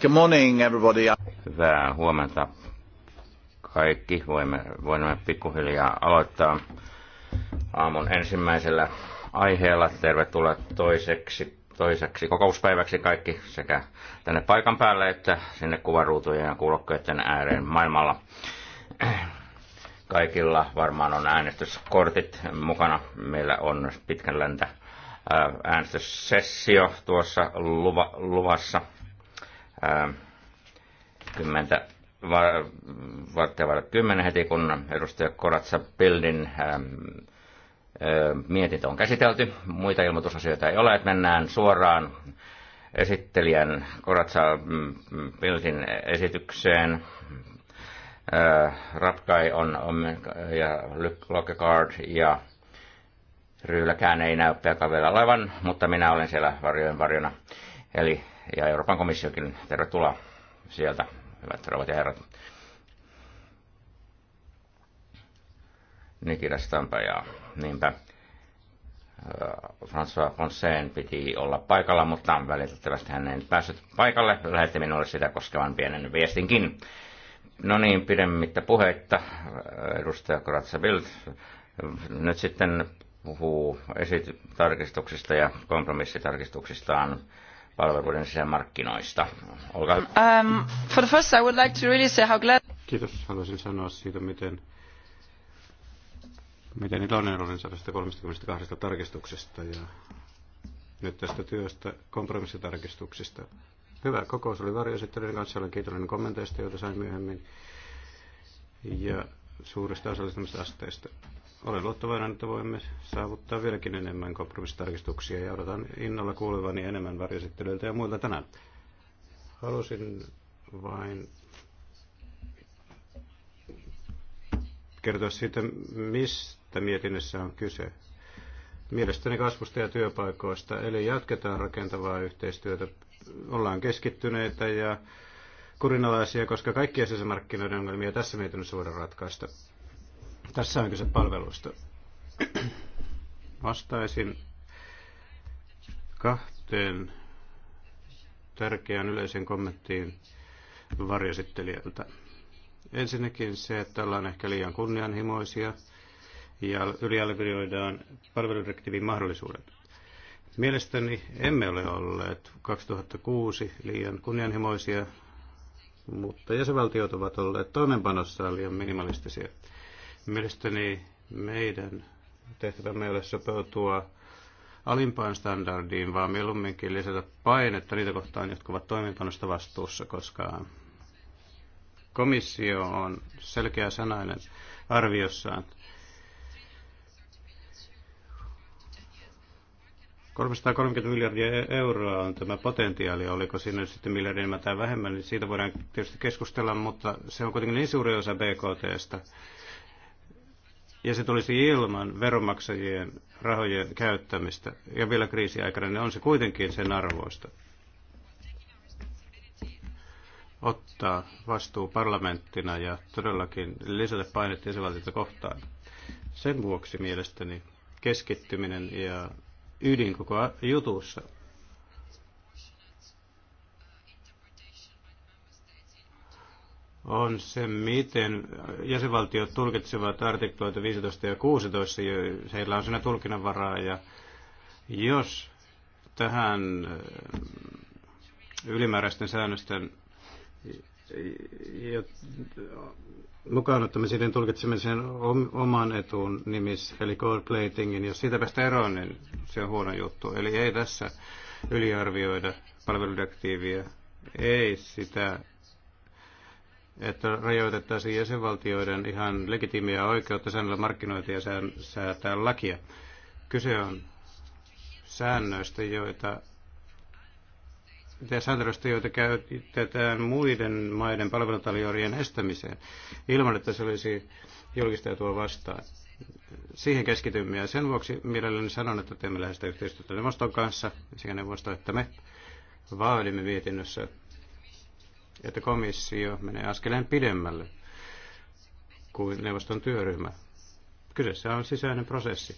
Good morning everybody. Hyvää huomenta kaikki. Voimme, voimme pikkuhiljaa aloittaa aamun ensimmäisellä aiheella. Tervetuloa toiseksi, toiseksi kokouspäiväksi kaikki sekä tänne paikan päälle että sinne kuvaruutujen ja kuulokkeiden ääreen maailmalla. Kaikilla varmaan on äänestyskortit mukana. Meillä on pitkän lentä äänestyssessio tuossa luva, luvassa – kymmentä varttia vaille kymmenen heti, kun edustaja Koratsa Pildin mietintö on käsitelty. Muita ilmoitusasioita ei ole, että mennään suoraan esittelijän Koratsa mm, mm, Pildin esitykseen. Rapkai on, on ja Lockegaard ja Ryyläkään ei näy vielä olevan, mutta minä olen siellä varjojen varjona. Eli ja Euroopan komissiokin. Tervetuloa sieltä, hyvät rouvat ja herrat. Nikita Stampa ja niinpä. Äh, François Fonseen piti olla paikalla, mutta välitettävästi hän ei päässyt paikalle. Lähetti minulle sitä koskevan pienen viestinkin. No niin, pidemmittä puheitta. Edustaja Kratsa Bild nyt sitten puhuu esity- tarkistuksista ja kompromissitarkistuksistaan palveluiden sisämarkkinoista. Olkaa hyvä. Um, for the first I would like to really say how glad... Kiitos. Haluaisin sanoa siitä, miten, miten iloinen olin 132 tarkistuksesta ja nyt tästä työstä kompromissitarkistuksista. Hyvä kokous oli varjoesittelyiden kanssa. Olen kiitollinen kommenteista, joita sain myöhemmin ja suuresta osallistumisasteista. Olen luottavainen, että voimme saavuttaa vieläkin enemmän kompromissitarkistuksia ja odotan innolla kuulevani enemmän varjosittelyiltä ja muilta tänään. Halusin vain kertoa siitä, mistä mietinnössä on kyse. Mielestäni kasvusta ja työpaikoista, eli jatketaan rakentavaa yhteistyötä. Ollaan keskittyneitä ja kurinalaisia, koska kaikkia sisämarkkinoiden ongelmia tässä mietinnössä voidaan ratkaista. Tässä on kyse palveluista. Vastaisin kahteen tärkeään yleisen kommenttiin varjosittelijältä. Ensinnäkin se, että ollaan ehkä liian kunnianhimoisia ja yliarvioidaan palveludirektiivin mahdollisuudet. Mielestäni emme ole olleet 2006 liian kunnianhimoisia, mutta jäsenvaltiot ovat olleet toimenpanossa liian minimalistisia. Mielestäni meidän tehtävämme ei ole sopeutua alimpaan standardiin, vaan mieluumminkin lisätä painetta niitä kohtaan, jotka ovat toimintanosta vastuussa, koska komissio on selkeä sanainen arviossaan. 330 miljardia euroa on tämä potentiaali, oliko siinä nyt sitten miljardin enemmän tai vähemmän, niin siitä voidaan tietysti keskustella, mutta se on kuitenkin niin suuri osa BKTstä, ja se tulisi ilman veronmaksajien rahojen käyttämistä. Ja vielä kriisiaikana niin on se kuitenkin sen arvoista ottaa vastuu parlamenttina ja todellakin lisätä painetta jäsenvaltiota kohtaan. Sen vuoksi mielestäni keskittyminen ja ydin koko jutussa on se, miten jäsenvaltiot tulkitsevat artikloita 15 ja 16. Heillä on siinä tulkinnanvaraa ja jos tähän äh, ylimääräisten säännösten äh, ja mukaan ottamisiden niin tulkitsemisen oman etuun nimissä, eli gold platingin, jos siitä päästä eroon, niin se on huono juttu. Eli ei tässä yliarvioida palveludirektiiviä, ei sitä että rajoitettaisiin jäsenvaltioiden ihan legitiimiä oikeutta säännellä markkinointia ja säätää lakia. Kyse on säännöistä, joita ja sääntelystä, joita käytetään muiden maiden palveluntarjoajien estämiseen ilman, että se olisi julkistautua vastaan. Siihen keskitymme ja sen vuoksi mielelläni sanon, että teemme läheistä yhteistyötä neuvoston kanssa, sekä neuvosto että me vaadimme mietinnössä että komissio menee askeleen pidemmälle kuin neuvoston työryhmä. Kyseessä on sisäinen prosessi,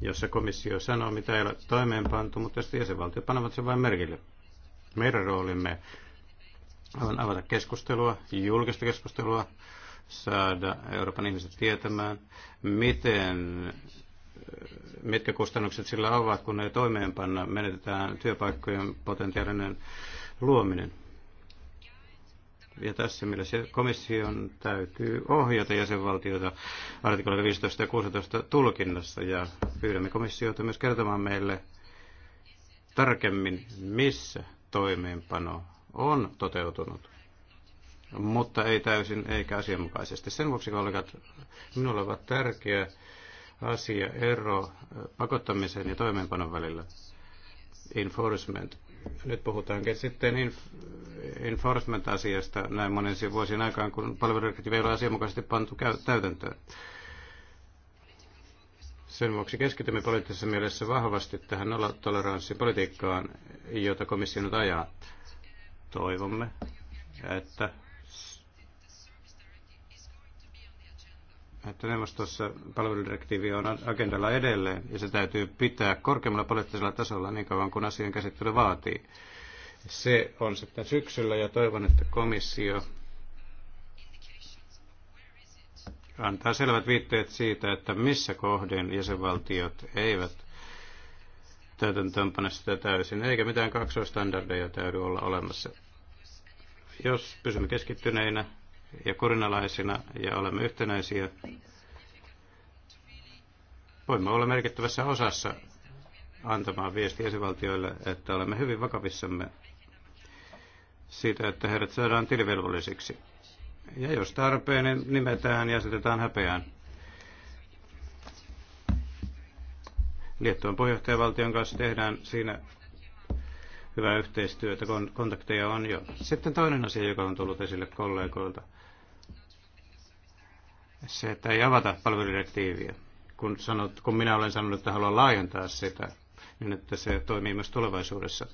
jossa komissio sanoo, mitä ei ole toimeenpantu, mutta sitten jäsenvaltiot panevat sen vain merkille. Meidän roolimme on avata keskustelua, julkista keskustelua, saada Euroopan ihmiset tietämään, miten, mitkä kustannukset sillä ovat, kun ne toimeenpanna, menetetään työpaikkojen potentiaalinen luominen. Ja tässä mielessä komission täytyy ohjata jäsenvaltioita artikloiden 15 ja 16 tulkinnassa ja pyydämme komissiota myös kertomaan meille tarkemmin, missä toimeenpano on toteutunut, mutta ei täysin eikä asianmukaisesti. Sen vuoksi kollegat, minulle ovat tärkeä asia ero pakottamisen ja toimeenpanon välillä. Enforcement nyt puhutaankin sitten inf- enforcement-asiasta näin monen vuosien aikaan, kun palveludirektiivi ei ole asianmukaisesti pantu täytäntöön. Sen vuoksi keskitymme poliittisessa mielessä vahvasti tähän nollatoleranssipolitiikkaan, jota komissio nyt ajaa. Toivomme, että että neuvostossa palveludirektiivi on agendalla edelleen ja se täytyy pitää korkeammalla poliittisella tasolla niin kauan kuin asian käsittely vaatii. Se on sitten syksyllä ja toivon, että komissio antaa selvät viitteet siitä, että missä kohden jäsenvaltiot eivät täytäntöönpane sitä täysin, eikä mitään kaksoistandardeja täydy olla olemassa. Jos pysymme keskittyneinä ja korinalaisina ja olemme yhtenäisiä, voimme olla merkittävässä osassa antamaan viesti esivaltioille, että olemme hyvin vakavissamme siitä, että heidät saadaan tilivelvollisiksi. Ja jos tarpeen, niin nimetään ja asetetaan häpeään. Liettuan puheenjohtajavaltion kanssa tehdään siinä hyvää yhteistyötä, kontakteja on jo. Sitten toinen asia, joka on tullut esille kollegoilta, se, että ei avata palveludirektiiviä. Kun, sanot, kun minä olen sanonut, että haluan laajentaa sitä, niin että se toimii myös tulevaisuudessa.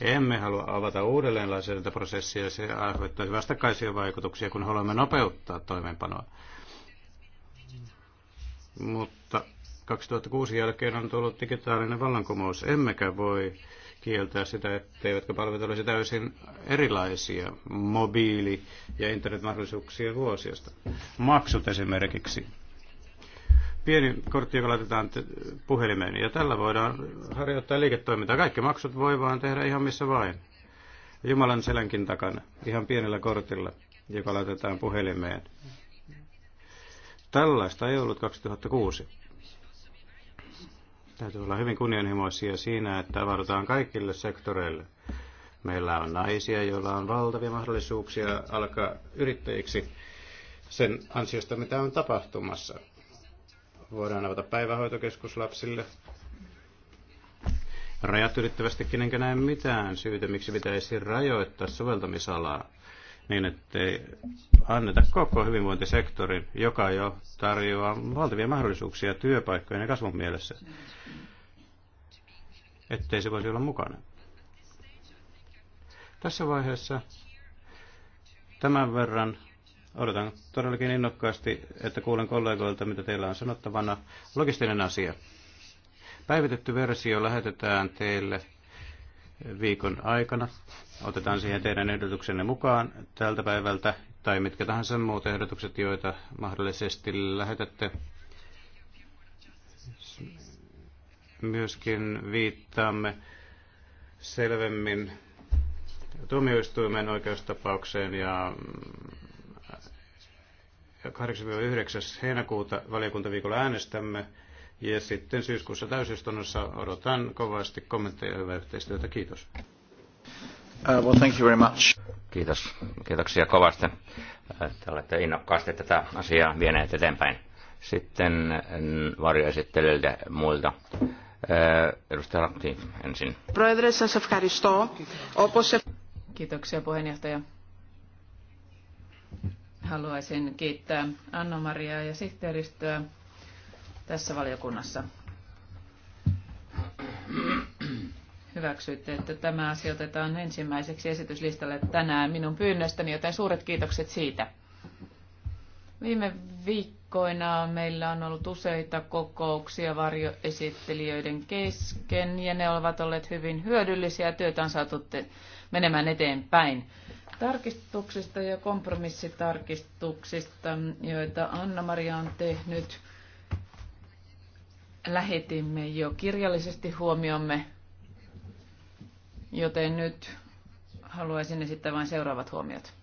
Emme halua avata uudelleen lainsäädäntöprosessia, se aiheuttaisi vastakkaisia vaikutuksia, kun haluamme nopeuttaa toimeenpanoa. Mutta 2006 jälkeen on tullut digitaalinen vallankumous, emmekä voi kieltää sitä, etteivätkö palvelut olisi täysin erilaisia mobiili- ja internetmahdollisuuksien vuosiosta. Maksut esimerkiksi. Pieni kortti, joka laitetaan puhelimeen, ja tällä voidaan harjoittaa liiketoimintaa. Kaikki maksut voi vaan tehdä ihan missä vain. Jumalan selänkin takana, ihan pienellä kortilla, joka laitetaan puhelimeen. Tällaista ei ollut 2006. Täytyy olla hyvin kunnianhimoisia siinä, että avaudutaan kaikille sektoreille. Meillä on naisia, joilla on valtavia mahdollisuuksia alkaa yrittäjiksi sen ansiosta, mitä on tapahtumassa. Voidaan avata päivähoitokeskus lapsille. Rajat ylittävästikin enkä näe mitään syytä, miksi pitäisi rajoittaa soveltamisalaa niin ettei anneta koko hyvinvointisektorin, joka jo tarjoaa valtavia mahdollisuuksia työpaikkojen ja kasvun mielessä, ettei se voisi olla mukana. Tässä vaiheessa tämän verran odotan todellakin innokkaasti, että kuulen kollegoilta, mitä teillä on sanottavana. Logistinen asia. Päivitetty versio lähetetään teille viikon aikana. Otetaan siihen teidän ehdotuksenne mukaan tältä päivältä tai mitkä tahansa muut ehdotukset, joita mahdollisesti lähetätte. Myöskin viittaamme selvemmin tuomioistuimen oikeustapaukseen ja 8-9. heinäkuuta valiokuntaviikolla äänestämme ja sitten syyskuussa täysistunnossa odotan kovasti kommentteja ja hyvää yhteistyötä. Kiitos. Uh, well, thank you very much. Kiitos. Kiitoksia kovasti. Te olette innokkaasti tätä asiaa vieneet eteenpäin. Sitten mm, varjoesittelijöiltä muilta. Uh, edustaja Rakti ensin. Kiitoksia puheenjohtaja. Haluaisin kiittää Anna-Mariaa ja sihteeristöä tässä valiokunnassa. Hyväksyitte, että tämä asia otetaan ensimmäiseksi esityslistalle tänään minun pyynnöstäni, joten suuret kiitokset siitä. Viime viikkoina meillä on ollut useita kokouksia varjoesittelijöiden kesken ja ne ovat olleet hyvin hyödyllisiä ja työtä on saatu menemään eteenpäin. Tarkistuksista ja kompromissitarkistuksista, joita Anna-Maria on tehnyt, lähetimme jo kirjallisesti huomiomme, joten nyt haluaisin esittää vain seuraavat huomiot.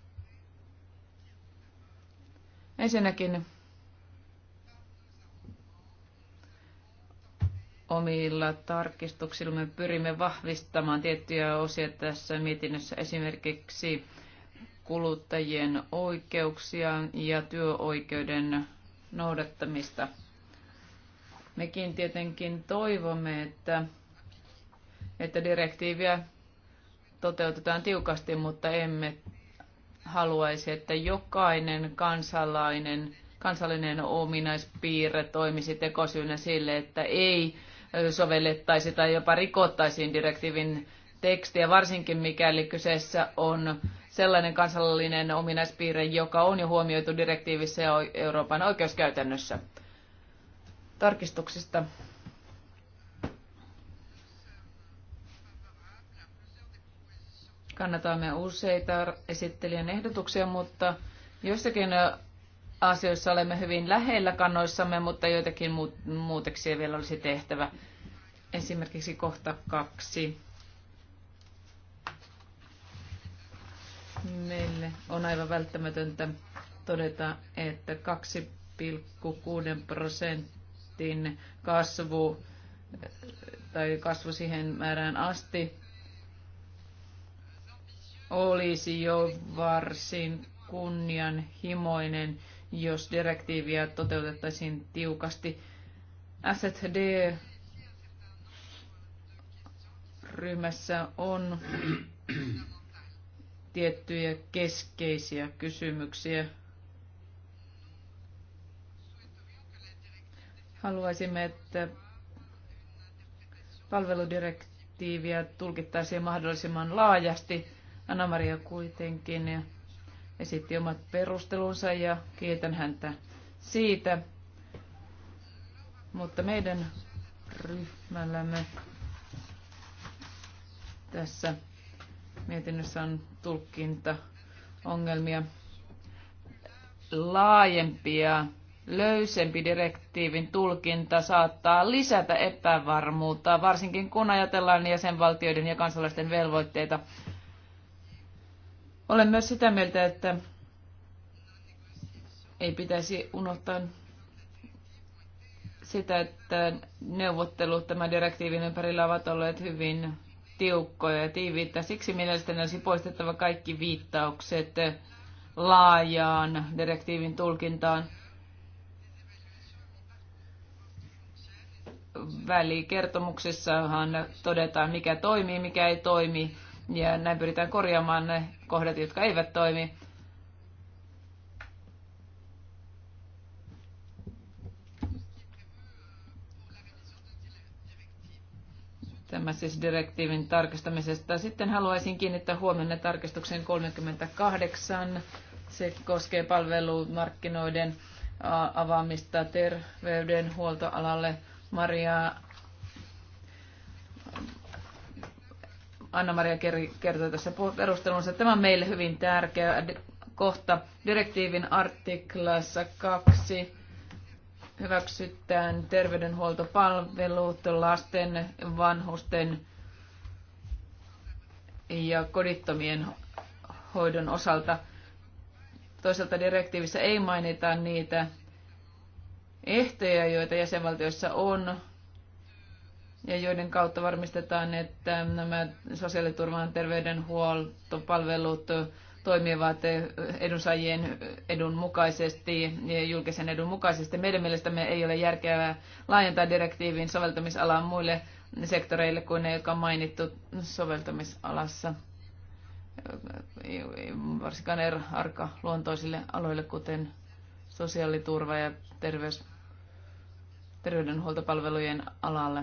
Ensinnäkin omilla tarkistuksilla me pyrimme vahvistamaan tiettyjä osia tässä mietinnössä, esimerkiksi kuluttajien oikeuksia ja työoikeuden noudattamista – Mekin tietenkin toivomme, että, että direktiiviä toteutetaan tiukasti, mutta emme haluaisi, että jokainen kansalainen, kansallinen ominaispiirre toimisi tekosyynä sille, että ei sovellettaisi tai jopa rikottaisiin direktiivin tekstiä, varsinkin mikäli kyseessä on sellainen kansallinen ominaispiirre, joka on jo huomioitu direktiivissä ja Euroopan oikeuskäytännössä tarkistuksista. Kannatamme useita esittelijän ehdotuksia, mutta joissakin asioissa olemme hyvin lähellä kannoissamme, mutta joitakin muutoksia vielä olisi tehtävä. Esimerkiksi kohta kaksi. Meille on aivan välttämätöntä todeta, että 2,6 prosenttia prosentin kasvu tai kasvu siihen määrään asti olisi jo varsin kunnianhimoinen, jos direktiiviä toteutettaisiin tiukasti. SSD ryhmässä on tiettyjä keskeisiä kysymyksiä, Haluaisimme, että palveludirektiiviä tulkittaisiin mahdollisimman laajasti. Anna-Maria kuitenkin esitti omat perustelunsa ja kiitän häntä siitä. Mutta meidän ryhmällämme tässä mietinnössä on tulkinta ongelmia laajempia löysempi direktiivin tulkinta saattaa lisätä epävarmuutta, varsinkin kun ajatellaan jäsenvaltioiden ja kansalaisten velvoitteita. Olen myös sitä mieltä, että ei pitäisi unohtaa sitä, että neuvottelut tämän direktiivin ympärillä ovat olleet hyvin tiukkoja ja tiiviitä. Siksi mielestäni olisi poistettava kaikki viittaukset laajaan direktiivin tulkintaan – välikertomuksessahan todetaan, mikä toimii, mikä ei toimi, ja näin pyritään korjaamaan ne kohdat, jotka eivät toimi. Tämä siis direktiivin tarkistamisesta. Sitten haluaisin kiinnittää huomioon tarkistuksen 38. Se koskee palvelumarkkinoiden avaamista terveydenhuoltoalalle. Maria Anna-Maria kertoi tässä perustelunsa. Tämä on meille hyvin tärkeä kohta. Direktiivin artiklassa 2 hyväksytään terveydenhuoltopalvelut lasten, vanhusten ja kodittomien hoidon osalta. Toisaalta direktiivissä ei mainita niitä ehtoja, joita jäsenvaltioissa on, ja joiden kautta varmistetaan, että nämä sosiaaliturvan terveydenhuoltopalvelut toimivat edunsaajien edun mukaisesti ja julkisen edun mukaisesti. Meidän mielestämme ei ole järkevää laajentaa direktiivin soveltamisalaa muille sektoreille kuin ne, jotka on mainittu soveltamisalassa, varsinkaan er-, arka luontoisille aloille, kuten sosiaaliturva ja terveys terveydenhuoltopalvelujen alalle.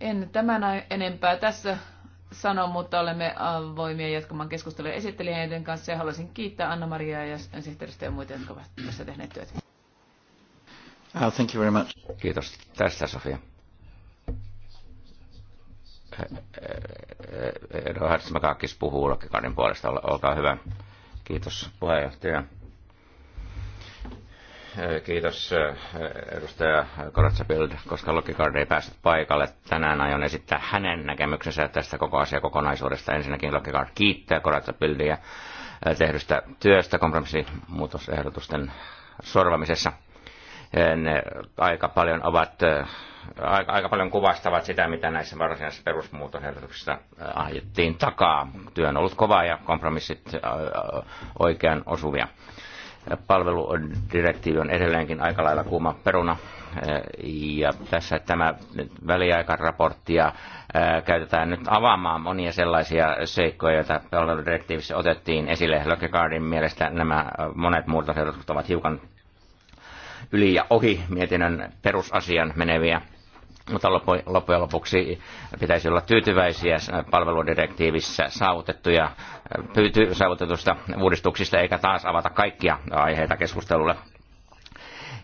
En tämän enempää tässä sano, mutta olemme voimia jatkamaan keskustelua esittelijöiden kanssa ja haluaisin kiittää Anna-Mariaa ja sihteeristä ja muita, jotka ovat tässä tehneet työtä. Oh, thank you very much. Kiitos tästä, Sofia. Eh, eh, eh, Edo Hartsmakakis puhuu Lokkikanin puolesta. Olkaa hyvä. Kiitos puheenjohtaja. Kiitos edustaja Koratsapild, koska Lokikard ei päässyt paikalle. Tänään aion esittää hänen näkemyksensä tästä koko asiakokonaisuudesta. Ensinnäkin Lokikard kiittää Koratsapildia tehdystä työstä kompromissimuutosehdotusten sorvamisessa. Ne aika paljon ovat aika, aika paljon kuvastavat sitä, mitä näissä varsinaisissa perusmuutosehdotuksissa ahjettiin takaa. Työ on ollut kova ja kompromissit oikean osuvia palveludirektiivi on edelleenkin aika lailla kuuma peruna. Äh, ja tässä tämä väliaikaraporttia äh, käytetään nyt avaamaan monia sellaisia seikkoja, joita palveludirektiivissä otettiin esille. Lökegaardin mielestä nämä monet muutosehdotukset ovat hiukan yli ja ohi mietinnön perusasian meneviä mutta loppujen lopuksi pitäisi olla tyytyväisiä palveludirektiivissä saavutettuja, pyyty, saavutetusta uudistuksista, eikä taas avata kaikkia aiheita keskustelulle.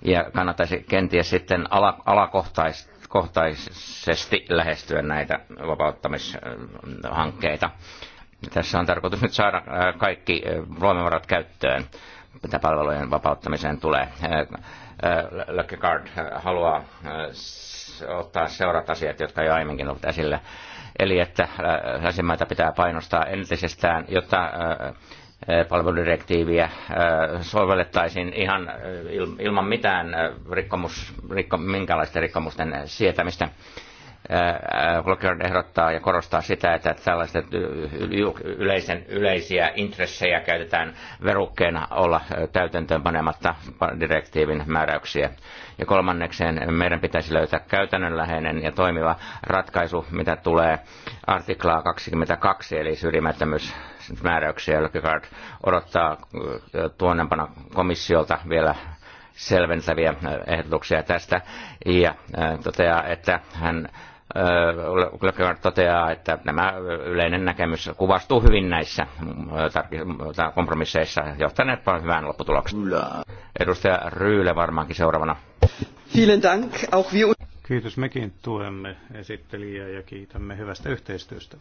Ja kannattaisi kenties sitten ala, alakohtaisesti lähestyä näitä vapauttamishankkeita. Tässä on tarkoitus nyt saada kaikki voimavarat käyttöön, mitä palvelujen vapauttamiseen tulee. Lökkegaard haluaa Siis ottaa seurat asiat, jotka jo aiemminkin ovat esillä. Eli että äh, länsimaita pitää painostaa entisestään, jotta äh, äh, palveludirektiiviä sovellettaisiin ihan ilman mitään rikkomus, rikko, minkälaisten rikkomusten sietämistä. Blocker ehdottaa ja korostaa sitä, että tällaiset yleisen, yleisiä intressejä käytetään verukkeena olla täytäntöönpanematta direktiivin määräyksiä. Ja kolmannekseen meidän pitäisi löytää käytännönläheinen ja toimiva ratkaisu, mitä tulee artiklaa 22, eli syrjimättömyysmääräyksiä. Lökkikaard odottaa tuonnempana komissiolta vielä selventäviä ehdotuksia tästä ja toteaa, että hän Lökegaard toteaa, että nämä yleinen näkemys kuvastuu hyvin näissä kompromisseissa johtaneet hyvään lopputulokseen. Edustaja Ryyle varmaankin seuraavana. Vielen Dank. Auch wir... Kiitos, mekin tuemme esittelijää ja kiitämme hyvästä yhteistyöstä.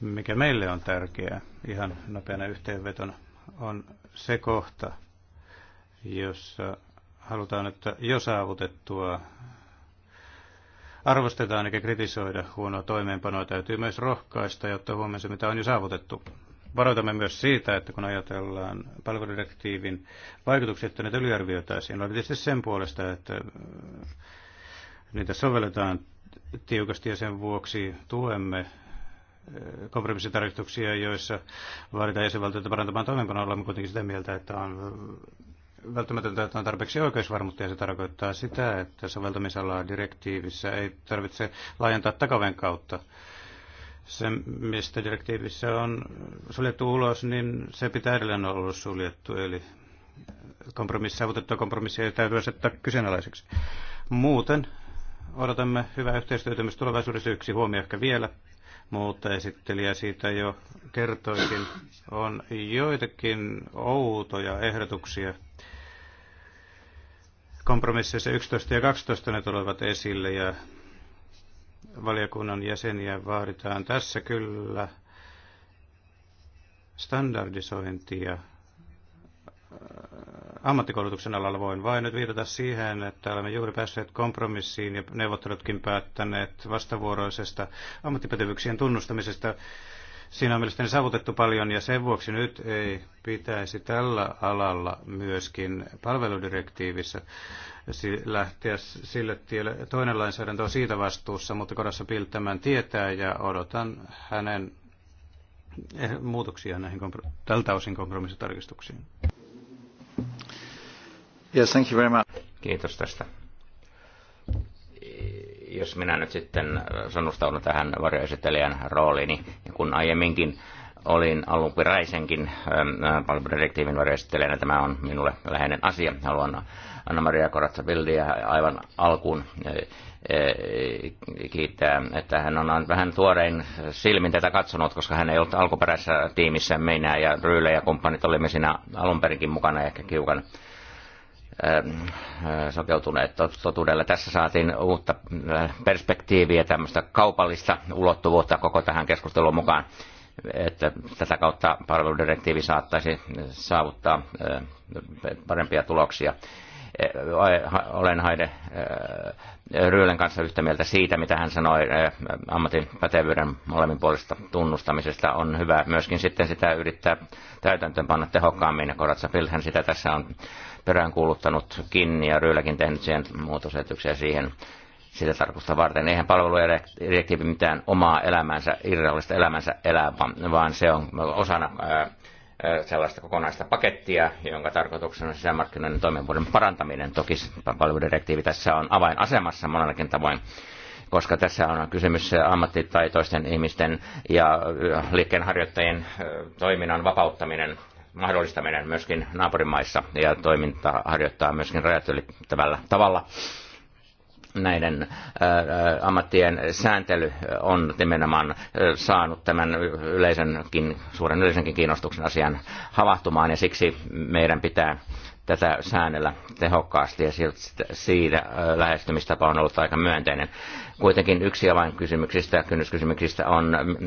Mikä meille on tärkeää, ihan nopeana yhteenvetona, on se kohta, jossa halutaan, että jo saavutettua arvostetaan eikä kritisoida huonoa toimeenpanoa. Täytyy myös rohkaista ja ottaa huomioon se, mitä on jo saavutettu. Varoitamme myös siitä, että kun ajatellaan palveludirektiivin vaikutuksia, että näitä yliarvioitaisiin. Oli tietysti sen puolesta, että äh, niitä sovelletaan tiukasti ja sen vuoksi tuemme äh, kompromissitarkoituksia, joissa vaaditaan jäsenvaltioita parantamaan toimenpanoa, Olemme kuitenkin sitä mieltä, että on välttämätöntä, että on tarpeeksi oikeusvarmuutta ja se tarkoittaa sitä, että soveltamisalaa direktiivissä ei tarvitse laajentaa takaven kautta. Se, mistä direktiivissä on suljettu ulos, niin se pitää edelleen olla suljettu, eli kompromissi, saavutettua kompromissia ei täytyy asettaa kyseenalaiseksi. Muuten odotamme hyvää yhteistyötä myös tulevaisuudessa yksi huomio ehkä vielä, mutta esittelijä siitä jo kertoikin. On joitakin outoja ehdotuksia Kompromisseissa 11 ja 12 ne tulevat esille ja valiokunnan jäseniä vaaditaan tässä kyllä standardisointia äh, ammattikoulutuksen alalla voin vain nyt viitata siihen, että olemme juuri päässeet kompromissiin ja neuvottelutkin päättäneet vastavuoroisesta ammattipätevyyksien tunnustamisesta Siinä on mielestäni saavutettu paljon ja sen vuoksi nyt ei pitäisi tällä alalla myöskin palveludirektiivissä lähteä sille tielle. Toinen lainsäädäntö on siitä vastuussa, mutta Korassa piltämään tietää ja odotan hänen eh, muutoksia näihin tältä osin kompromissitarkistuksiin. Yes, thank you very much. Kiitos tästä. Jos minä nyt sitten sanustaudun tähän varjoesittelijän rooliin, niin kun aiemminkin olin alunperäisenkin ähm, äh, palveludirektiivin varjostelijana. Tämä on minulle läheinen asia. Haluan Anna-Maria Koratsa-Bildia aivan alkuun äh, äh, kiittää, että hän on vähän tuorein silmin tätä katsonut, koska hän ei ollut alkuperäisessä tiimissä meinää ja Ryyle ja kumppanit olimme siinä alunperinkin mukana ehkä kiukan Ähm, äh, sopeutuneet totuudelle. Tässä saatiin uutta äh, perspektiiviä, tämmöistä kaupallista ulottuvuutta koko tähän keskusteluun mukaan, että tätä kautta palveludirektiivi saattaisi saavuttaa äh, parempia tuloksia. Olen Haide Ryölen kanssa yhtä mieltä siitä, mitä hän sanoi eh, ammatin pätevyyden puolesta tunnustamisesta. On hyvä myöskin sitten sitä yrittää täytäntöönpanna tehokkaammin. Koratsa Pilhän sitä tässä on peräänkuuluttanutkin ja Ryyläkin tehnyt siihen muutosetyksiä siihen sitä tarkoista varten. Eihän palveludirektiivi mitään omaa elämänsä, irrallista elämänsä elää, vaan se on osana ää, eh, sellaista kokonaista pakettia, jonka tarkoituksena on sisämarkkinoiden toimivuuden parantaminen. Toki palveludirektiivi tässä on avainasemassa monellakin tavoin koska tässä on kysymys ammattitaitoisten ihmisten ja liikkeenharjoittajien toiminnan vapauttaminen, mahdollistaminen myöskin naapurimaissa ja toimintaa harjoittaa myöskin rajat ylittävällä tavalla näiden ammattien sääntely on nimenomaan saanut tämän yleisenkin, suuren yleisenkin kiinnostuksen asian havahtumaan ja siksi meidän pitää tätä säännellä tehokkaasti ja siitä lähestymistapa on ollut aika myönteinen. Kuitenkin yksi avainkysymyksistä ja kynnyskysymyksistä on mm,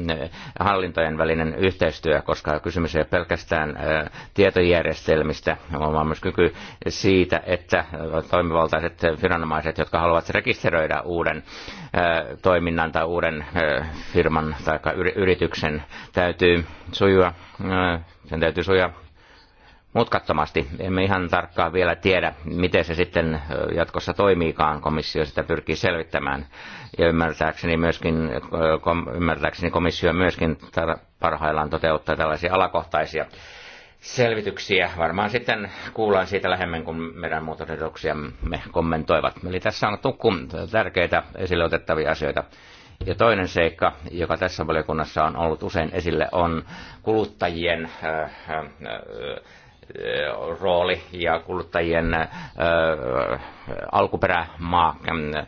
hallintojen välinen yhteistyö, koska kysymys ei ole pelkästään tietojärjestelmistä, vaan myös kyky siitä, että toimivaltaiset viranomaiset, jotka haluavat rekisteröidä uuden toiminnan tai uuden firman tai yrityksen, täytyy sujua, sen täytyy sujua mutkattomasti. Emme ihan tarkkaan vielä tiedä, miten se sitten jatkossa toimiikaan. Komissio sitä pyrkii selvittämään. Ja ymmärtääkseni, myöskin, kom, ymmärtääkseni komissio myöskin parhaillaan toteuttaa tällaisia alakohtaisia selvityksiä. Varmaan sitten kuullaan siitä lähemmin, kun meidän me kommentoivat. Eli tässä on tukku tärkeitä esille otettavia asioita. Ja toinen seikka, joka tässä valiokunnassa on ollut usein esille, on kuluttajien Eh, rooli ja kuluttajien eh, eh, alkuperämaa mm,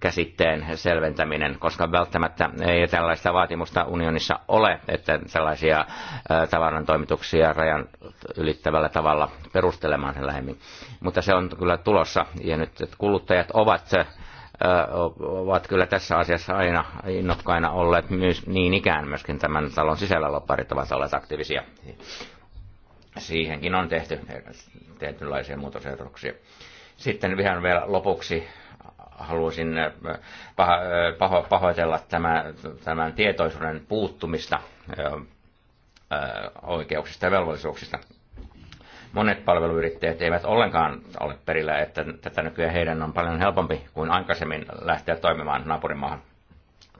käsitteen selventäminen, koska välttämättä ei tällaista vaatimusta unionissa ole, että tällaisia toimituksia rajan ylittävällä tavalla perustelemaan sen lähemmin. Mutta se on kyllä tulossa, ja nyt että kuluttajat ovat, ovat kyllä tässä asiassa aina innokkaina olleet myös niin ikään myöskin tämän talon sisällä lopparit ovat olleet aktiivisia Siihenkin on tehty tietynlaisia muutosehdotuksia. Sitten ihan vielä lopuksi haluaisin äh, äh, paho, pahoitella tämän, tämän tietoisuuden puuttumista äh, oikeuksista ja velvollisuuksista. Monet palveluyrittäjät eivät ollenkaan ole perillä, että tätä nykyään heidän on paljon helpompi kuin aikaisemmin lähteä toimimaan naapurimaahan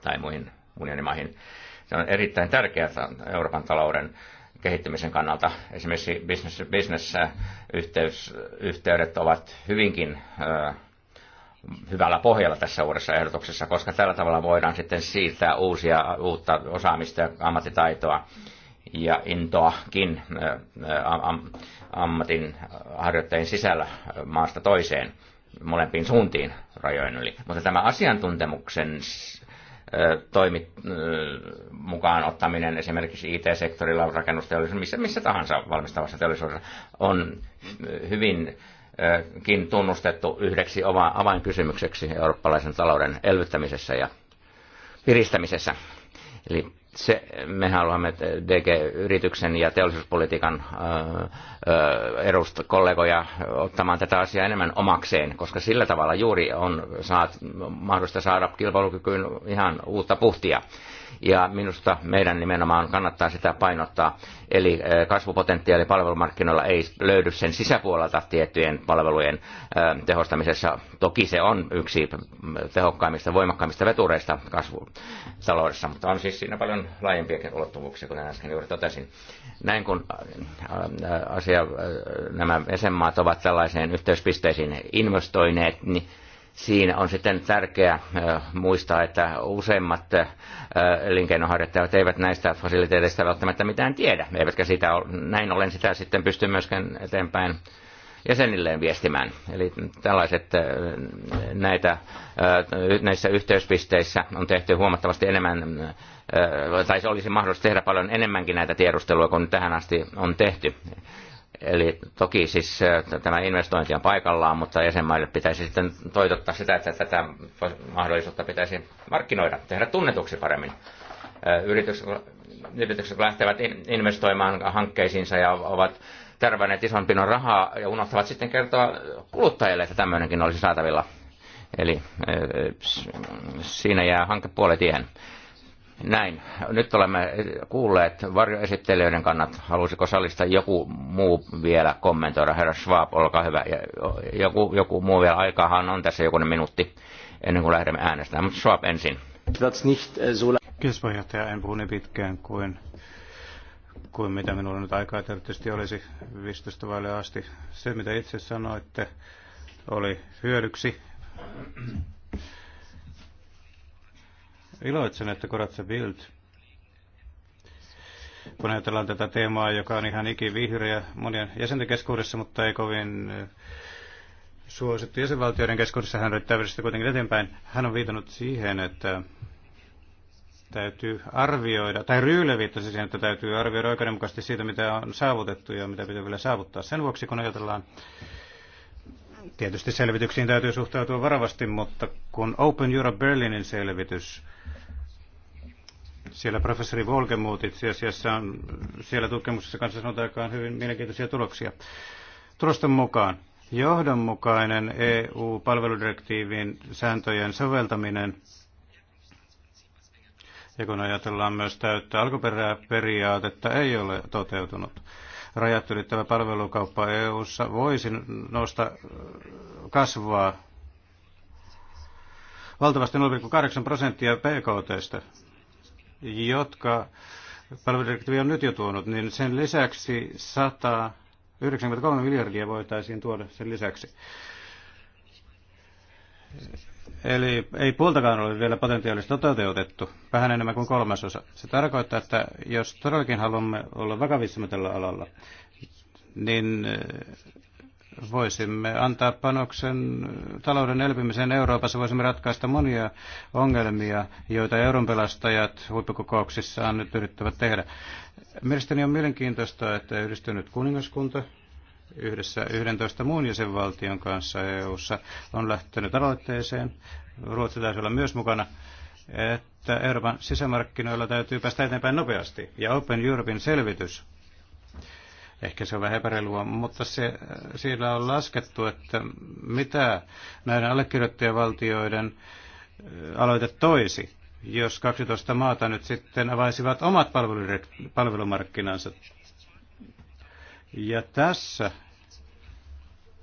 tai muihin unionimaihin. Se on erittäin tärkeää Euroopan talouden kehittymisen kannalta. Esimerkiksi business bisnesyhteydet äh, ovat hyvinkin ö, äh, hyvällä pohjalla tässä uudessa ehdotuksessa, koska tällä tavalla voidaan sitten siirtää uusia, uutta osaamista ja ammattitaitoa ja intoakin äh, ammatin harjoittajien sisällä maasta toiseen molempiin suuntiin rajojen yli. Mutta tämä asiantuntemuksen toimit, mukaan ottaminen esimerkiksi IT-sektorilla, rakennusteollisuudessa, missä, missä tahansa valmistavassa teollisuudessa on hyvin tunnustettu yhdeksi oma avainkysymykseksi eurooppalaisen talouden elvyttämisessä ja piristämisessä. Eli se, me haluamme DG-yrityksen ja teollisuuspolitiikan edusta, kollegoja ottamaan tätä asiaa enemmän omakseen, koska sillä tavalla juuri on saat, mahdollista saada kilpailukykyyn ihan uutta puhtia ja minusta meidän nimenomaan kannattaa sitä painottaa. Eli eh, kasvupotentiaali palvelumarkkinoilla ei löydy sen sisäpuolelta tiettyjen palvelujen eh, tehostamisessa. Toki se on yksi eh, tehokkaimmista, voimakkaimmista vetureista kasvutaloudessa, mutta on siis siinä paljon laajempiakin ulottuvuuksia, kuten äsken juuri totesin. Näin kun asia, nämä jäsenmaat ovat tällaiseen yhteyspisteisiin investoineet, niin siinä on sitten tärkeää muistaa, että useimmat elinkeinoharjoittajat eivät näistä fasiliteeteista välttämättä mitään tiedä, eivätkä sitä, näin ollen sitä sitten pysty myöskään eteenpäin jäsenilleen viestimään. Eli tällaiset näitä, näissä yhteyspisteissä on tehty huomattavasti enemmän, tai se olisi mahdollista tehdä paljon enemmänkin näitä tiedustelua kuin tähän asti on tehty. Eli toki siis tämä investointi on paikallaan, mutta jäsenmaille pitäisi sitten toitottaa sitä, että tätä mahdollisuutta pitäisi markkinoida, tehdä tunnetuksi paremmin. Yritykset, yritykset lähtevät investoimaan hankkeisiinsa ja ovat tärväneet ison pinon rahaa ja unohtavat sitten kertoa kuluttajille, että tämmöinenkin olisi saatavilla. Eli siinä jää hanke tiehen näin. Nyt olemme kuulleet varjoesittelijöiden kannat. Halusiko salista joku muu vielä kommentoida? Herra Schwab, olkaa hyvä. Joku, joku muu vielä. Aikaahan on tässä jokunen minuutti ennen kuin lähdemme äänestämään. Mutta Schwab ensin. Äh, Kiitos puheenjohtaja. En puhu niin pitkään kuin, kuin mitä minulla nyt aikaa tietysti olisi 15 vaille asti. Se, mitä itse sanoitte, oli hyödyksi Iloitsen, että se Bild, kun ajatellaan tätä teemaa, joka on ihan ikivihreä monien jäsenten keskuudessa, mutta ei kovin eh, suosittu jäsenvaltioiden keskuudessa, hän yrittää sitä kuitenkin eteenpäin. Hän on viitannut siihen, että täytyy arvioida, tai Ryyle viittasi siihen, että täytyy arvioida oikeudenmukaisesti siitä, mitä on saavutettu ja mitä pitää vielä saavuttaa. Sen vuoksi, kun ajatellaan Tietysti selvityksiin täytyy suhtautua varovasti, mutta kun Open Europe Berlinin selvitys, siellä professori Volkemuut itse asiassa on, siellä tutkimuksessa kanssa sanotaan hyvin mielenkiintoisia tuloksia. Tulosten mukaan johdonmukainen EU-palveludirektiivin sääntöjen soveltaminen ja kun ajatellaan myös täyttä periaatetta, ei ole toteutunut rajat ylittävä palvelukauppa EU-ssa voisi nousta äh, kasvua valtavasti 0,8 prosenttia PKTstä, jotka palveludirektiivi on nyt jo tuonut, niin sen lisäksi 193 miljardia voitaisiin tuoda sen lisäksi. Eli ei puoltakaan ole vielä potentiaalista toteutettu, vähän enemmän kuin kolmasosa. Se tarkoittaa, että jos todellakin haluamme olla vakavissamme tällä alalla, niin eh, voisimme antaa panoksen talouden elpymiseen Euroopassa, voisimme ratkaista monia ongelmia, joita euron pelastajat huippukokouksissaan nyt yrittävät tehdä. Mielestäni on mielenkiintoista, että yhdistynyt kuningaskunta yhdessä 11 muun jäsenvaltion kanssa EU:ssa on lähtenyt aloitteeseen. Ruotsi taisi olla myös mukana että Euroopan sisämarkkinoilla täytyy päästä eteenpäin nopeasti. Ja Open Europein selvitys, ehkä se on vähän epäreilua, mutta se, siellä on laskettu, että mitä näiden allekirjoittajavaltioiden aloite toisi, jos 12 maata nyt sitten avaisivat omat palvelumarkkinansa ja tässä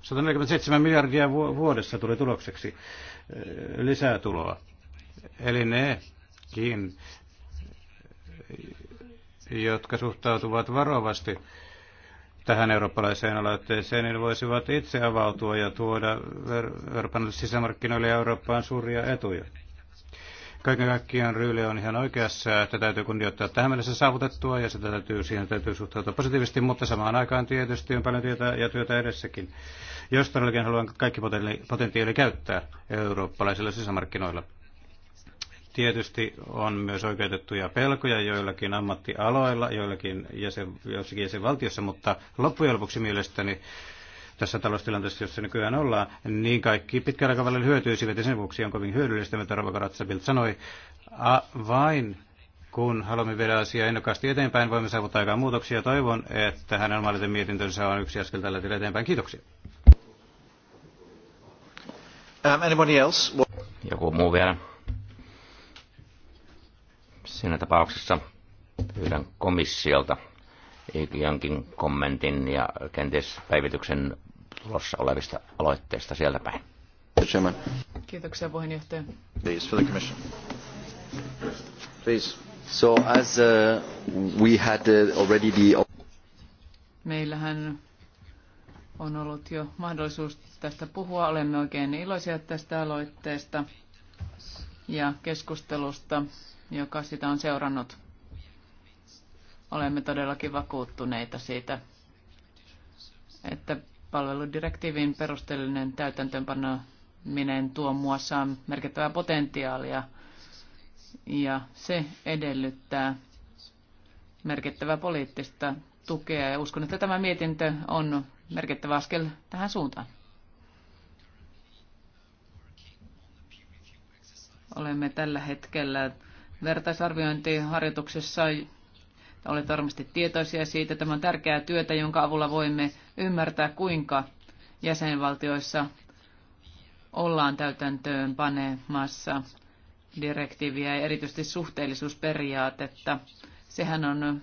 147 miljardia vuodessa tuli tulokseksi äh, lisää tuloa. Eli nekin, jotka suhtautuvat varovasti tähän eurooppalaiseen aloitteeseen, niin voisivat itse avautua ja tuoda Euroopan sisämarkkinoille ja Eurooppaan suuria etuja. Kaiken kaikkiaan Ryyli on ihan oikeassa, että täytyy kunnioittaa tähän mennessä saavutettua ja sitä täytyy, siihen täytyy suhtautua positiivisesti, mutta samaan aikaan tietysti on paljon työtä ja työtä edessäkin. Jos todellakin haluan kaikki potentiaali käyttää eurooppalaisilla sisämarkkinoilla. Tietysti on myös oikeutettuja pelkoja joillakin ammattialoilla, joillakin jäsen, jossakin jäsenvaltiossa, mutta loppujen lopuksi mielestäni tässä taloustilanteessa, jossa nykyään ollaan, niin kaikki pitkällä aikavälillä hyötyisivät ja sen vuoksi on kovin hyödyllistä, mitä Rova Karatsabilt sanoi, a, vain kun haluamme viedä asiaa innokkaasti eteenpäin, voimme saavuttaa aikaan muutoksia. Toivon, että hänen omallisen mietintönsä on yksi askel tällä tiellä eteenpäin. Kiitoksia. Um, anybody else? Joku muu vielä? Siinä tapauksessa pyydän komissiolta jonkin kommentin ja kenties päivityksen tulossa olevista aloitteista sieltä päin. Kiitoksia puheenjohtaja. Please, for the commission. Please. So as uh, we had uh, already the... Meillähän on ollut jo mahdollisuus tästä puhua. Olemme oikein iloisia tästä aloitteesta ja keskustelusta, joka sitä on seurannut. Olemme todellakin vakuuttuneita siitä, että palveludirektiivin perusteellinen minen tuo muassaan merkittävää potentiaalia ja se edellyttää merkittävää poliittista tukea ja uskon, että tämä mietintö on merkittävä askel tähän suuntaan. Olemme tällä hetkellä vertaisarviointiharjoituksessa, Olet varmasti tietoisia siitä. Tämä on tärkeää työtä, jonka avulla voimme ymmärtää, kuinka jäsenvaltioissa ollaan täytäntöön panemassa direktiiviä ja erityisesti suhteellisuusperiaatetta. Sehän on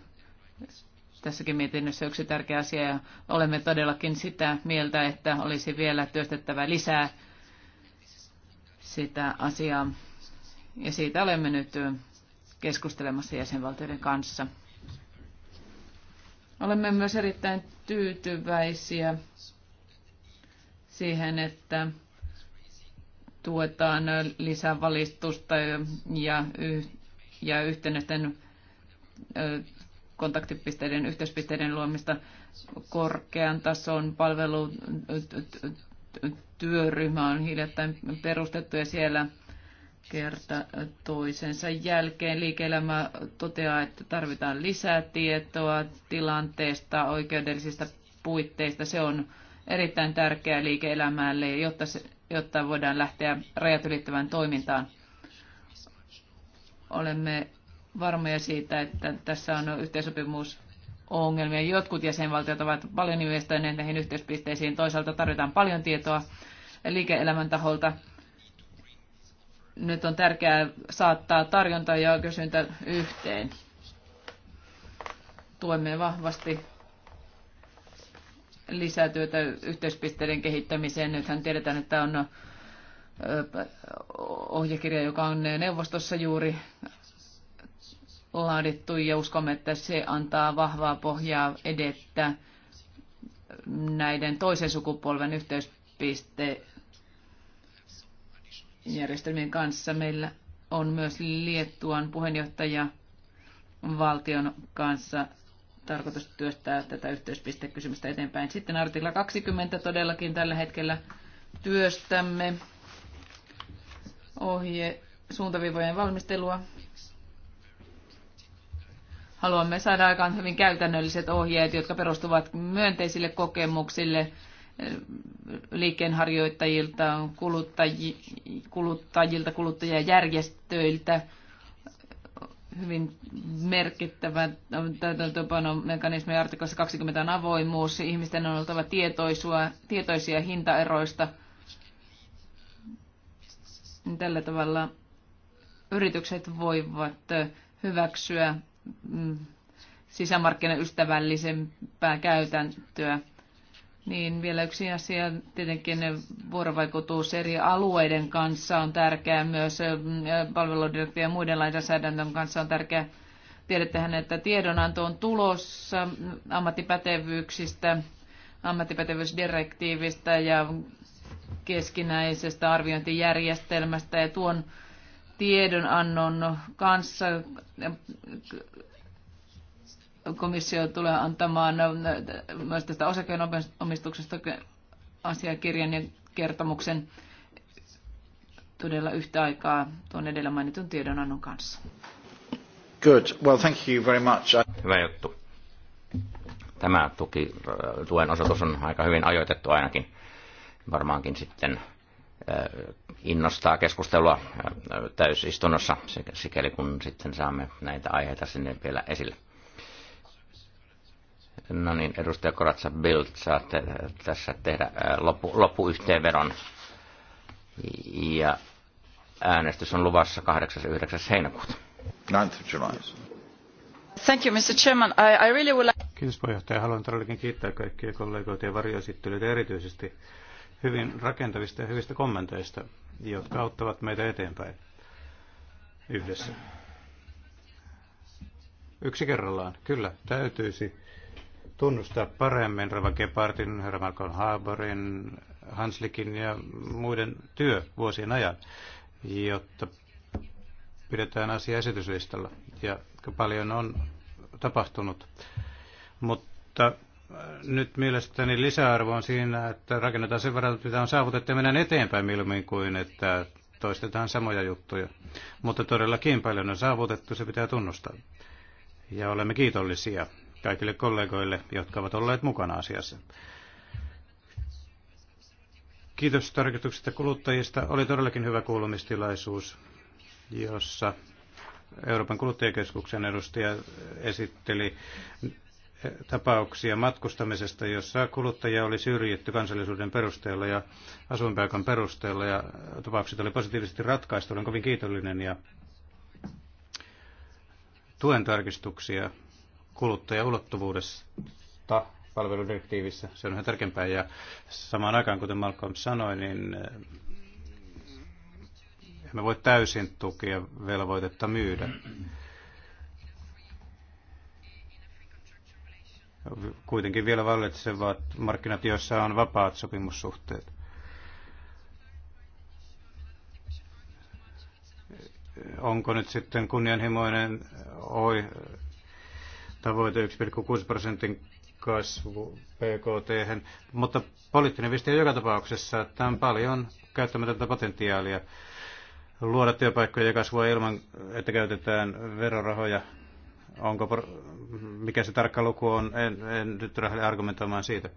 tässäkin mietinnössä yksi tärkeä asia ja olemme todellakin sitä mieltä, että olisi vielä työstettävä lisää sitä asiaa. Ja siitä olemme nyt keskustelemassa jäsenvaltioiden kanssa. Olemme myös erittäin tyytyväisiä siihen, että tuetaan lisävalistusta ja, ja yhtenäisten kontaktipisteiden, yhteispisteiden luomista korkean tason palvelutyöryhmä on hiljattain perustettu ja siellä kerta toisensa jälkeen. Liike-elämä toteaa, että tarvitaan lisää tietoa tilanteesta, oikeudellisista puitteista. Se on erittäin tärkeää liike-elämälle, jotta, se, jotta voidaan lähteä rajat ylittävään toimintaan. Olemme varmoja siitä, että tässä on yhteensopimus ongelmia. Jotkut jäsenvaltiot ovat paljon investoineet näihin yhteispisteisiin, toisaalta tarvitaan paljon tietoa liike-elämän taholta nyt on tärkeää saattaa tarjonta ja kysyntä yhteen. Tuemme vahvasti lisätyötä yhteispisteiden kehittämiseen. Nythän tiedetään, että on ohjekirja, joka on neuvostossa juuri laadittu ja uskomme, että se antaa vahvaa pohjaa edettä näiden toisen sukupolven yhteispiste järjestelmien kanssa. Meillä on myös Liettuan puheenjohtaja valtion kanssa tarkoitus työstää tätä yhteyspistekysymystä eteenpäin. Sitten artikla 20 todellakin tällä hetkellä työstämme ohje suuntaviivojen valmistelua. Haluamme saada aikaan hyvin käytännölliset ohjeet, jotka perustuvat myönteisille kokemuksille liikkeenharjoittajilta, kuluttaji, kuluttajilta, kuluttajajärjestöiltä hyvin merkittävä mekanismi artiklassa 20 on avoimuus. Ihmisten on oltava tietoisua, tietoisia hintaeroista. Tällä tavalla yritykset voivat hyväksyä mm, sisämarkkinaystävällisempää käytäntöä. Niin vielä yksi asia, tietenkin vuorovaikutus eri alueiden kanssa on tärkeää myös palveludirektiivien ja muiden lainsäädännön kanssa on tärkeää. Tiedättehän, että tiedonanto on tulossa ammattipätevyyksistä, ammattipätevyysdirektiivistä ja keskinäisestä arviointijärjestelmästä ja tuon tiedonannon kanssa komissio tulee antamaan äh, myös tästä osakkeenomistuksesta asiakirjan ja kertomuksen todella yhtä aikaa tuon edellä mainitun tiedonannon kanssa. Good. Well, thank you very much. Hyvä juttu. Tämä tuki, äh, tuen osoitus on aika hyvin ajoitettu ainakin. Varmaankin sitten äh, innostaa keskustelua täysistunnossa, sikäli kun sitten saamme näitä aiheita sinne vielä esille. No niin, edustaja Koratsa Bild, saatte äh, tässä tehdä äh, lopu, lopuyhteenvedon. Ja äänestys on luvassa 8.9. heinäkuuta. 9th July. Thank you, Mr. Chairman. I, I really would like... Kiitos puheenjohtaja. Haluan todellakin kiittää kaikkia kollegoita ja varjoesittelyitä erityisesti hyvin rakentavista ja hyvistä kommenteista, jotka auttavat meitä eteenpäin yhdessä. Yksi kerrallaan, kyllä, täytyisi tunnustaa paremmin Rava Gepardin, herra Malcolm Harborin, Hanslikin ja muiden työ vuosien ajan, jotta pidetään asia esityslistalla ja paljon on tapahtunut. Mutta äh, nyt mielestäni lisäarvo on siinä, että rakennetaan sen verran, että on saavutettu ja mennään eteenpäin mieluummin kuin, että toistetaan samoja juttuja. Mutta todellakin paljon on saavutettu, se pitää tunnustaa. Ja olemme kiitollisia kaikille kollegoille, jotka ovat olleet mukana asiassa. Kiitos tarkoituksesta kuluttajista. Oli todellakin hyvä kuulumistilaisuus, jossa Euroopan kuluttajakeskuksen edustaja esitteli tapauksia matkustamisesta, jossa kuluttaja oli syrjitty kansallisuuden perusteella ja asuinpaikan perusteella ja tapaukset oli positiivisesti ratkaistu. Olen kovin kiitollinen ja tuen tarkistuksia kuluttajaulottuvuudesta palveludirektiivissä. Se on ihan tärkeämpää ja samaan aikaan, kuten Malcolm sanoi, niin eh, me voi täysin tukea velvoitetta myydä. Kuitenkin vielä vallitsevat markkinat, joissa on vapaat sopimussuhteet. Onko nyt sitten kunnianhimoinen oi, tavoite 1,6 prosentin kasvu PKT, mutta poliittinen viesti on joka tapauksessa, että on paljon käyttämätöntä potentiaalia luoda työpaikkoja ja kasvua ilman, että käytetään verorahoja. Onko, mikä se tarkka luku on, en, en nyt lähde argumentoimaan siitä.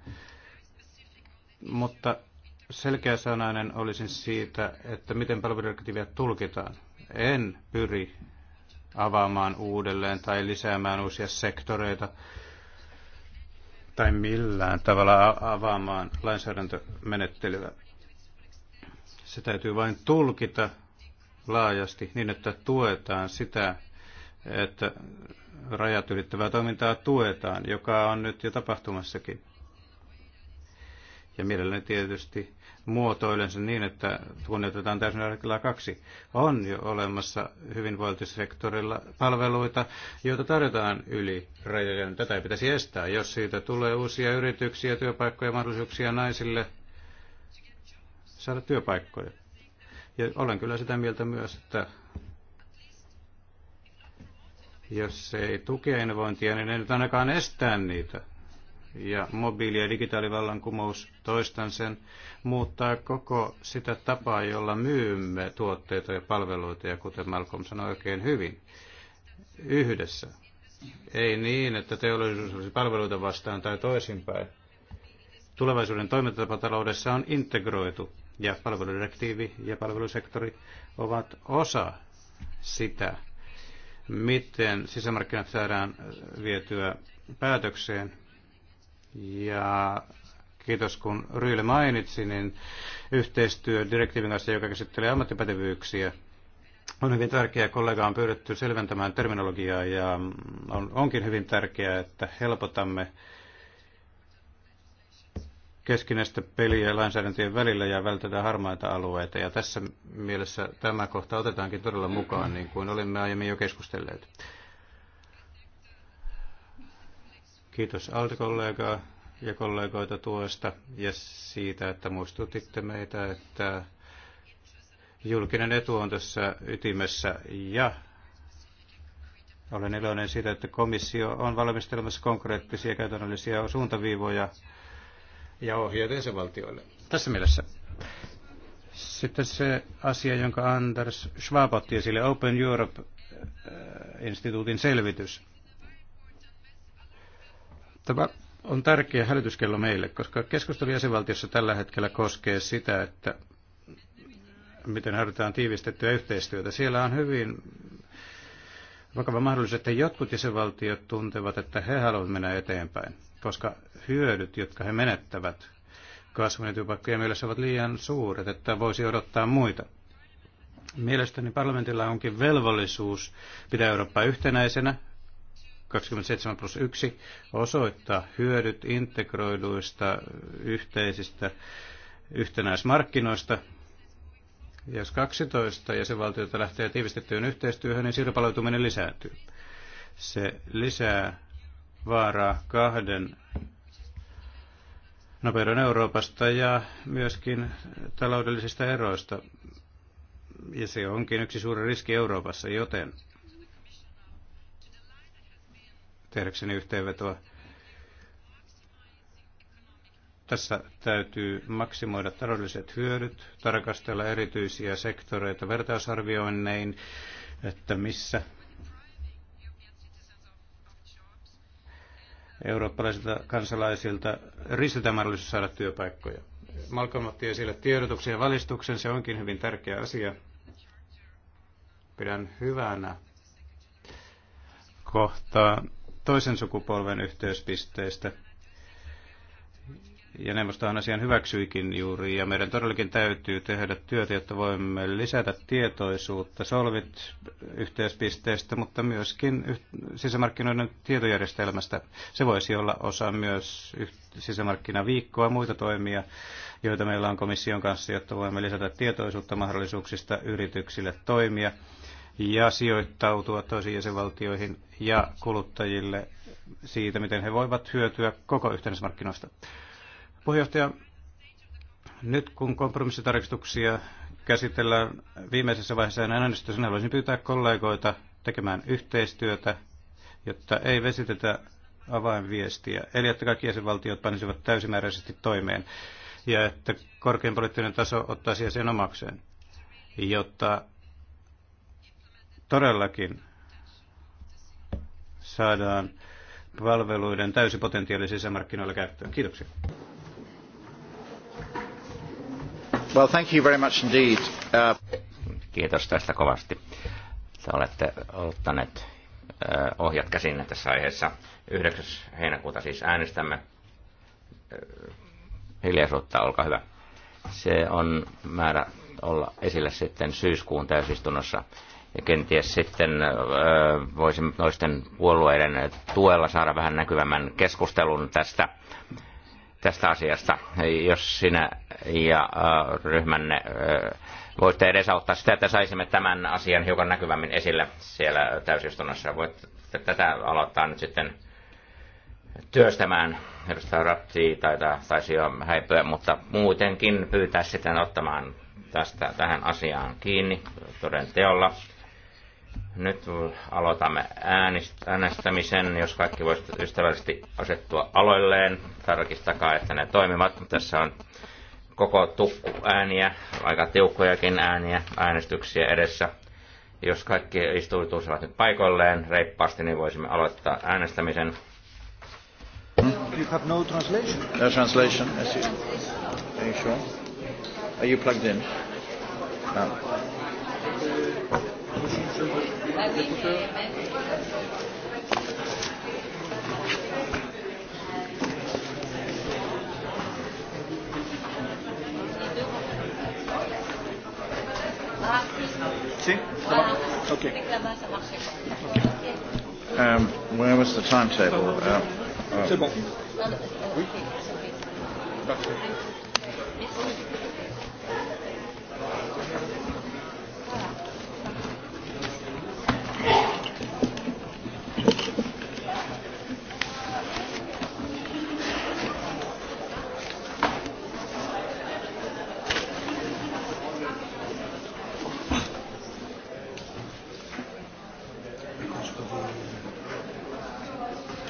Mutta sanainen olisin siitä, että miten palveludirektiiviä tulkitaan. En pyri avaamaan uudelleen tai lisäämään uusia sektoreita tai millään tavalla avaamaan lainsäädäntömenettelyä. Se täytyy vain tulkita laajasti niin, että tuetaan sitä, että rajat ylittävää toimintaa tuetaan, joka on nyt jo tapahtumassakin. Ja mielelläni tietysti muotoilen sen niin, että tunnetetaan täysin artiklaa kaksi. On jo olemassa hyvinvointisektorilla palveluita, joita tarjotaan yli rajojen. Tätä ei pitäisi estää, jos siitä tulee uusia yrityksiä, työpaikkoja, mahdollisuuksia naisille saada työpaikkoja. Ja olen kyllä sitä mieltä myös, että jos ei tukea innovointia, niin ei nyt ainakaan estää niitä ja mobiili- ja digitaalivallankumous, toistan sen, muuttaa koko sitä tapaa, jolla myymme tuotteita ja palveluita, ja kuten Malcolm sanoi oikein hyvin, yhdessä. Ei niin, että teollisuus olisi palveluita vastaan tai toisinpäin. Tulevaisuuden toimintatapataloudessa on integroitu, ja palveludirektiivi ja palvelusektori ovat osa sitä, miten sisämarkkinat saadaan vietyä päätökseen ja kiitos kun Ryyle mainitsi, niin yhteistyö direktiivin kanssa, joka käsittelee ammattipätevyyksiä, on hyvin tärkeää. Kollega on pyydetty selventämään terminologiaa ja on, onkin hyvin tärkeää, että helpotamme keskinäistä peliä lainsäädäntöjen välillä ja vältetään harmaita alueita. Ja tässä mielessä tämä kohta otetaankin todella mukaan, niin kuin olimme aiemmin jo keskustelleet. Kiitos Aldi-kollegaa ja kollegoita tuosta ja siitä, että muistutitte meitä, että julkinen etu on tässä ytimessä ja olen iloinen siitä, että komissio on valmistelemassa konkreettisia käytännöllisiä suuntaviivoja ja ohjeita jäsenvaltioille. Tässä mielessä. Sitten se asia, jonka Anders Schwab otti esille, Open Europe-instituutin äh, selvitys. Tämä on tärkeä hälytyskello meille, koska keskustelu jäsenvaltiossa tällä hetkellä koskee sitä, että miten harjoitetaan tiivistettyä yhteistyötä. Siellä on hyvin vakava mahdollisuus, että jotkut jäsenvaltiot tuntevat, että he haluavat mennä eteenpäin, koska hyödyt, jotka he menettävät kasvaneet työpaikkojen mielessä, ovat liian suuret, että voisi odottaa muita. Mielestäni parlamentilla onkin velvollisuus pitää Eurooppaa yhtenäisenä, 27 plus 1 osoittaa hyödyt integroiduista yhteisistä yhtenäismarkkinoista. Jos 12 jäsenvaltiota lähtee tiivistettyyn yhteistyöhön, niin sirpaloituminen lisääntyy. Se lisää vaaraa kahden nopeuden Euroopasta ja myöskin taloudellisista eroista. Ja se onkin yksi suuri riski Euroopassa, joten tehdäkseni yhteenvetoa. Tässä täytyy maksimoida taloudelliset hyödyt, tarkastella erityisiä sektoreita vertausarvioinnein, että missä eurooppalaisilta kansalaisilta riistetään mahdollisuus saada työpaikkoja. Malcolm otti esille tiedotuksen ja valistuksen, se onkin hyvin tärkeä asia. Pidän hyvänä kohtaa toisen sukupolven yhteyspisteistä. Ja neuvostohan asian hyväksyikin juuri, ja meidän todellakin täytyy tehdä työtä, jotta voimme lisätä tietoisuutta solvit yhteispisteestä, mutta myöskin sisämarkkinoiden tietojärjestelmästä. Se voisi olla osa myös sisämarkkinaviikkoa ja muita toimia, joita meillä on komission kanssa, jotta voimme lisätä tietoisuutta mahdollisuuksista yrityksille toimia ja sijoittautua toisiin jäsenvaltioihin ja kuluttajille siitä, miten he voivat hyötyä koko yhteismarkkinoista. Puheenjohtaja, nyt kun kompromissitarkistuksia käsitellään viimeisessä vaiheessa enää äänestystä, haluaisin pyytää kollegoita tekemään yhteistyötä, jotta ei vesitetä avainviestiä, eli että kaikki jäsenvaltiot panisivat täysimääräisesti toimeen ja että korkein poliittinen taso ottaisi sen omakseen, jotta todellakin saadaan palveluiden täysi potentiaali sisämarkkinoilla käyttöön. Kiitoksia. Well, thank you very much indeed. Uh... Kiitos tästä kovasti. Te olette ottaneet uh, ohjat käsinne tässä aiheessa. 9. heinäkuuta siis äänestämme. Uh, hiljaisuutta, olkaa hyvä. Se on määrä olla esillä sitten syyskuun täysistunnossa ja kenties sitten voisi noisten puolueiden tuella saada vähän näkyvämmän keskustelun tästä, tästä asiasta, jos sinä ja ryhmänne voitte edesauttaa sitä, että saisimme tämän asian hiukan näkyvämmin esille siellä täysistunnossa. Voitte tätä aloittaa nyt sitten työstämään. Edustaja Ratti taitaa, taisi jo häipyä, mutta muutenkin pyytää sitten ottamaan tästä, tähän asiaan kiinni toden teolla. Nyt aloitamme äänestämisen, jos kaikki voisivat ystävällisesti asettua aloilleen. Tarkistakaa, että ne toimivat. Tässä on koko tukku ääniä, aika tiukkojakin ääniä, äänestyksiä edessä. Jos kaikki istuutuisivat nyt paikoilleen reippaasti, niin voisimme aloittaa äänestämisen. You have no translation? No translation, Are you Are you plugged in? No. Si, ça Um, where was the timetable? Uh, oh. C'est bon. Oui. Parfait.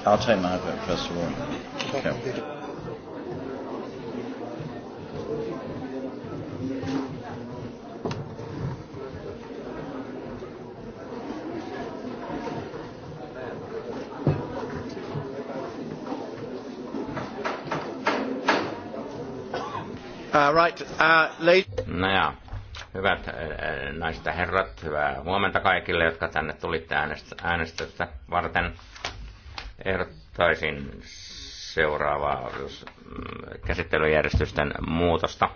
I'll take my vote first of all. Okay. Uh, right, uh, late. No ja, hyvät äh, äh, naiset ja herrat, hyvää huomenta kaikille, jotka tänne tulitte äänestystä varten ehdottaisin seuraavaa jos mm, käsittelyjärjestysten muutosta.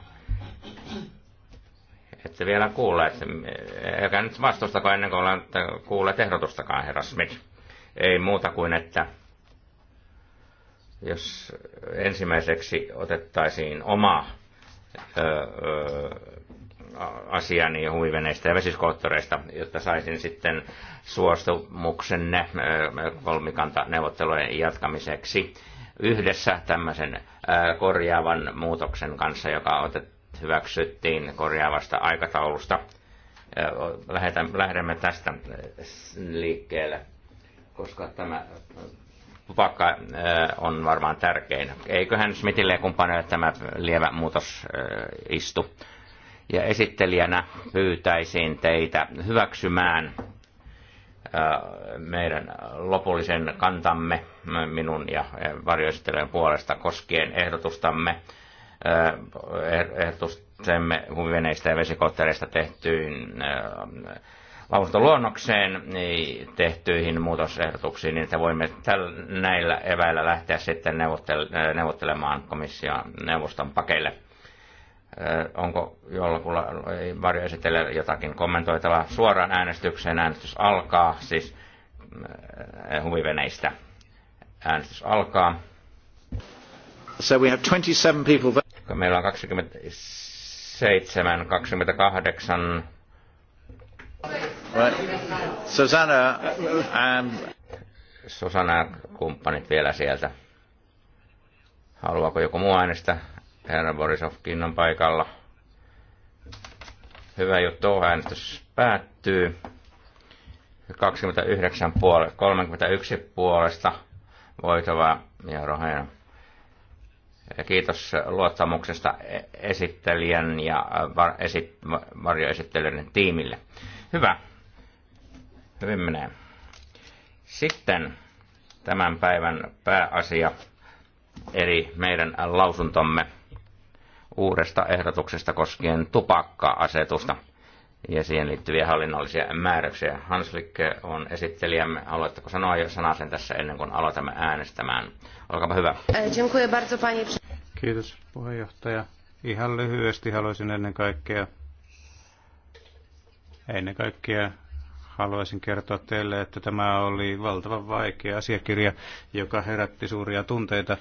Ette vielä kuulleet, eikä nyt vastustako ennen kuin olette kuulleet ehdotustakaan, herra Smith. Ei muuta kuin, että jos ensimmäiseksi otettaisiin oma asiani huviveneistä ja vesiskoottoreista, jotta saisin sitten suostumuksenne kolmikantaneuvottelujen jatkamiseksi yhdessä tämmöisen korjaavan muutoksen kanssa, joka otet, hyväksyttiin korjaavasta aikataulusta. Lähetän, lähdemme tästä liikkeelle, koska tämä tupakka on varmaan tärkein. Eiköhän Smithille ja kumppaneille tämä lievä muutos istu ja esittelijänä pyytäisin teitä hyväksymään meidän lopullisen kantamme minun ja varjoesittelijän puolesta koskien ehdotustamme eh, ehdotustemme huviveneistä ja vesikoottereista tehtyyn lausuntoluonnokseen niin tehtyihin muutosehdotuksiin, niin että voimme näillä eväillä lähteä sitten neuvottelemaan komission neuvoston pakeille. Onko jollakulla varjoesitellä jotakin kommentoitavaa suoraan äänestykseen? Äänestys alkaa, siis huviveneistä. Äänestys alkaa. So we have 27 people. Meillä on 27, 28. Right. Susanna, um... Susanna kumppanit vielä sieltä. Haluaako joku muu äänestää? Herra Borisovkin on paikalla. Hyvä juttu, äänestys päättyy. 29 puole, 31 puolesta voitava ja rohena. Kiitos luottamuksesta e- esittelijän ja äh, var, esit, varjoesittelijän tiimille. Hyvä. Hyvin menee. Sitten tämän päivän pääasia, eri meidän lausuntomme uudesta ehdotuksesta koskien tupakka-asetusta ja siihen liittyviä hallinnollisia määräyksiä. Hanslik on esittelijämme. Haluatteko sanoa jo sanaa sen tässä ennen kuin aloitamme äänestämään? Olkaapa hyvä. Eh, Kiitos puheenjohtaja. Ihan lyhyesti haluaisin ennen kaikkea, ennen kaikkea haluaisin kertoa teille, että tämä oli valtavan vaikea asiakirja, joka herätti suuria tunteita.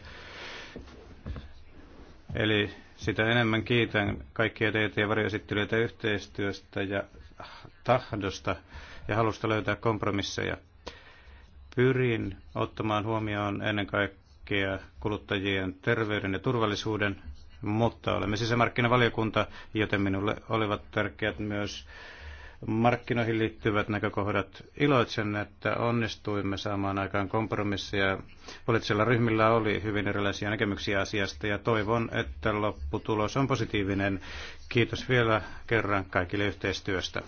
Eli sitä enemmän kiitän kaikkia teitä ja varjoesittelijöitä yhteistyöstä ja tahdosta ja halusta löytää kompromisseja. Pyrin ottamaan huomioon ennen kaikkea kuluttajien terveyden ja turvallisuuden, mutta olemme sisämarkkinavaliokunta, joten minulle olivat tärkeät myös markkinoihin liittyvät näkökohdat. Iloitsen, että onnistuimme saamaan aikaan kompromisseja. Poliittisilla ryhmillä oli hyvin erilaisia näkemyksiä asiasta ja toivon, että lopputulos on positiivinen. Kiitos vielä kerran kaikille yhteistyöstä.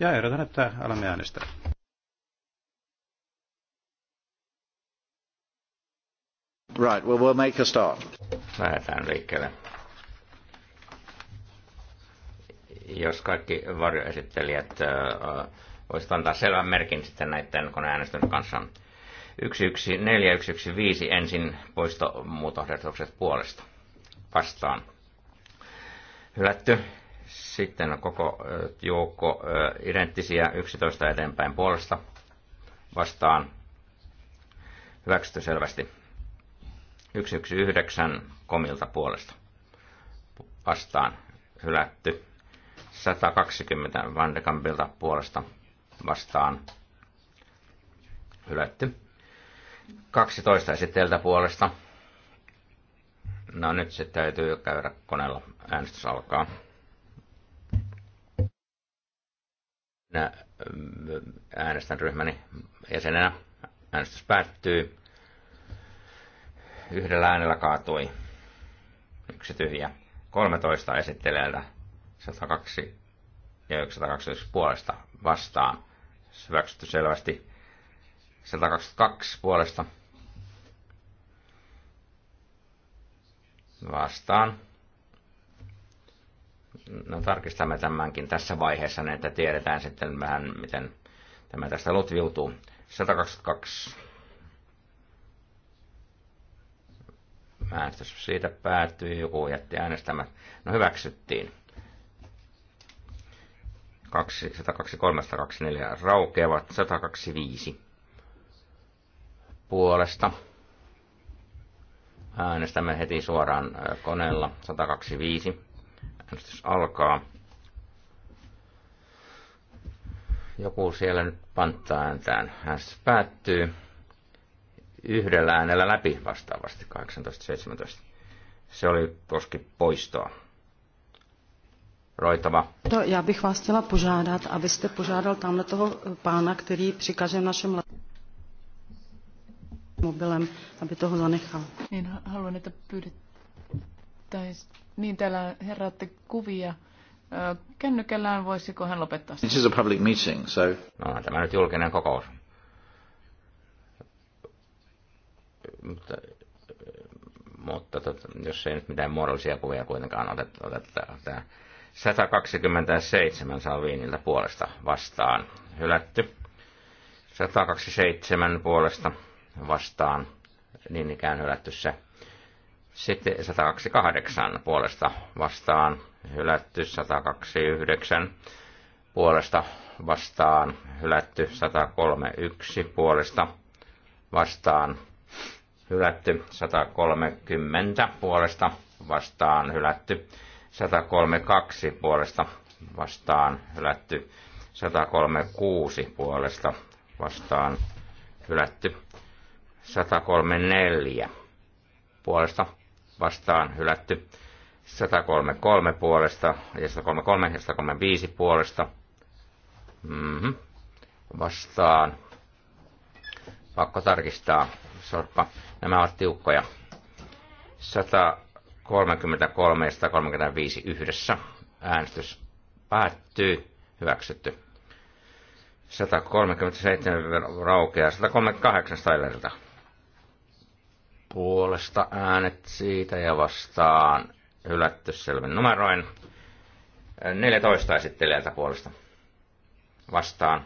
Ja ehdotan, että alamme äänestää. Right, well, we'll make a start. Lähdetään liikkeelle. jos kaikki varjoesittelijät voisivat antaa selvän merkin sitten näiden koneäänestön kanssa. 11415 ensin poisto puolesta vastaan. Hylätty. Sitten on koko joukko identtisiä 11 eteenpäin puolesta vastaan. Hyväksytty selvästi. 119 komilta puolesta vastaan. Hylätty. 120 Van de Kampilta puolesta vastaan hylätty. 12 esitteeltä puolesta. No nyt se täytyy käydä koneella. Äänestys alkaa. Minä äänestän ryhmäni jäsenenä. Äänestys päättyy. Yhdellä äänellä kaatui. Yksi tyhjä. 13 esittelijältä 102 ja 121 puolesta vastaan. Hyväksytty selvästi. 122 puolesta vastaan. No tarkistamme tämänkin tässä vaiheessa, niin että tiedetään sitten vähän, miten tämä tästä lotviutuu. 122. Äänestys siitä päättyi, joku jätti äänestämät. No hyväksyttiin. 2, 123, 124 raukeavat, 125 puolesta. Äänestämme heti suoraan koneella, 125. Äänestys alkaa. Joku siellä nyt panttaa ääntään. Äänestys päättyy yhdellä äänellä läpi vastaavasti, 1817. Se oli koski poistoa. Roitava. já bych vás chtěla požádat, abyste požádal tamhle toho eh, pána, který přikaže našem mobilem, aby toho zanechal. Niin, haluan, että pyydettäisiin. Niin, täällä herraatte kuvia kännykällään, voisiko hän lopettaa sen? This is a public meeting, so... No, tämä nyt julkinen kokous. Mutta, mutta tot, jos ei nyt mitään muodollisia kuvia kuitenkaan oteta, oteta, oteta 127 Salviinilta puolesta vastaan hylätty. 127 puolesta vastaan niin ikään hylätty se. Sitten 128 puolesta vastaan hylätty, 129 puolesta vastaan hylätty, 131 puolesta vastaan hylätty, 130 puolesta vastaan hylätty, 132 puolesta vastaan hylätty. 136 puolesta vastaan hylätty. 134 puolesta vastaan hylätty. 133 puolesta ja 133 ja 135 puolesta mm-hmm. vastaan. Pakko tarkistaa, sorppa. Nämä ovat tiukkoja. 100 33 ja 135 yhdessä. Äänestys päättyy. Hyväksytty. 137 raukeaa 138 Stylerilta. Puolesta äänet siitä ja vastaan hylätty selvin numeroin. 14 esittelijältä puolesta vastaan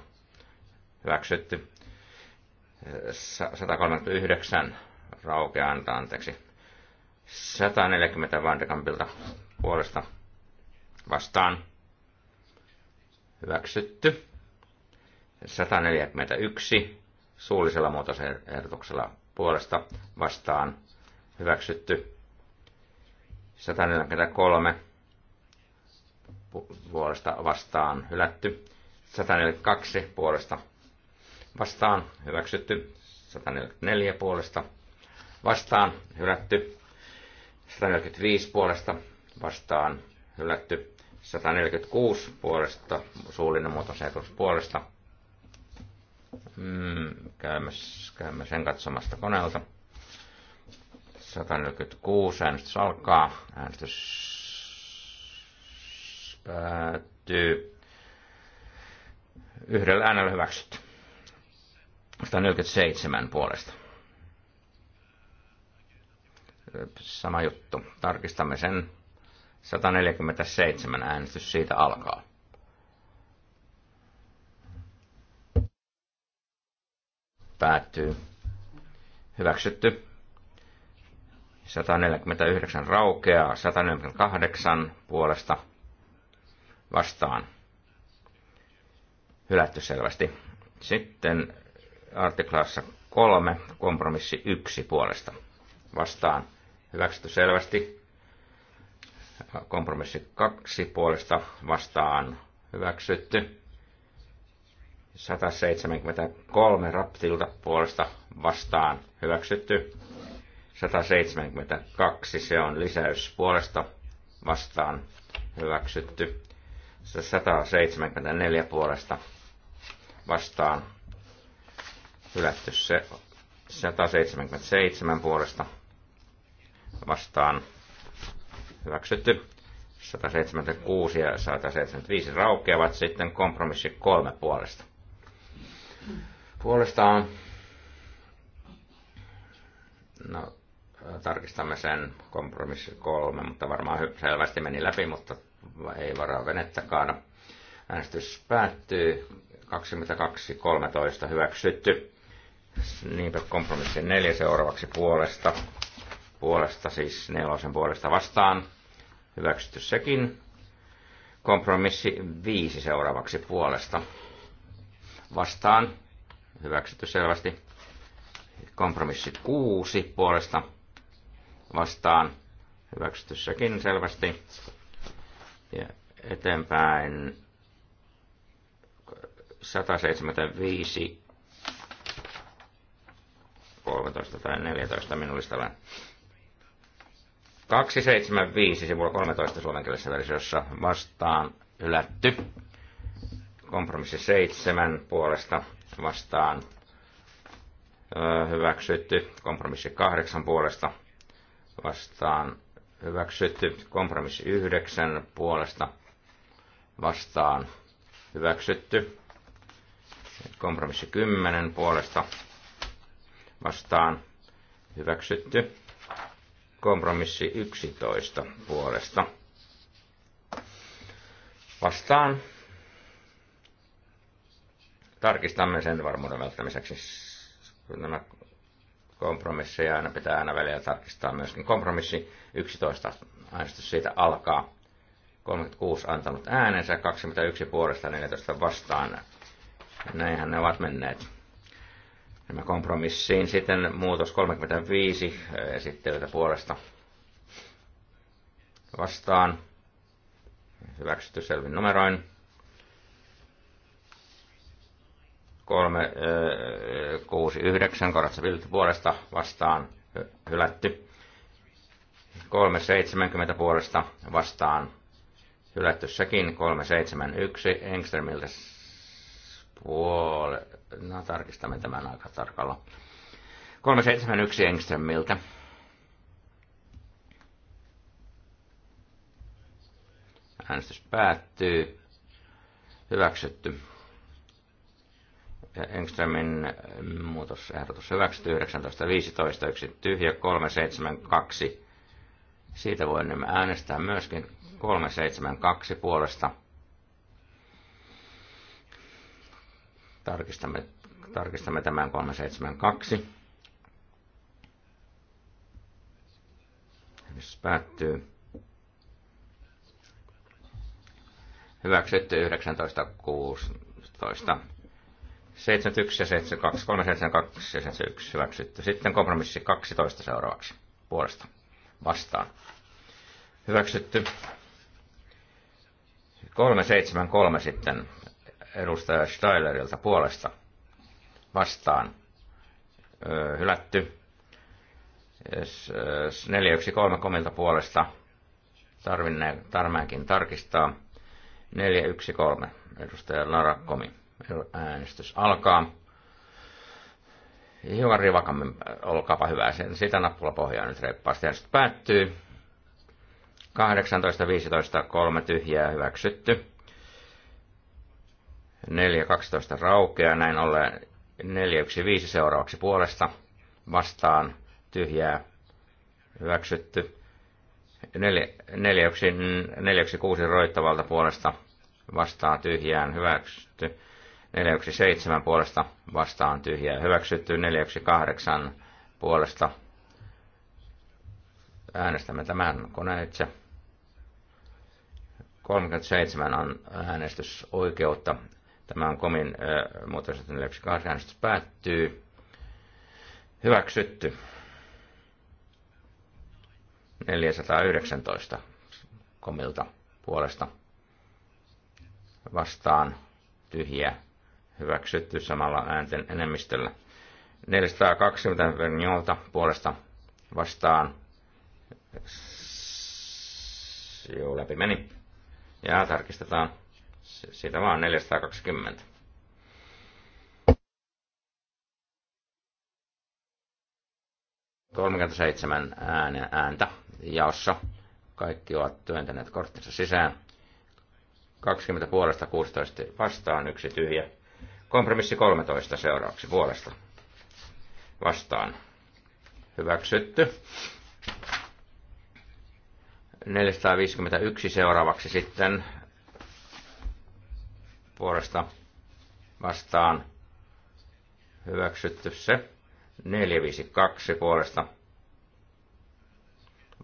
hyväksytty. 139 raukeaa anteeksi 140 Vandekampilta puolesta vastaan. Hyväksytty. 141 suullisella muutosehdotuksella puolesta vastaan. Hyväksytty. 143 puolesta vastaan hylätty. 142 puolesta vastaan hyväksytty. 144 puolesta vastaan hylätty. 145 puolesta vastaan hylätty. 146 puolesta, suullinen muutosehdotus puolesta. Mm, käymme, käymme sen katsomasta koneelta. 146 äänestys alkaa. Äänestys päättyy. Yhdellä äänellä hyväksytty. 147 puolesta Sama juttu. Tarkistamme sen. 147 äänestys siitä alkaa. Päättyy. Hyväksytty. 149 raukeaa, 148 puolesta vastaan. Hylätty selvästi. Sitten artiklaassa 3, kompromissi 1 puolesta vastaan. Hyväksytty selvästi. Kompromissi kaksi puolesta vastaan hyväksytty. 173 raptilta puolesta vastaan hyväksytty. 172 se on lisäys puolesta vastaan hyväksytty. 174 puolesta vastaan hylätty se 177 puolesta vastaan hyväksytty. 176 ja 175 raukeavat sitten kompromissi kolme puolesta. Puolestaan no, tarkistamme sen kompromissi kolme, mutta varmaan selvästi meni läpi, mutta ei varaa venettä kaada. Äänestys päättyy 22.13 hyväksytty. Niinpä kompromissi neljä seuraavaksi puolesta puolesta, siis nelosen puolesta vastaan. Hyväksytty sekin. Kompromissi viisi seuraavaksi puolesta. Vastaan. Hyväksytty selvästi. Kompromissi kuusi puolesta. Vastaan. Hyväksytty sekin selvästi. Ja eteenpäin 175 13 tai 14 minun listalla 275 sivulla 13 suomenkielisessä versiossa vastaan ylätty. Kompromissi 7 puolesta vastaan hyväksytty. Kompromissi 8 puolesta vastaan hyväksytty. Kompromissi 9 puolesta vastaan hyväksytty. Kompromissi 10 puolesta vastaan hyväksytty Kompromissi 11 puolesta. Vastaan. Tarkistamme sen varmuuden välttämiseksi. Nämä kompromisseja aina pitää aina välillä tarkistaa myöskin. Kompromissi 11 äänestys siitä alkaa. 36 antanut äänensä, 21 puolesta 14 vastaan. Näinhän ne ovat menneet. Tämä kompromissiin sitten muutos 35 eh, esittelytä puolesta vastaan. Hyväksytty selvin numeroin. Eh, kuusi yhdeksän 9 Koratsavilta puolesta vastaan hylätty. 370 puolesta vastaan hylätty sekin. 371 Engströmiltä puole... No, tarkistamme tämän aika tarkalla. 371 Engströmiltä. Äänestys päättyy. Hyväksytty. Engströmin muutosehdotus hyväksytty 19.15, yksi tyhjä 372. Siitä voin äänestää myöskin 372 puolesta Tarkistamme, tarkistamme tämän 372. Äänestys päättyy. Hyväksytty 1916. 71 ja 72, 372 ja 71 hyväksytty. Sitten kompromissi 12 seuraavaksi puolesta vastaan. Hyväksytty. 373 sitten edustaja Steilerilta puolesta vastaan hylätty. 413 komilta puolesta tarvinne, tarmeenkin tarkistaa. 413 edustaja Lara Äänestys alkaa. Hiukan rivakammin, olkaapa hyvä. Sen, sitä nappula pohjaa nyt reippaasti. Äänestys päättyy. 18, 15, tyhjää hyväksytty. 4.12 raukeaa, näin ollen 4.15 seuraavaksi puolesta vastaan tyhjää hyväksytty. 4.16 roittavalta puolesta vastaan tyhjään hyväksytty. 4.17 puolesta vastaan tyhjää hyväksytty. 4.18 puolesta äänestämme tämän koneitse. 37 on äänestysoikeutta Tämä on komin muutos 48 äänestys päättyy. Hyväksytty. 419 komilta puolesta vastaan tyhjä hyväksytty samalla äänten enemmistöllä. 420 Verniolta puolesta vastaan. Joo, läpi meni. Ja tarkistetaan. Siitä vaan 420. Kolmekymmentäseitsemän ääntä jaossa. Kaikki ovat työntäneet korttinsa sisään. 20 puolesta 16 vastaan, yksi tyhjä. Kompromissi 13 seuraavaksi puolesta vastaan. Hyväksytty. 451 seuraavaksi sitten puolesta vastaan hyväksytty se. 452 puolesta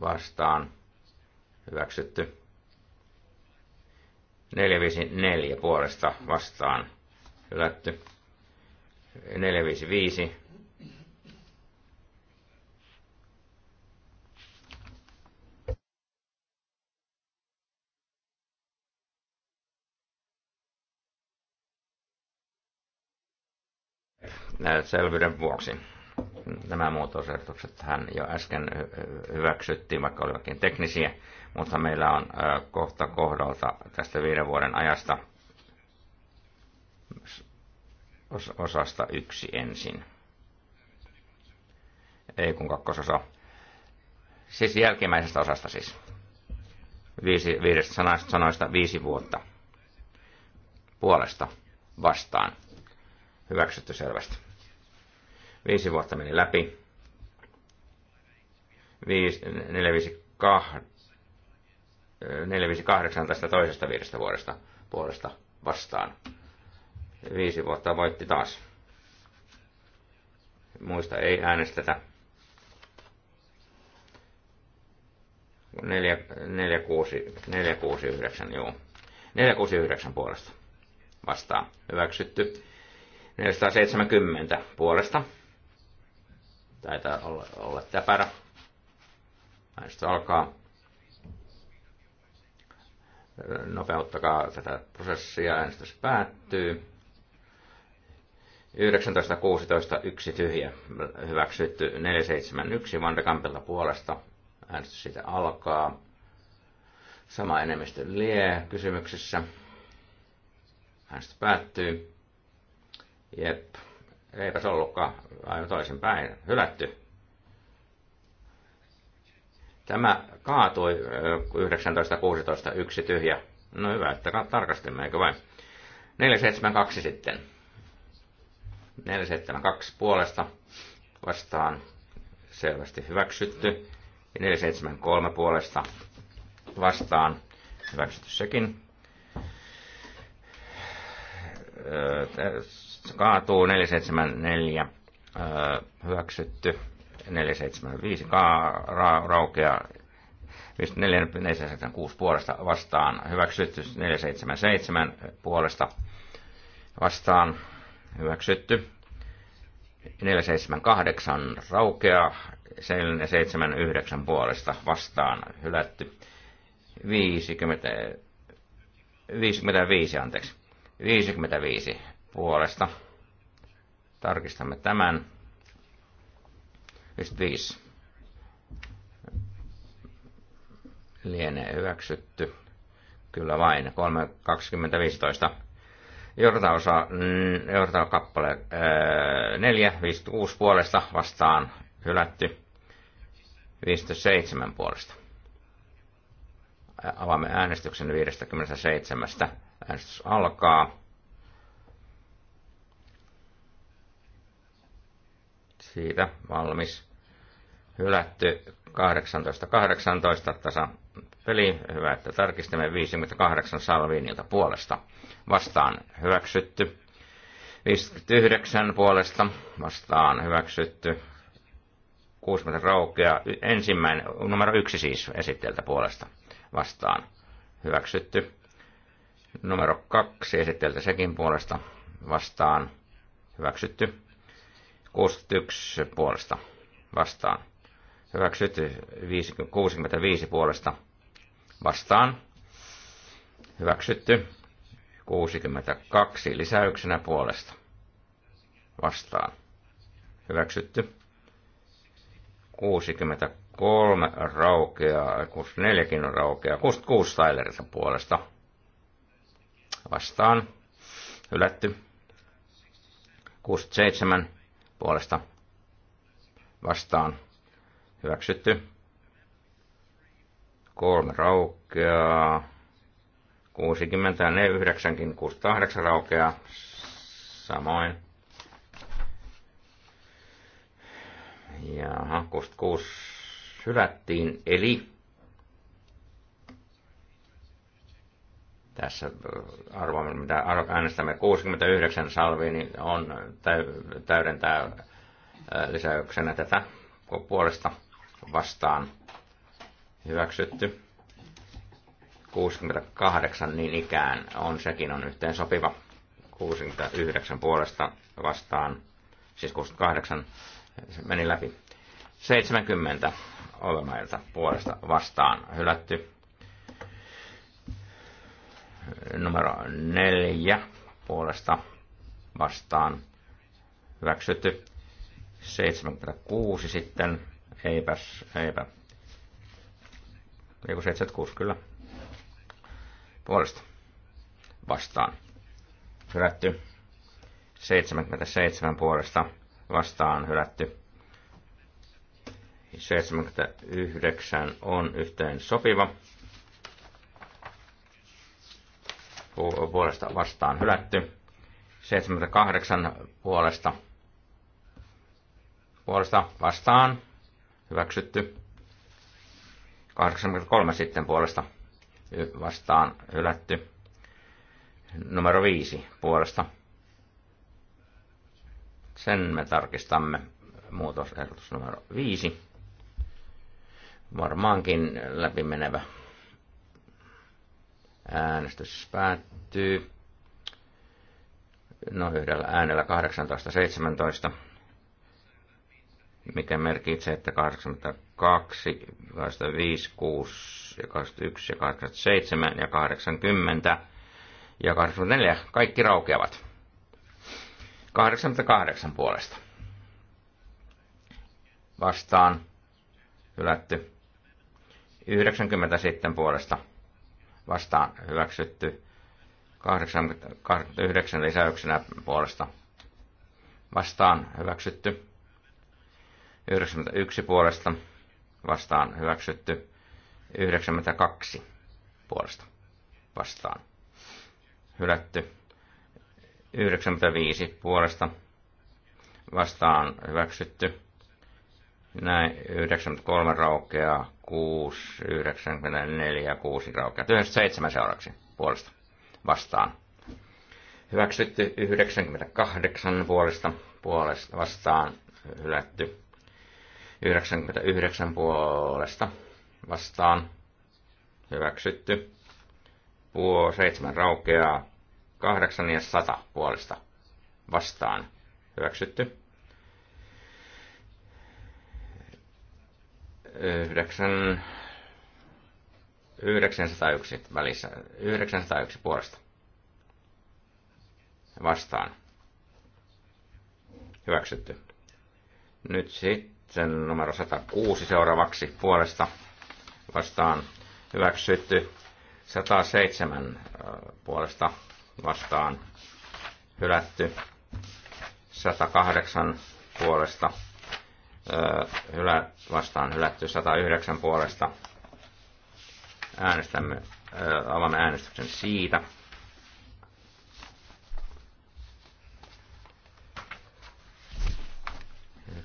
vastaan hyväksytty. 454 puolesta vastaan hylätty. 455 Äh, selvyyden vuoksi. Nämä hän jo äsken hyväksyttiin, vaikka olivatkin teknisiä, mutta meillä on äh, kohta kohdalta tästä viiden vuoden ajasta osasta yksi ensin. Ei kun kakkososa. Siis jälkimmäisestä osasta siis. Viisi, viidestä sanasta, sanoista viisi vuotta. Puolesta vastaan. Hyväksytty selvästi. Viisi vuotta meni läpi. 458 tästä toisesta viidestä vuodesta puolesta vastaan. Viisi vuotta voitti taas. Muista ei äänestetä. 469, joo. 469 puolesta vastaan. Hyväksytty. 470 puolesta Taitaa olla, olla täpärä. Äänestys alkaa. Nopeuttakaa tätä prosessia. Äänestys päättyy. 19.16. Yksi tyhjä. Hyväksytty 471 Kampilta puolesta. Äänestys siitä alkaa. Sama enemmistö lie kysymyksessä. Äänestys päättyy. Jep se ollutkaan aivan toisinpäin. Hylätty. Tämä kaatui 1916 yksi tyhjä. No hyvä, että tarkastimme, eikö vain? 472 sitten. 472 puolesta vastaan selvästi hyväksytty. Ja 473 puolesta vastaan hyväksytty sekin. Öö, kaatuu 474 hyväksytty, 475 ka- ra- raukea, 476 puolesta vastaan hyväksytty, 477 puolesta vastaan hyväksytty, 478 raukea, 479 puolesta vastaan hylätty, 50, 55 anteeksi, 55 puolesta. Tarkistamme tämän. 55. Lienee hyväksytty. Kyllä vain. 3.20.15. Jorta osa, Jorta kappale 4.56 puolesta vastaan hylätty. 57 puolesta. Avaamme äänestyksen 57. Äänestys alkaa. siitä valmis hylätty 18-18 tasa peli. Hyvä, että tarkistamme 58 Salviinilta puolesta. Vastaan hyväksytty. 59 puolesta vastaan hyväksytty. 60 raukea. Ensimmäinen, numero yksi siis esitteeltä puolesta vastaan hyväksytty. Numero kaksi esitteeltä sekin puolesta vastaan hyväksytty. 61 puolesta vastaan. Hyväksytty 65 puolesta vastaan. Hyväksytty 62 lisäyksenä puolesta vastaan. Hyväksytty 63 raukeaa, 64kin on raukeaa, 66 Stylerilta puolesta vastaan. Hylätty 67 puolesta vastaan hyväksytty. Kolme raukeaa. 64, 9, 68 raukeaa. Samoin. Jaha, 66 hylättiin, eli tässä äh, arvoamme, mitä äänestämme 69 salviin, niin on täydentää äh, lisäyksenä tätä puolesta vastaan hyväksytty. 68 niin ikään on, sekin on yhteen sopiva. 69 puolesta vastaan, siis 68 se meni läpi. 70 olemailta puolesta vastaan hylätty numero neljä puolesta vastaan hyväksytty. 76 sitten, eipäs, eipä. Joku 76 kyllä. Puolesta vastaan hylätty. 77 puolesta vastaan hylätty. 79 on yhteen sopiva puolesta vastaan hylätty. 78 puolesta puolesta vastaan hyväksytty. 83 sitten puolesta vastaan hylätty. Numero 5 puolesta. Sen me tarkistamme. Muutosehdotus numero 5. Varmaankin läpimenevä Äänestys päättyy. No yhdellä äänellä 18.17, mikä merkitsee, että 82, 25, 6 ja 21 ja 87 ja 80 ja 84 kaikki raukeavat. 88 puolesta. Vastaan hylätty. 90 sitten puolesta vastaan hyväksytty. 89 lisäyksenä puolesta vastaan hyväksytty. 91 puolesta vastaan hyväksytty. 92 puolesta vastaan hylätty. 95 puolesta vastaan hyväksytty. Näin 93 raukeaa, 6, 94, 6 raukeaa. 97 seuraavaksi puolesta vastaan. Hyväksytty 98 puolesta, puolesta vastaan hylätty. 99 puolesta vastaan hyväksytty. Puo 7 raukeaa, 8 ja 100 puolesta vastaan hyväksytty. 9, 901 välissä, 901 puolesta vastaan. Hyväksytty. Nyt sitten numero 106 seuraavaksi puolesta vastaan hyväksytty. 107 puolesta vastaan hylätty. 108 puolesta hylä, vastaan hylätty 109 puolesta. Äänestämme, ö, avaamme äänestyksen siitä.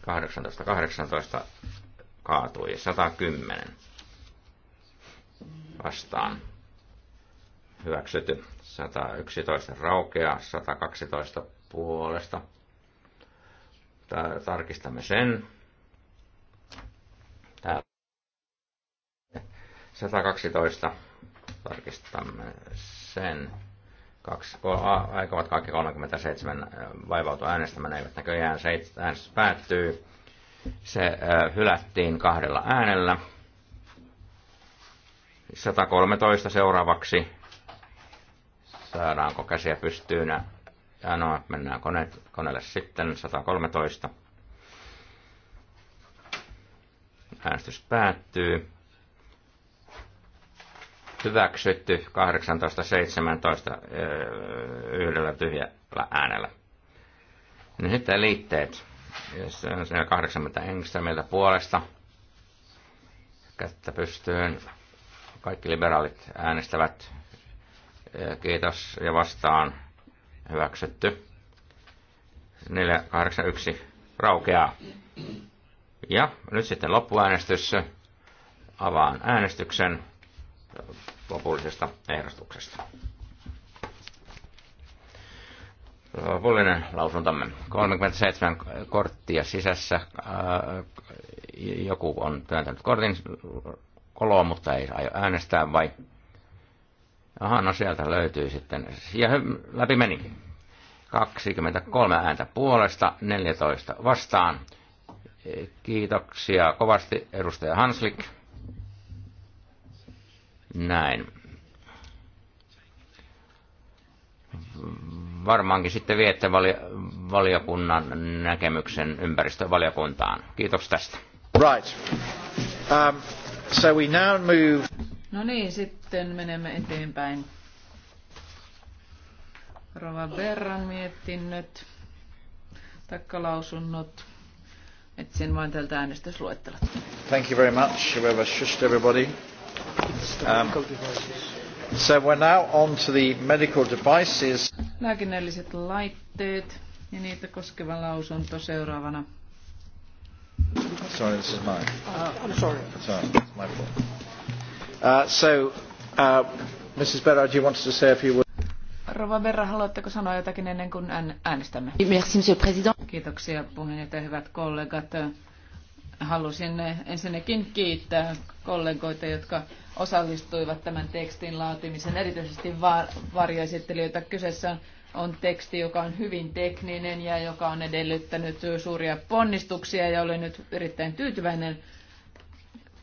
Kahdeksantoista, kahdeksantoista kaatui. 110 vastaan hyväksytty. 111 raukeaa, 112 puolesta. Tarkistamme sen. 112 tarkistamme sen. Kaksi, aikovat kaikki 37 vaivautua äänestämään, eivät näköjään se äänestys päättyy. Se hylättiin kahdella äänellä. 113 seuraavaksi. Saadaanko käsiä pystyyn? Ja no, mennään kone, koneelle sitten. 113. Äänestys päättyy hyväksytty 18.17 yhdellä tyhjällä äänellä. No sitten liitteet. Se on siellä 80 meiltä puolesta. Kättä pystyyn. Kaikki liberaalit äänestävät. Kiitos ja vastaan. Hyväksytty. 481 raukeaa. Ja nyt sitten loppuäänestys. Avaan äänestyksen lopullisesta ehdostuksesta. Lopullinen lausuntamme. 37 korttia sisässä. Joku on työntänyt kortin koloa, mutta ei aio äänestää vai? Aha, no sieltä löytyy sitten. Ja läpi menikin. 23 ääntä puolesta, 14 vastaan. Kiitoksia kovasti edustaja Hanslik. Näin. Varmaankin sitten viette valiokunnan näkemyksen ympäristövaliokuntaan. Kiitos tästä. Right. Um, so we now move... No niin, sitten menemme eteenpäin. Rova Berran miettinnöt, takkalausunnot. Etsin vain tältä äänestysluettelot. Thank you very much, whoever shushed everybody. Um, so we're now on to the medical devices. Lääkinnälliset laitteet ja niitä koskeva lausunto seuraavana. Sorry, this is mine. Uh, I'm sorry. Sorry, it's my fault. Uh, so, uh, Mrs. Berra, do you want to say a few words? Rova haluatteko sanoa jotakin ennen kuin äänestämme? Merci, monsieur Kiitoksia puheenjohtaja, hyvät kollegat. Halusin ensinnäkin kiittää kollegoita, jotka osallistuivat tämän tekstin laatimiseen, erityisesti varjoesittelijöitä. Kyseessä on teksti, joka on hyvin tekninen ja joka on edellyttänyt suuria ponnistuksia ja olen nyt erittäin tyytyväinen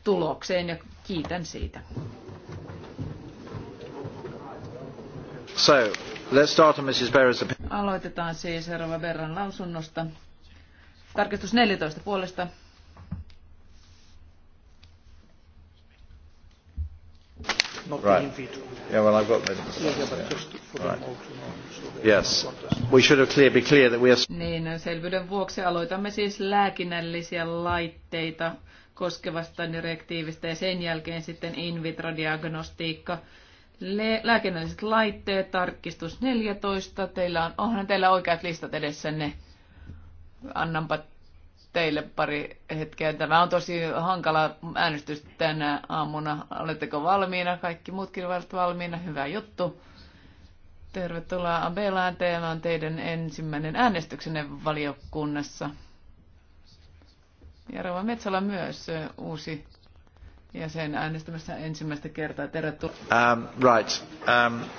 tulokseen ja kiitän siitä. So, let's start on Mrs. Aloitetaan siis seuraava Berran lausunnosta. Tarkistus 14 puolesta not right. the in vitro. Yeah, well, I've got the... Yeah, yeah, but yeah. just for right. them yes. We should have clear, be clear that we are... Niin, selvyyden vuoksi aloitamme siis lääkinnällisiä laitteita koskevasta direktiivistä ja sen jälkeen sitten in vitro-diagnostiikka. lääkinnälliset laitteet, tarkistus 14. Teillä on, onhan teillä oikeat listat edessänne. Annanpa teille pari hetkeä. Tämä on tosi hankala äänestys tänä aamuna. Oletteko valmiina? Kaikki muutkin ovat valmiina. Hyvä juttu. Tervetuloa Abelaan. Teillä on teidän ensimmäinen äänestyksenne valiokunnassa. Ja Metsala myös uusi jäsen äänestämässä ensimmäistä kertaa. Tervetuloa. Um, right. Um,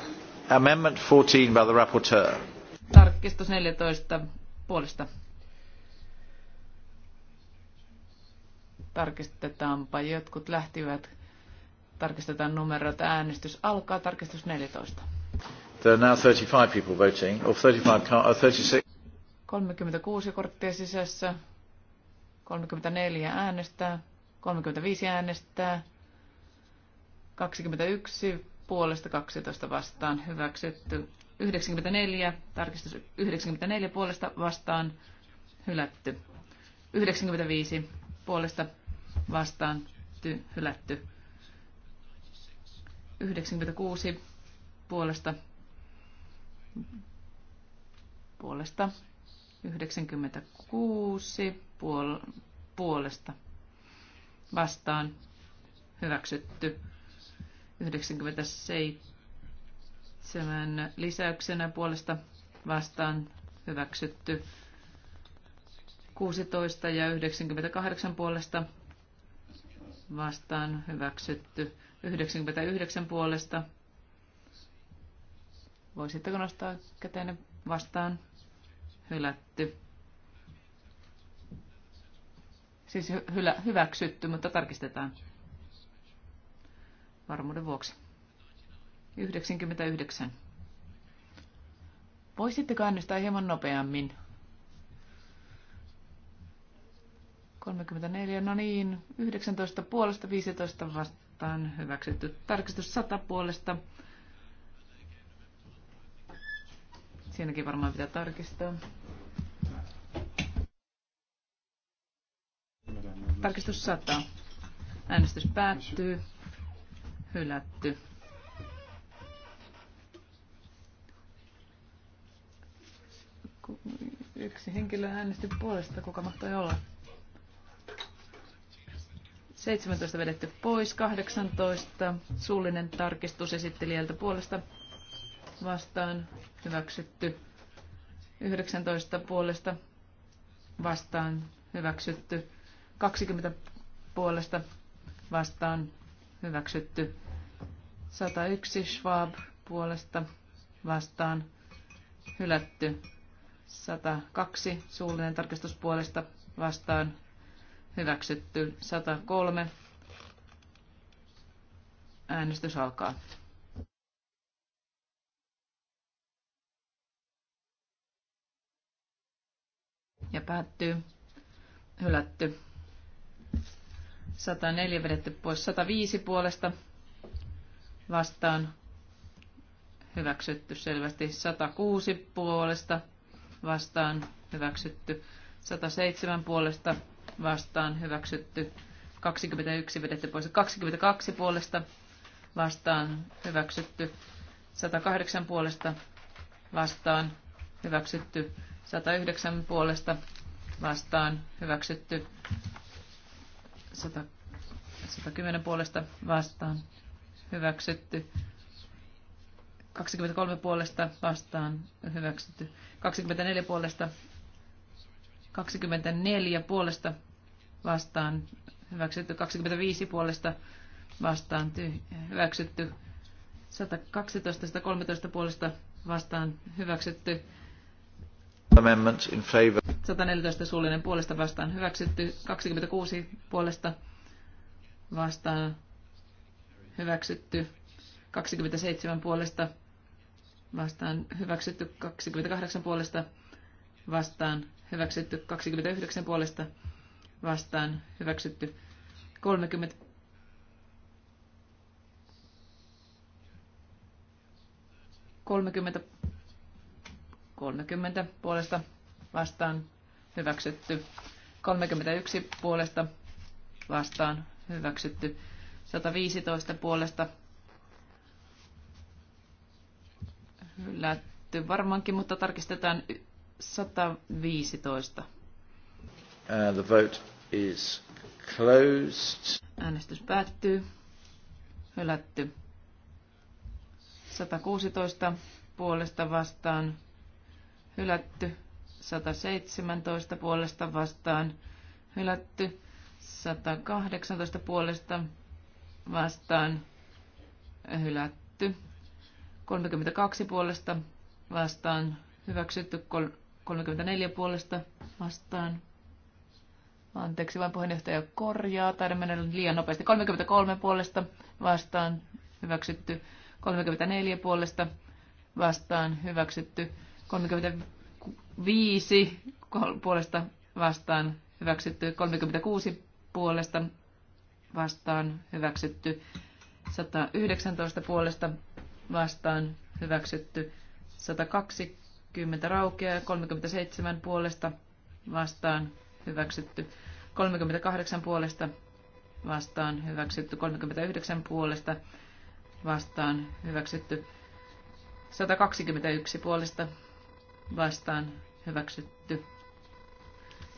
amendment 14 by the rapporteur. Tarkistus 14 puolesta Tarkistetaanpa. Jotkut lähtivät. Tarkistetaan numerot. Äänestys alkaa. Tarkistus 14. There are now 35 people voting, or 35 or 36. 36 korttia sisässä, 34 äänestää, 35 äänestää, 21 puolesta 12 vastaan hyväksytty, 94, tarkistus 94 puolesta vastaan hylätty, 95 puolesta vastaan ty, hylätty. 96 puolesta puolesta 96 puol, puolesta vastaan hyväksytty 97 lisäyksenä puolesta vastaan hyväksytty 16 ja 98 puolesta vastaan hyväksytty. 99 puolesta. Voisitteko nostaa käteen vastaan hylätty? Siis hylä, hyväksytty, mutta tarkistetaan varmuuden vuoksi. 99. Voisitteko äänestää hieman nopeammin? 34, no niin, 19 puolesta, 15 vastaan hyväksytty. Tarkistus 100 puolesta. Siinäkin varmaan pitää tarkistaa. Tarkistus 100. Äänestys päättyy. Hylätty. Yksi henkilö äänesti puolesta, kuka mahtoi olla? 17 vedetty pois, 18 suullinen tarkistus esittelijältä puolesta vastaan hyväksytty, 19 puolesta vastaan hyväksytty, 20 puolesta vastaan hyväksytty, 101 Schwab puolesta vastaan hylätty, 102 suullinen tarkistus puolesta vastaan Hyväksytty 103. Äänestys alkaa. Ja päättyy. Hylätty. 104 vedetty pois. 105 puolesta vastaan. Hyväksytty selvästi. 106 puolesta vastaan. Hyväksytty. 107 puolesta vastaan hyväksytty. 21 vedetty pois. 22 puolesta vastaan hyväksytty. 108 puolesta vastaan hyväksytty. 109 puolesta vastaan hyväksytty. 100, 110 puolesta vastaan hyväksytty. 23 puolesta vastaan hyväksytty. 24 puolesta 24 puolesta vastaan hyväksytty, 25 puolesta vastaan hyväksytty, 112, 113 puolesta vastaan hyväksytty, Amendments in favor. 114 suullinen puolesta vastaan hyväksytty, 26 puolesta vastaan hyväksytty, 27 puolesta vastaan hyväksytty, 28 puolesta vastaan hyväksytty 29 puolesta vastaan, hyväksytty 30 30, 30 puolesta vastaan hyväksytty, 31 puolesta vastaan hyväksytty, 115 puolesta hylätty varmaankin, mutta tarkistetaan 115. Uh, the vote is closed. Äänestys päättyy. Hylätty. 116 puolesta vastaan. Hylätty. 117 puolesta vastaan. Hylätty. 118 puolesta vastaan. Hylätty. 32 puolesta vastaan. Hyväksytty 34 puolesta vastaan. Anteeksi, vain puheenjohtaja korjaa. Taida mennä liian nopeasti. 33 puolesta vastaan hyväksytty. 34 puolesta vastaan hyväksytty. 35 puolesta vastaan hyväksytty. 36 puolesta vastaan hyväksytty. 119 puolesta vastaan hyväksytty. 120 10 raukeaa ja 37 puolesta vastaan hyväksytty. 38 puolesta vastaan hyväksytty. 39 puolesta vastaan hyväksytty. 121 puolesta vastaan hyväksytty.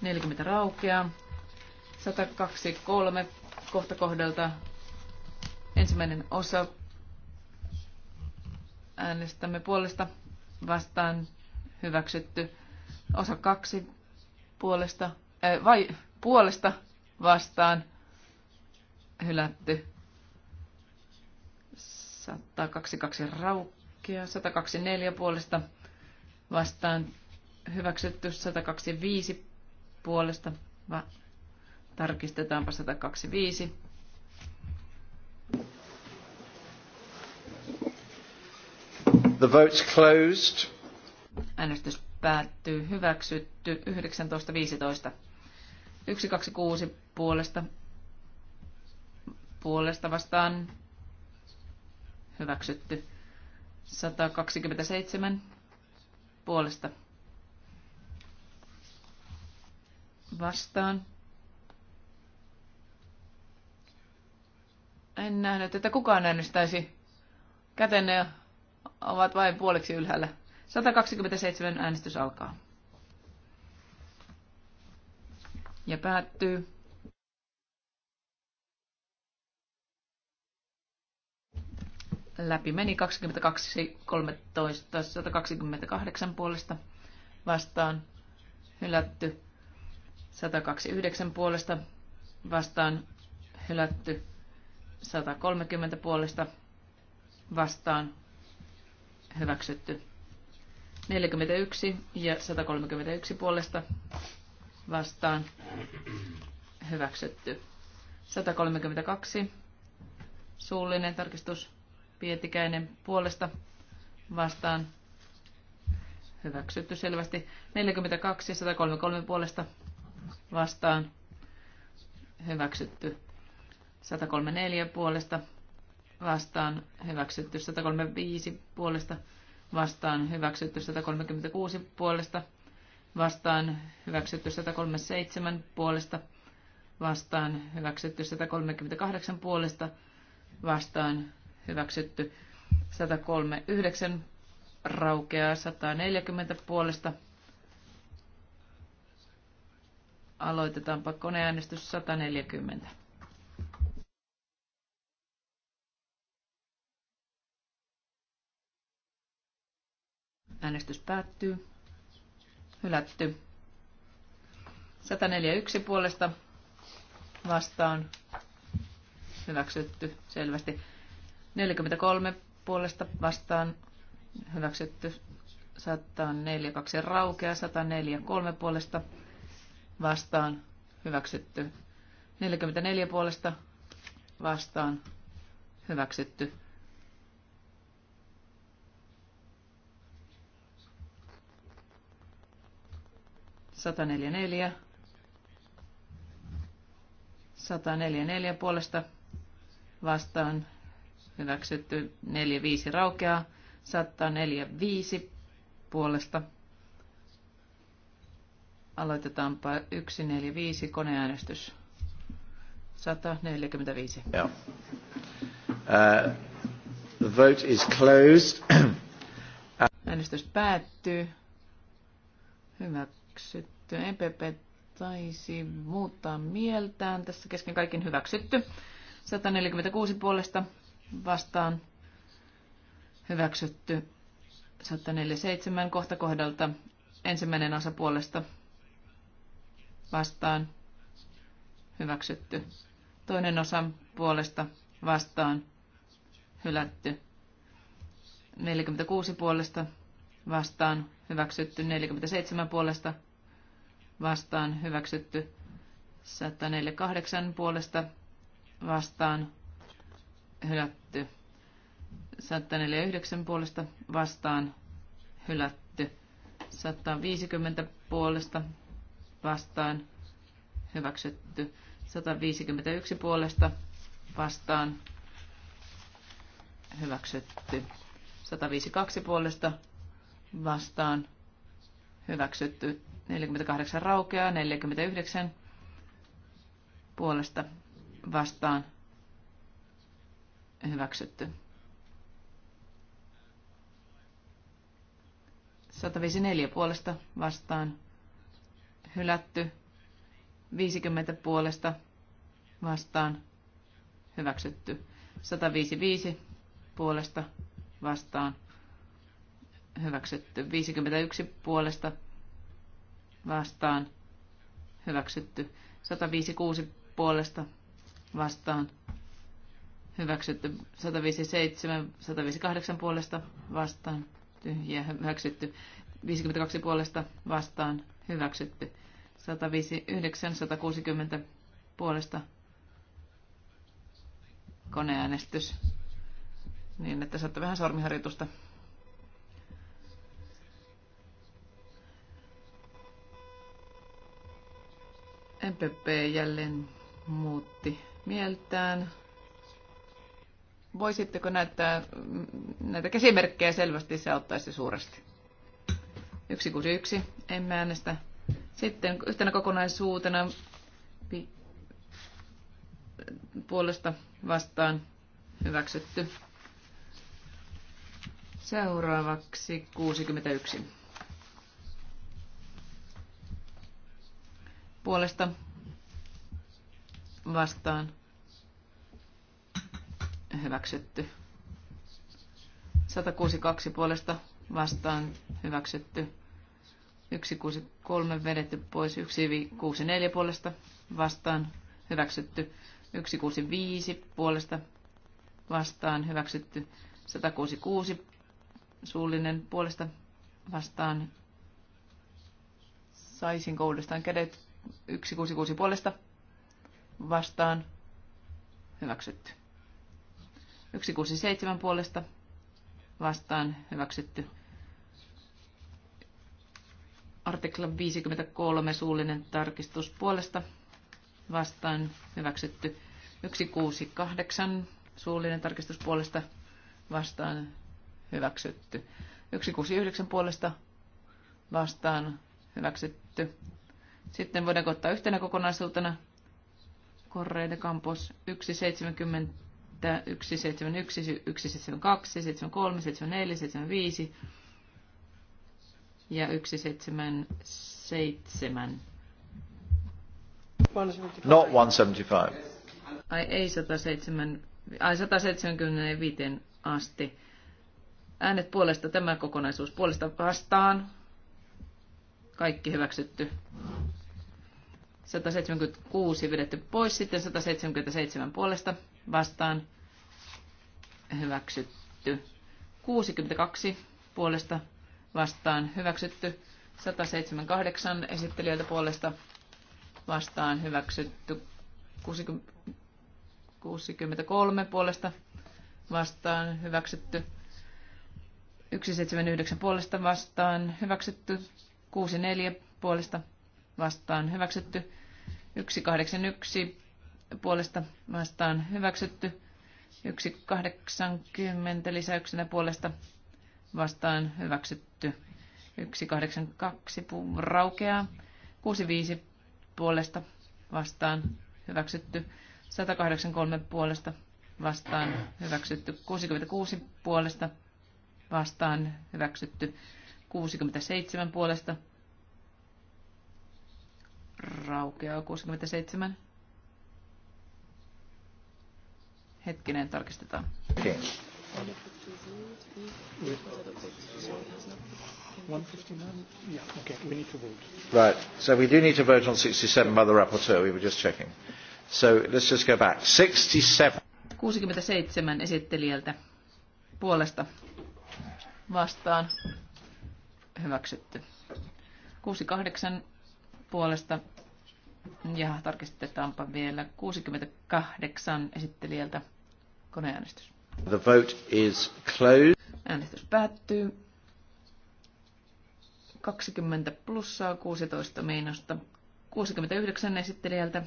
40 raukeaa. 123 kohta kohdalta ensimmäinen osa. Äänestämme puolesta vastaan hyväksytty. Osa kaksi puolesta, äh, vai, puolesta vastaan hylätty. 122 raukkia, 124 puolesta vastaan hyväksytty, 125 puolesta va- tarkistetaanpa 125. The vote's closed. Äänestys päättyy. Hyväksytty 19.15. 126 puolesta. Puolesta vastaan. Hyväksytty. 127 puolesta. Vastaan. En nähnyt, että kukaan äänestäisi. Kätenne ovat vain puoliksi ylhäällä. 127 äänestys alkaa. Ja päättyy. Läpi meni 22, 13, 128 puolesta vastaan. Hylätty. 129 puolesta vastaan. Hylätty. 130 puolesta vastaan hyväksytty. 41 ja 131 puolesta vastaan hyväksytty. 132 suullinen tarkistus Pietikäinen puolesta vastaan hyväksytty selvästi. 42 ja 133 puolesta vastaan hyväksytty. 134 puolesta vastaan hyväksytty. 135 puolesta vastaan vastaan hyväksytty 136 puolesta, vastaan hyväksytty 137 puolesta, vastaan hyväksytty 138 puolesta, vastaan hyväksytty 139 raukeaa 140 puolesta. Aloitetaanpa koneäänestys 140. Äänestys päättyy. Hylätty. 141 puolesta vastaan. Hyväksytty selvästi. 43 puolesta vastaan. Hyväksytty. 142 raukea. 143 puolesta vastaan. Hyväksytty. 44 puolesta vastaan. Hyväksytty. 144. 144 puolesta vastaan hyväksytty 45 raukeaa. 145 puolesta. Aloitetaanpa 145 koneäänestys. 145. Yeah. Uh, the vote is closed. Äänestys päättyy. Hyväksytty hyväksytty. EPP taisi muuttaa mieltään. Tässä kesken kaiken hyväksytty. 146 puolesta vastaan hyväksytty. 147 kohta kohdalta ensimmäinen osa puolesta vastaan hyväksytty. Toinen osa puolesta vastaan hylätty. 46 puolesta vastaan hyväksytty. 47 puolesta vastaan hyväksytty 148 puolesta vastaan hylätty 149 puolesta vastaan hylätty 150 puolesta vastaan hyväksytty 151 puolesta vastaan hyväksytty 152 puolesta vastaan hyväksytty. 48 raukeaa, 49 puolesta vastaan hyväksytty. 154 puolesta vastaan hylätty. 50 puolesta vastaan hyväksytty. 155 puolesta vastaan hyväksytty. 51 puolesta vastaan hyväksytty. 156 puolesta vastaan hyväksytty. 157, 158 puolesta vastaan tyhjä hyväksytty. 52 puolesta vastaan hyväksytty. 159, 160 puolesta koneäänestys. Niin, että saatte vähän sormiharjoitusta. MPP jälleen muutti mieltään. Voisitteko näyttää mm, näitä käsimerkkejä selvästi, se auttaisi suuresti. 161, emme äänestä. Sitten yhtenä kokonaisuutena puolesta vastaan hyväksytty. Seuraavaksi 61. puolesta vastaan hyväksytty. 162 puolesta vastaan hyväksytty. 163 vedetty pois. 164 puolesta vastaan hyväksytty. 165 puolesta vastaan hyväksytty. 166 suullinen puolesta vastaan. Saisin koulustaan kädet 166 puolesta vastaan hyväksytty. 167 puolesta vastaan hyväksytty. Artikla 53 suullinen tarkistus puolesta vastaan hyväksytty. 168 suullinen tarkistus puolesta vastaan hyväksytty. 169 puolesta vastaan hyväksytty. Sitten voidaanko ottaa yhtenä kokonaisuutena Correa de Campos 170, 171, 172, 73, 74, 75 ja 177. No 175. Ai ei 107, ai 175 asti. Äänet puolesta tämä kokonaisuus. Puolesta vastaan. Kaikki hyväksytty. 176 vedetty pois, sitten 177 puolesta vastaan hyväksytty. 62 puolesta vastaan hyväksytty. 178 esittelijöitä puolesta vastaan hyväksytty. 63 puolesta vastaan hyväksytty. 179 puolesta vastaan hyväksytty. 64 puolesta vastaan hyväksytty. 181 puolesta vastaan hyväksytty. 180 lisäyksenä puolesta vastaan hyväksytty. 182 raukeaa. 65 puolesta vastaan hyväksytty. 183 puolesta vastaan hyväksytty. 66 puolesta vastaan hyväksytty. 67 puolesta raukeaa 67. Hetkinen, tarkistetaan. Okay. okay, Right, so we do need to vote on 67 by the rapporteur, we were just checking. So let's just go back. 67. 67 esittelijältä puolesta vastaan hyväksytty. 68 puolesta ja tarkistetaanpa vielä 68 esittelijältä koneäänestys. The vote is closed. Äänestys päättyy. 20 plussaa, 16 miinusta. 69 esittelijältä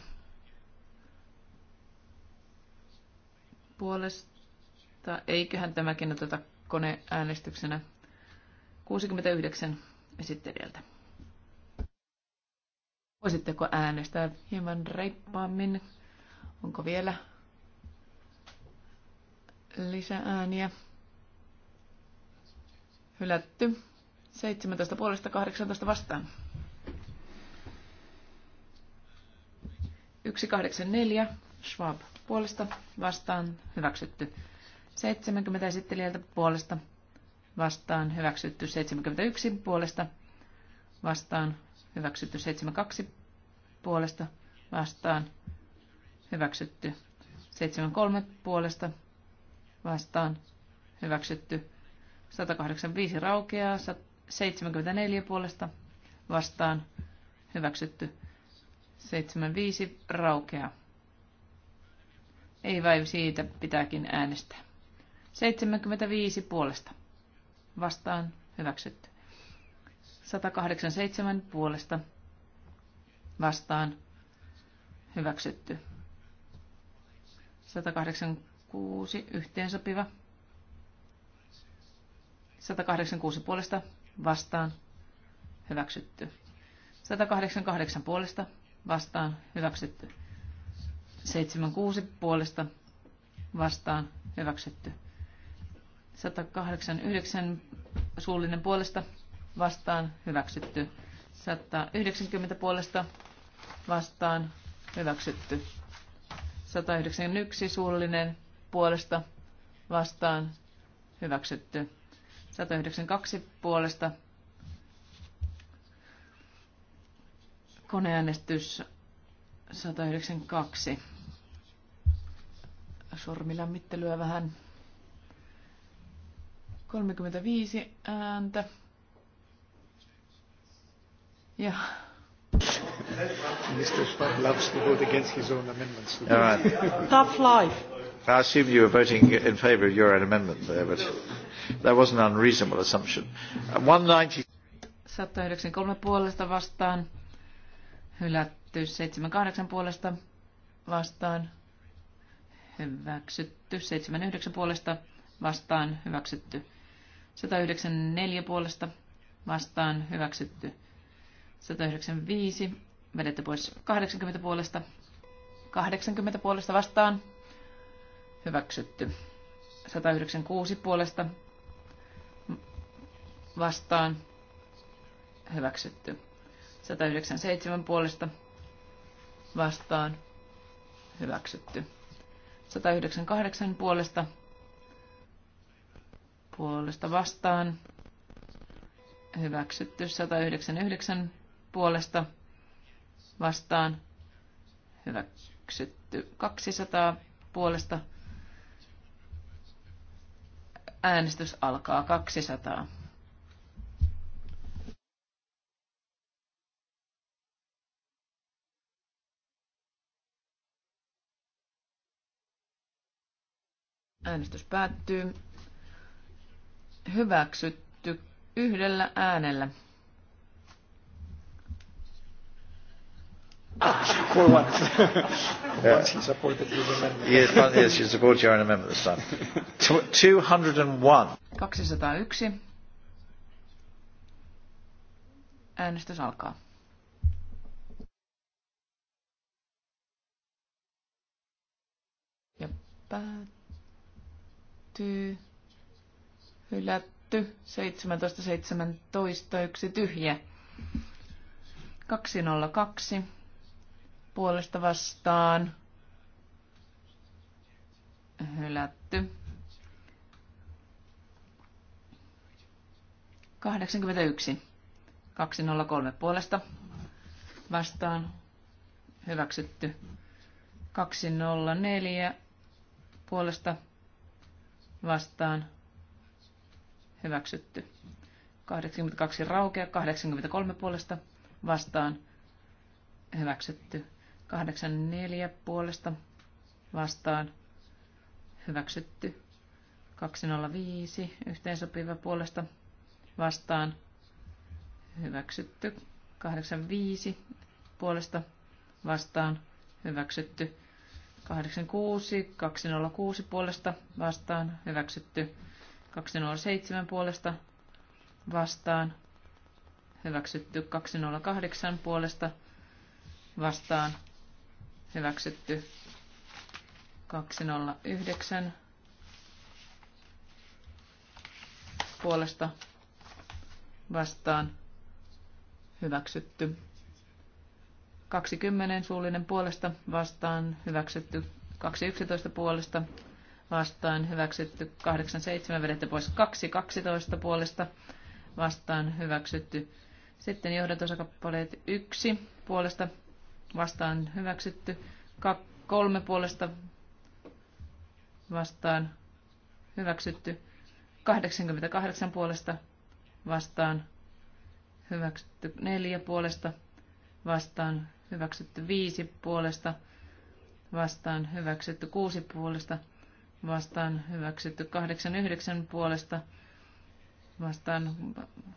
puolesta. Eiköhän tämäkin oteta koneäänestyksenä. 69 esittelijältä. Voisitteko äänestää hieman reippaammin? Onko vielä lisääniä? Hylätty. 17 puolesta 18 vastaan. 184 Schwab puolesta vastaan hyväksytty. 70 esittelijältä puolesta vastaan hyväksytty. 71 puolesta vastaan hyväksytty 72 puolesta vastaan, hyväksytty 73 puolesta vastaan, hyväksytty 185 raukeaa, 74 puolesta vastaan, hyväksytty 75 raukeaa. Ei vai siitä pitääkin äänestää. 75 puolesta vastaan, hyväksytty. 187 puolesta vastaan hyväksytty. 186 yhteensopiva. 186 puolesta vastaan hyväksytty. 188 puolesta vastaan hyväksytty. 76 puolesta vastaan hyväksytty. 189 suullinen puolesta vastaan hyväksytty. 190 puolesta vastaan hyväksytty. 191 suullinen puolesta vastaan hyväksytty. 192 puolesta koneäänestys 192. Sormilämmittelyä vähän. 35 ääntä. Ja. Mr. Schwab loves to vote against his own amendments. Right. Tough life. I assume you were voting in favour of your own amendment there, but that was an unreasonable assumption. 193 uh, puolesta vastaan, hylätty 78 puolesta vastaan, hyväksytty 79 puolesta vastaan, hyväksytty 194 puolesta vastaan, hyväksytty 195, Vedette pois 80 puolesta, 80 puolesta vastaan, hyväksytty. 196 puolesta vastaan, hyväksytty. 197 puolesta vastaan, hyväksytty. 198 puolesta puolesta vastaan, hyväksytty. 199 puolesta vastaan hyväksytty 200 puolesta. Äänestys alkaa 200. Äänestys päättyy. Hyväksytty yhdellä äänellä. For once. once he supported his amendment. yes, you support your own amendment this time. 201. 201. Äänestys alkaa. Ja päättyy. Hylätty. 17, 17, yksi tyhjä. 202 puolesta vastaan. Hylätty. 81. 203 puolesta vastaan. Hyväksytty. 204 puolesta vastaan. Hyväksytty. 82 raukea, 83 puolesta vastaan. Hyväksytty. 84 puolesta vastaan hyväksytty. 205 yhteensopiva puolesta vastaan hyväksytty. 85 puolesta vastaan hyväksytty. 86, 206 puolesta vastaan hyväksytty. 207 puolesta vastaan hyväksytty. 208 puolesta vastaan hyväksytty hyväksytty 209 puolesta vastaan hyväksytty 20 suullinen puolesta vastaan hyväksytty 211 puolesta vastaan hyväksytty 87 vedettä pois 212 puolesta vastaan hyväksytty sitten johdantosakappaleet 1 puolesta vastaan hyväksytty, kolme puolesta vastaan hyväksytty, 88 puolesta vastaan hyväksytty, neljä puolesta vastaan hyväksytty, viisi puolesta vastaan hyväksytty, kuusi puolesta vastaan hyväksytty, kahdeksan yhdeksän puolesta vastaan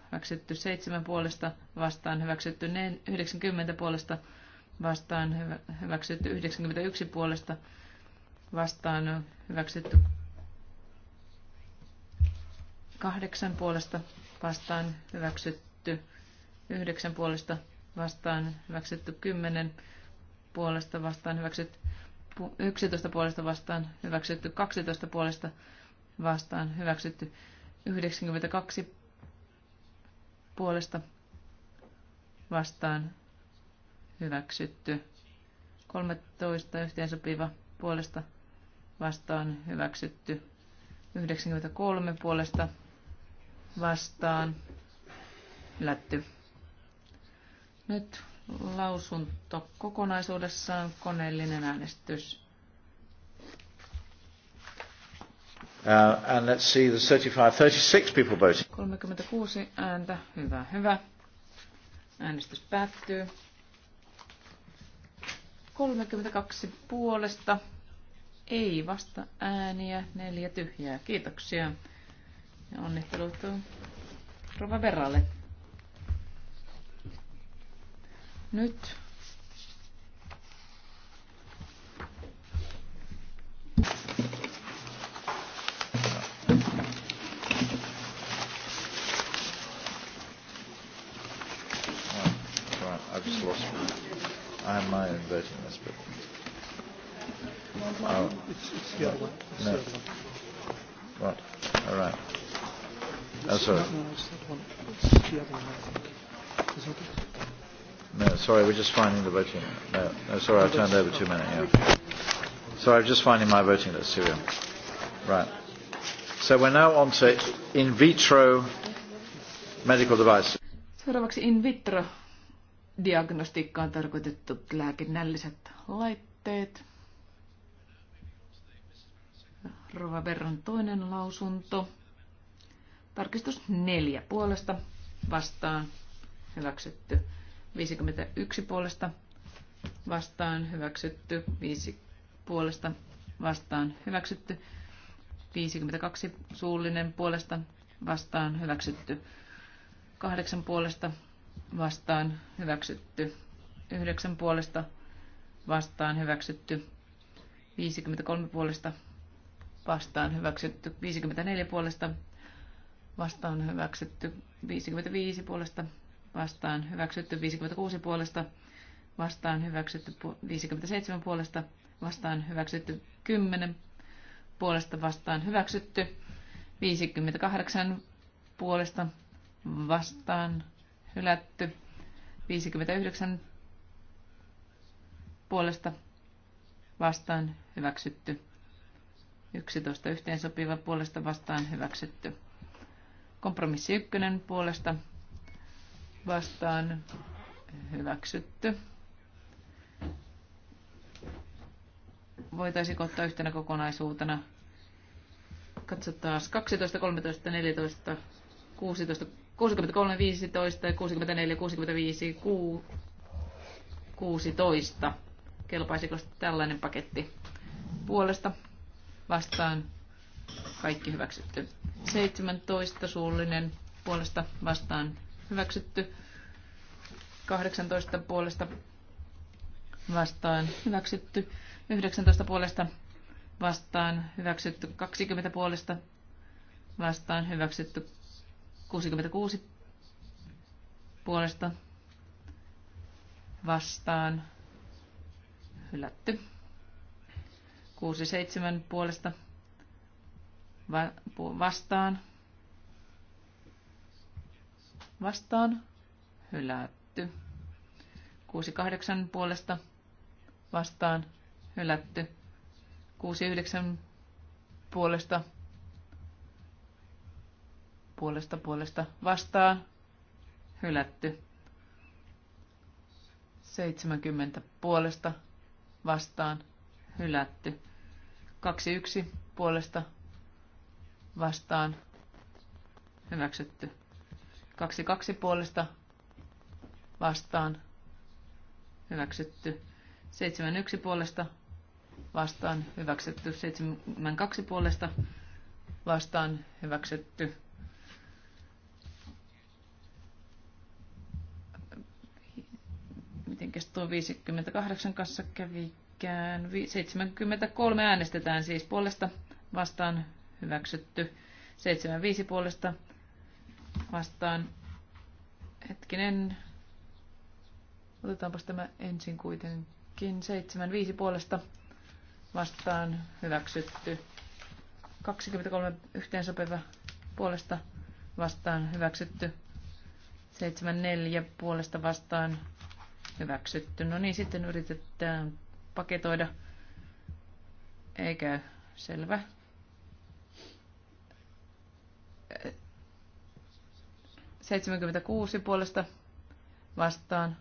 hyväksytty, seitsemän puolesta vastaan hyväksytty, 90 puolesta vastaan, vastaan hyväksytty 91 puolesta vastaan hyväksytty 8 puolesta vastaan hyväksytty 9 puolesta vastaan hyväksytty 10 puolesta vastaan hyväksytty 11 puolesta vastaan hyväksytty 12 puolesta vastaan hyväksytty 92 puolesta vastaan hyväksytty. 13 yhteensopiva puolesta vastaan hyväksytty. 93 puolesta vastaan hylätty. Nyt lausunto kokonaisuudessaan koneellinen äänestys. Uh, and let's see, the 35, 36 people voting. 36 ääntä, hyvä, hyvä. Äänestys päättyy. 32 puolesta, ei vasta ääniä, neljä tyhjää. Kiitoksia ja onnittelut Rova Verralle. Nyt I've just lost I'm my inverting this, but. Oh. It's, it's the other one. no. What? All right. Oh, sorry. No, No, sorry, we're just finding the voting. No, no sorry, I've turned over too many. Yeah. Sorry, I'm just finding my voting list. Here we are. Right. So we're now on to in vitro medical devices. Seuraavaksi in vitro diagnostiikkaan tarkoitetut lääkinnälliset laitteet. Rova Verran toinen lausunto. Tarkistus neljä puolesta vastaan hyväksytty 51 puolesta vastaan hyväksytty 5 puolesta vastaan hyväksytty 52 suullinen puolesta vastaan hyväksytty 8 puolesta vastaan hyväksytty. 9 puolesta vastaan hyväksytty. 53 puolesta vastaan hyväksytty. 54 puolesta vastaan hyväksytty. 55 puolesta vastaan hyväksytty. 56 puolesta vastaan hyväksytty. 57 puolesta vastaan hyväksytty. 10 puolesta vastaan hyväksytty. 58 puolesta vastaan hylätty. 59 puolesta vastaan hyväksytty. 11 yhteensopiva puolesta vastaan hyväksytty. Kompromissi 1 puolesta vastaan hyväksytty. Voitaisiin ottaa yhtenä kokonaisuutena? Katsotaan 12, 13, 14, 16, 63, 15 64, 65, 16. Kelpaisiko tällainen paketti puolesta vastaan? Kaikki hyväksytty. 17 suullinen puolesta vastaan hyväksytty. 18 puolesta vastaan hyväksytty. 19 puolesta vastaan hyväksytty. 20 puolesta vastaan hyväksytty. 66 puolesta vastaan hylätty. 67 puolesta va- pu- vastaan vastaan hylätty. 68 puolesta vastaan hylätty. 69 puolesta vastaan puolesta puolesta vastaan hylätty. 70 puolesta vastaan hylätty. 21 puolesta vastaan hyväksytty. 22 puolesta vastaan hyväksytty. 71 puolesta vastaan hyväksytty. 72 puolesta vastaan hyväksytty. Siis tuo 58 kanssa kävikään. 73 äänestetään siis puolesta vastaan hyväksytty. 75 puolesta vastaan. Hetkinen. Otetaanpas tämä ensin kuitenkin. 75 puolesta vastaan hyväksytty. 23 yhteensopiva puolesta vastaan hyväksytty. 74 puolesta vastaan Hyväksytty. No niin, sitten yritetään paketoida. Ei käy. Selvä. Seitsemänkymmentäkuusi puolesta vastaan.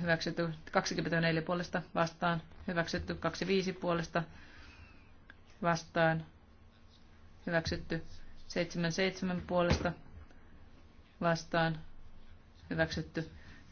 Hyväksytty 24 puolesta vastaan. Hyväksytty 25 puolesta vastaan. Hyväksytty 77 puolesta vastaan. Hyväksytty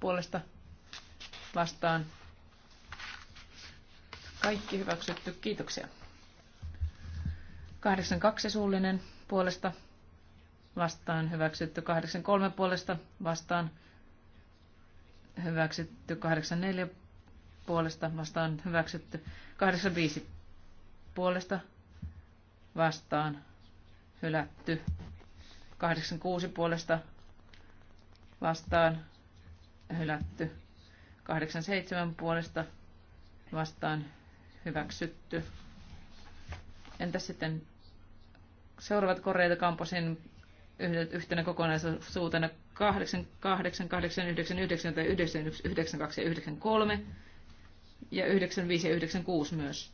puolesta vastaan. Kaikki hyväksytty. Kiitoksia. 82 suullinen puolesta vastaan hyväksytty. 83 puolesta vastaan hyväksytty. 84 puolesta vastaan hyväksytty. 85 puolesta vastaan hylätty. 86 puolesta vastaan hylätty. 87 puolesta vastaan hyväksytty. Entä sitten seuraavat korreita kamposin yhtenä kokonaisuutena 88, 89, 90, 91, 92 ja 93 ja 95 ja 96 myös.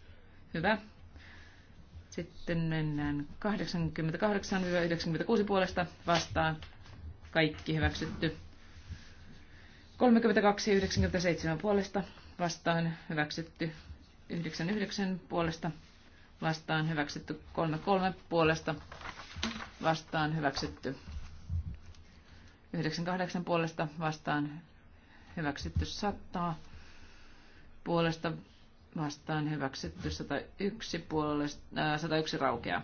Hyvä. Sitten mennään 88-96 puolesta vastaan. Kaikki hyväksytty. 32.97 puolesta vastaan hyväksytty 99 puolesta vastaan hyväksytty 33 puolesta vastaan hyväksytty 98 puolesta vastaan hyväksytty 100 puolesta vastaan hyväksytty 101 puolesta, äh, 101 raukea.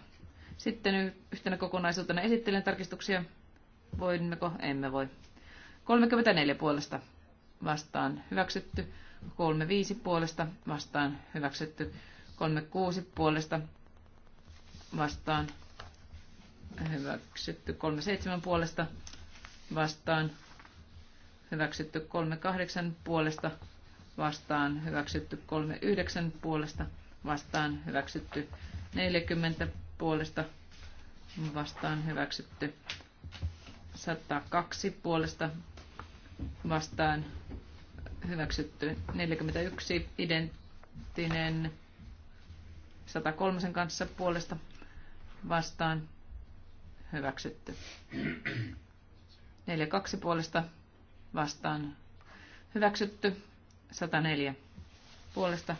Sitten yhtenä kokonaisuutena esittelen tarkistuksia. Voimmeko? Emme voi. 34 puolesta vastaan hyväksytty, 35 puolesta vastaan hyväksytty, 36 puolesta vastaan hyväksytty, 37 puolesta vastaan hyväksytty, 38 puolesta vastaan hyväksytty, 39 puolesta vastaan hyväksytty, 40 puolesta vastaan hyväksytty, 102 puolesta vastaan hyväksytty 41, identtinen 103 kanssa puolesta vastaan hyväksytty. 42 puolesta vastaan hyväksytty, 104 puolesta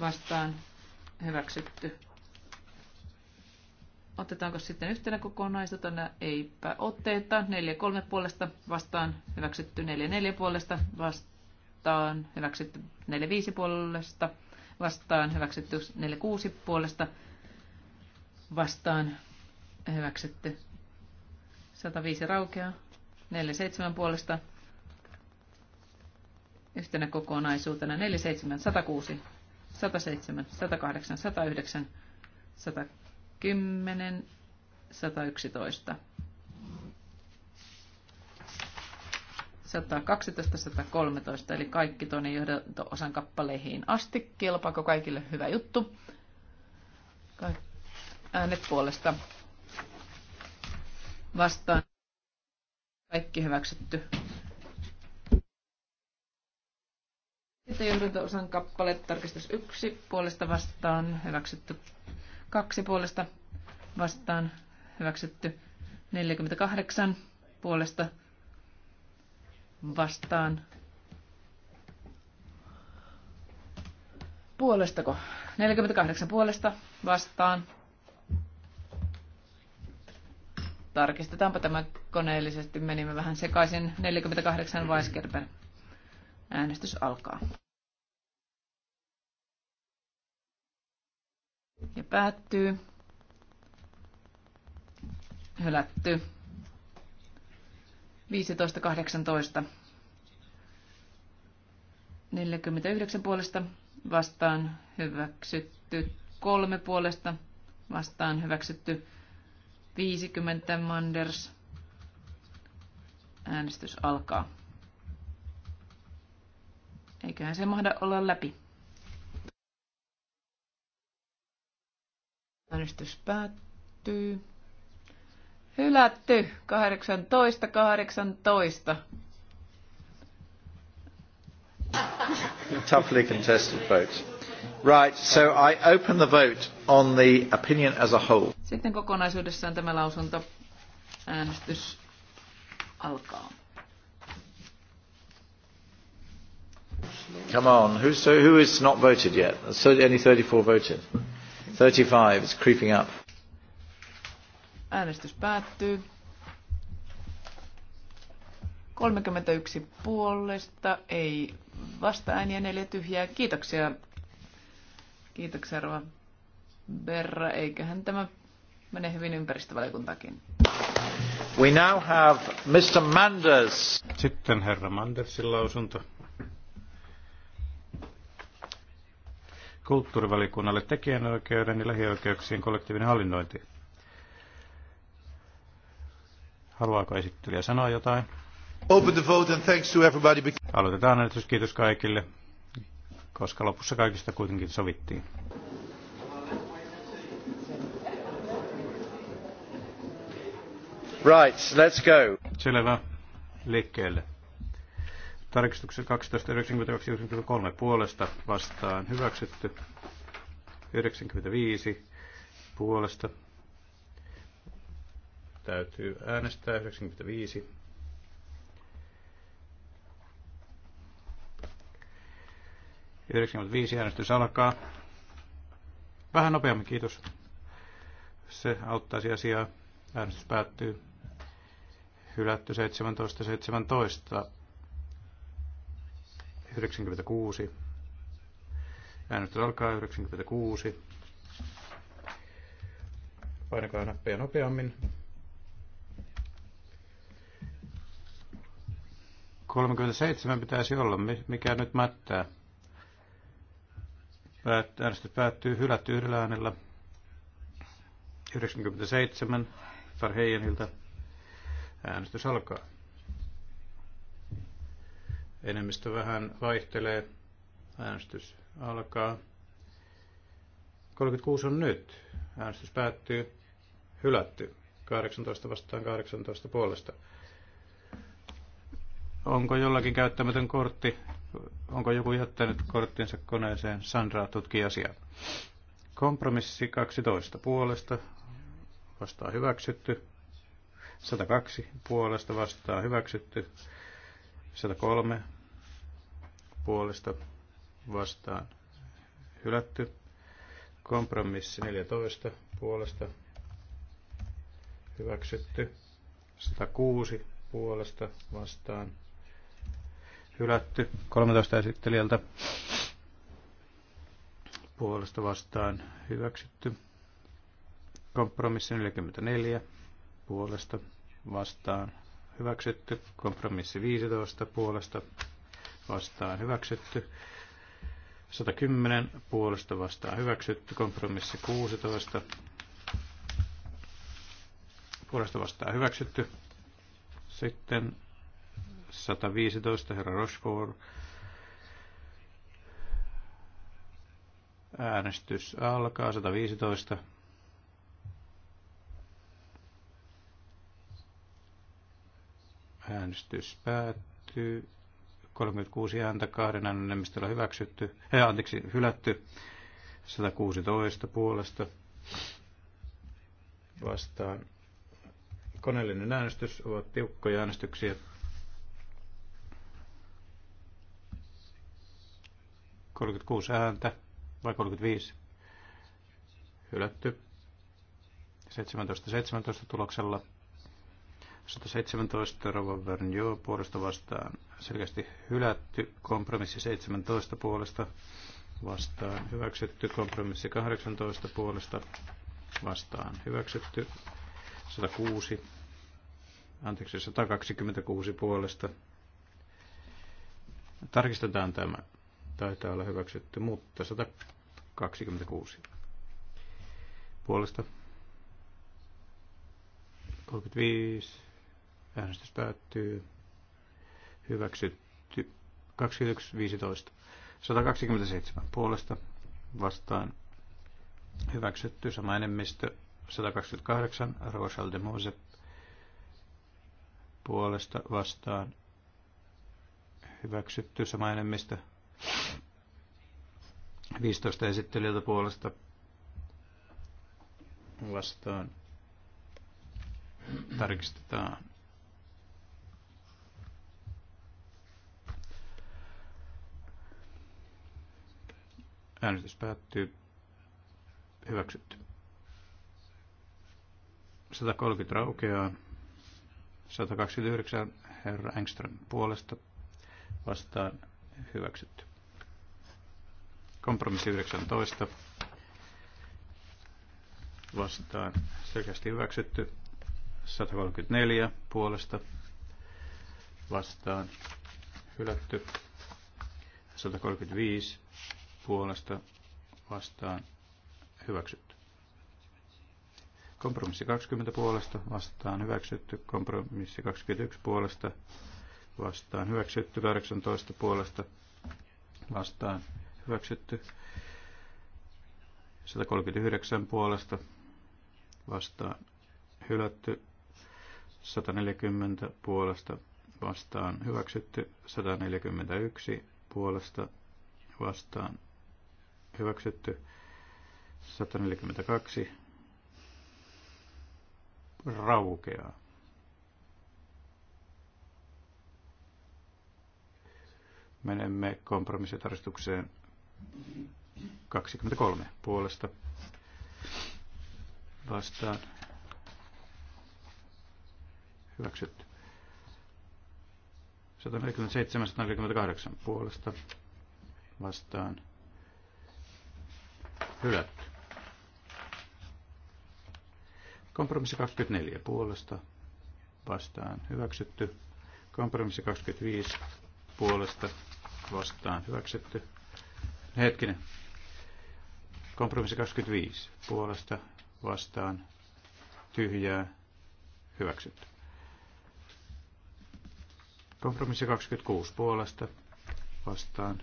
vastaan hyväksytty, Otetaanko sitten yhtenä kokonaisuutena? Eipä otteita. 4-3 puolesta vastaan hyväksytty 4-4 puolesta vastaan hyväksytty 4-5 puolesta vastaan hyväksytty 4-6 puolesta vastaan hyväksytty 105 raukeaa 4-7 puolesta yhtenä kokonaisuutena 4-7, 106, 107, 108, 109, 110. 10, 111. 112, 113, eli kaikki tuonne johdanto-osan kappaleihin asti. Kelpaako kaikille hyvä juttu? Äänet puolesta vastaan. Kaikki hyväksytty. Sitten johdanto-osan kappale, tarkistus 1, puolesta vastaan, hyväksytty kaksi puolesta vastaan hyväksytty 48 puolesta vastaan. Puolestako? 48 puolesta vastaan. Tarkistetaanpa tämä koneellisesti. Menimme vähän sekaisin. 48 Weisgerber. Äänestys alkaa. ja päättyy. Hylätty. 15.18. 49 puolesta vastaan hyväksytty. 3 puolesta vastaan hyväksytty. 50 Manders. Äänestys alkaa. Eiköhän se mahda olla läpi. Äänestys päättyy. Hylätty 18, 18. Toughly contested vote. Right, so I open the vote on the opinion as a whole. Sitten kokonaisuudessaan tämä lausunto äänestys alkaa. Come on, who, so who is not voted yet? So only 34 voted. 35 is creeping up. Äänestys päättyy. 31 puolesta, ei vasta ääniä, neljä tyhjää. Kiitoksia. Kiitoksia Rova Berra. Eiköhän tämä mene hyvin ympäristövaliokuntakin. We now have Mr. Manders. Sitten herra Mandersin lausunto. kulttuurivalikunnalle tekijänoikeuden ja lähioikeuksien kollektiivinen hallinnointi. Haluaako esittelijä sanoa jotain? Open the vote and thanks to everybody. Aloitetaan äänestys. Kiitos kaikille, koska lopussa kaikista kuitenkin sovittiin. Right, let's go. Selvä. Liikkeelle. Tarkistuksen 12.92.93 puolesta vastaan hyväksytty. 95 puolesta täytyy äänestää 95. Yhdeksänkymmentäviisi äänestys alkaa. Vähän nopeammin, kiitos. Se auttaisi asiaa. Äänestys päättyy. Hylätty 17.17. 17. 96. Äänestys alkaa 96. Painakaa nappia nopeammin. 37 pitäisi olla, mikä nyt mättää. äänestys päättyy hylätty yhdellä äänellä. 97 Farheijeniltä. Äänestys alkaa. Enemmistö vähän vaihtelee. Äänestys alkaa. 36 on nyt. Äänestys päättyy. Hylätty. 18 vastaan 18 puolesta. Onko jollakin käyttämätön kortti? Onko joku jättänyt korttinsa koneeseen? Sandra tutki asiaa. Kompromissi 12 puolesta vastaa hyväksytty. 102 puolesta vastaa hyväksytty. 103 puolesta vastaan hylätty. Kompromissi 14 puolesta hyväksytty. 106 puolesta vastaan hylätty. 13 esittelijältä puolesta vastaan hyväksytty. Kompromissi 44 puolesta vastaan hyväksytty. Kompromissi 15 puolesta vastaan hyväksytty. 110 puolesta vastaan hyväksytty. Kompromissi 16 puolesta vastaan hyväksytty. Sitten 115 herra Rochefort. Äänestys alkaa 115. Äänestys päättyy. 36 ääntä kahden äänen enemmistöllä hyväksytty, ei, eh, anteeksi, hylätty. 116 puolesta vastaan. Koneellinen äänestys ovat tiukkoja äänestyksiä. Kolmekymmentäkuusi ääntä vai 35? Hylätty. 17-17 tuloksella. 117 Rovan Vernjo puolesta vastaan selkeästi hylätty. Kompromissi 17 puolesta vastaan hyväksytty. Kompromissi 18 puolesta vastaan hyväksytty. 106, anteeksi 126 puolesta. Tarkistetaan tämä. Taitaa olla hyväksytty, mutta 126 puolesta. 35 Äänestys päättyy. Hyväksytty. 21.15. 127 puolesta vastaan. Hyväksytty sama enemmistö. 128 Rosal de Mose puolesta vastaan. Hyväksytty sama enemmistö. 15 esittelijältä puolesta vastaan tarkistetaan. Äänestys päättyy. Hyväksytty. 130 raukeaa. 129 herra Engström puolesta vastaan hyväksytty. Kompromissi 19 vastaan selkeästi hyväksytty. 134 puolesta vastaan hylätty. 135 puolesta vastaan hyväksytty. Kompromissi 20 puolesta vastaan hyväksytty. Kompromissi 21 puolesta vastaan hyväksytty. 18 puolesta vastaan hyväksytty. 139 puolesta vastaan hylätty. 140 puolesta vastaan hyväksytty. 141 puolesta vastaan hyväksytty 142 raukeaa. Menemme kompromissitarkistukseen 23 puolesta vastaan hyväksytty. 147-148 puolesta vastaan hylätty. Kompromissi 24 puolesta vastaan hyväksytty. Kompromissi 25 puolesta vastaan hyväksytty. Hetkinen. Kompromissi 25 puolesta vastaan tyhjää hyväksytty. Kompromissi 26 puolesta vastaan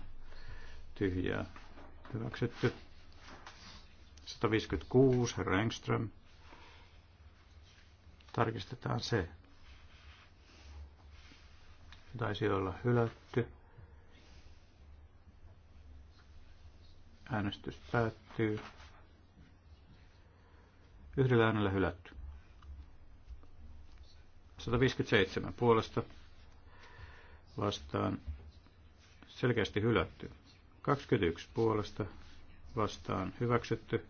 tyhjää hyväksytty. 156, herra Engström. Tarkistetaan se. Taisi olla hylätty. Äänestys päättyy. Yhdellä äänellä hylätty. 157 puolesta vastaan selkeästi hylätty. 21 puolesta vastaan hyväksytty.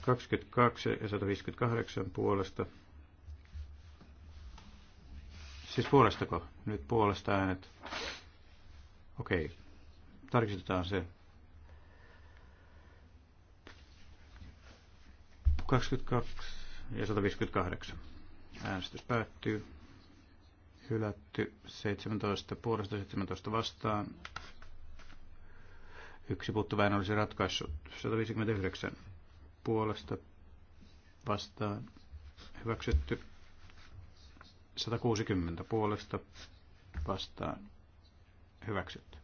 22 ja 158 puolesta. Siis puolestako? Nyt puolesta äänet. Okei. Okay. Tarkistetaan se. 22 ja 158. Äänestys päättyy. Hylätty 17 puolesta 17 vastaan. Yksi puuttuväinen olisi ratkaissut 159 puolesta vastaan hyväksytty. 160 puolesta vastaan hyväksytty.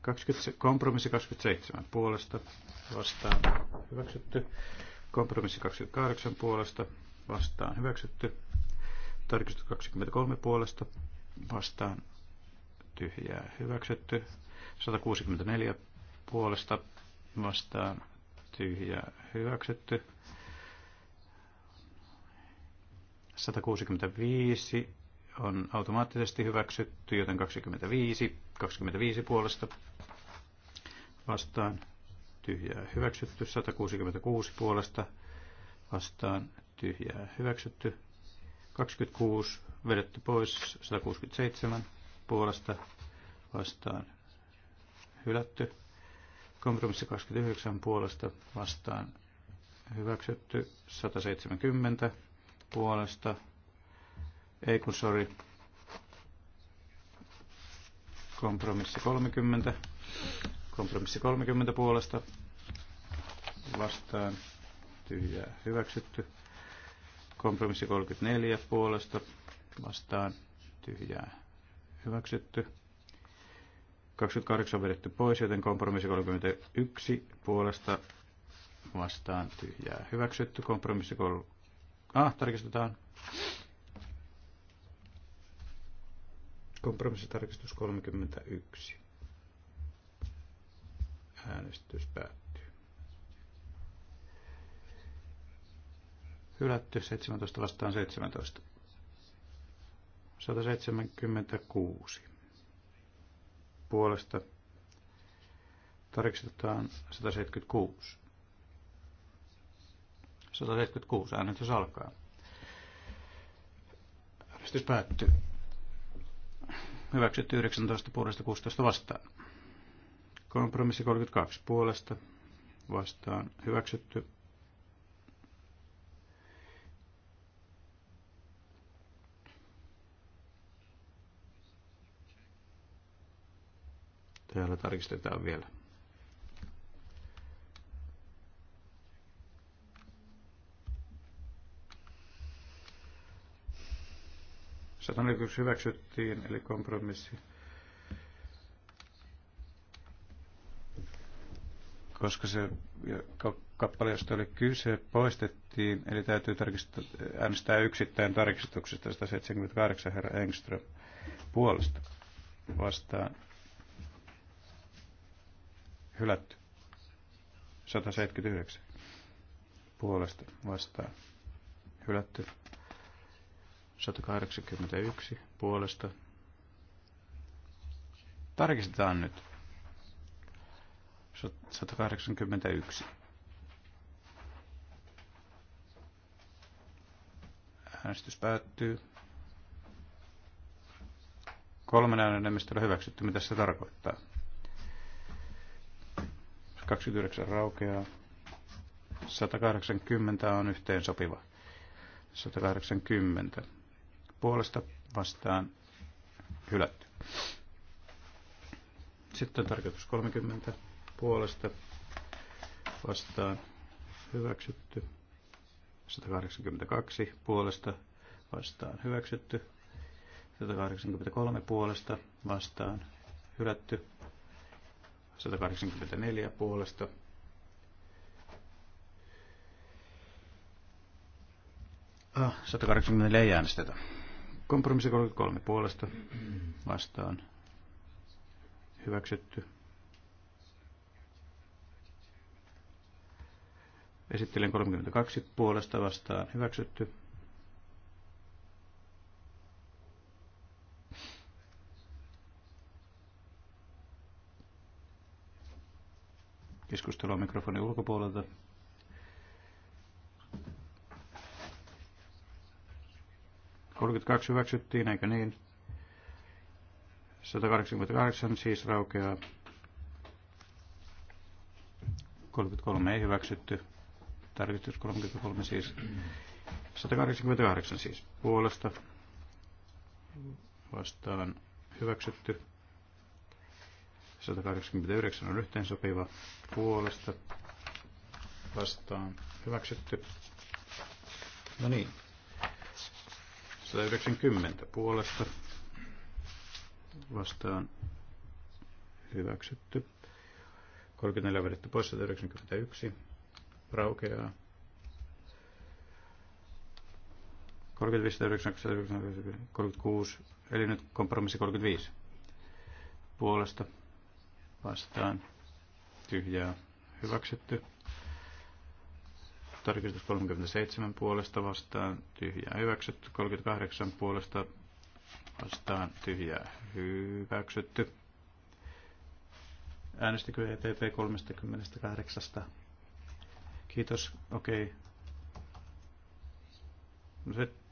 20, kompromissi 27 puolesta vastaan hyväksytty. Kompromissi 28 puolesta vastaan hyväksytty. Tarkistus 23 puolesta vastaan tyhjää hyväksytty. 164 puolesta vastaan tyhjä hyväksytty. 165 on automaattisesti hyväksytty, joten 25, 25 puolesta vastaan tyhjää hyväksytty, 166 puolesta vastaan tyhjää hyväksytty, 26 vedetty pois, 167 puolesta vastaan hylätty, Kompromissi 29 puolesta vastaan hyväksytty 170 puolesta. Ei kun sori. Kompromissi 30. Kompromissi 30 puolesta vastaan tyhjää hyväksytty. Kompromissi 34 puolesta vastaan tyhjää hyväksytty. 28 on vedetty pois, joten kompromissi 31 puolesta vastaan tyhjää hyväksytty. Kompromissi 3. Ah, tarkistetaan. Kompromissitarkistus 31. Äänestys päättyy. Hylätty 17 vastaan 17. 176 puolesta tarkistetaan 176. 176 äänestys alkaa. Äänestys päättyy. Hyväksytty 19 puolesta 16 vastaan. Kompromissi 32 puolesta vastaan hyväksytty Täällä tarkistetaan vielä. Satanikus hyväksyttiin, eli kompromissi. koska se kappale, josta oli kyse, poistettiin, eli täytyy äänestää yksittäin tarkistuksesta 178 herra Engström puolesta vastaan hylätty. 179 puolesta vastaan hylätty. 181 puolesta. Tarkistetaan nyt. 181. Äänestys päättyy. Kolmen äänen enemmistöllä hyväksytty. Mitä se tarkoittaa? 29 raukeaa. 180 on yhteen sopiva. 180. Puolesta vastaan hylätty. Sitten on tarkoitus 30. Puolesta vastaan hyväksytty. 182 puolesta vastaan hyväksytty. 183 puolesta vastaan hylätty. 184 puolesta. Ah, 184 ei äänestetä. Kompromissi 33 puolesta vastaan. Hyväksytty. Esittelen 32 puolesta vastaan. Hyväksytty. keskustelua mikrofonin ulkopuolelta. kaksi hyväksyttiin, eikö niin? 188 siis raukeaa. 33 ei hyväksytty. Tarkistus 33 siis. 188 siis puolesta vastaan hyväksytty. 189 on yhteensopiva puolesta vastaan hyväksytty. No niin. 190 puolesta vastaan hyväksytty. 34 vedetty pois 191 raukeaa. 35, 36, eli nyt kompromissi 35 puolesta vastaan tyhjää hyväksytty. Tarkistus 37 puolesta vastaan tyhjää hyväksytty. 38 puolesta vastaan tyhjää hyväksytty. Äänestikö ETT 38? Kiitos. Okei. Okay. No sitten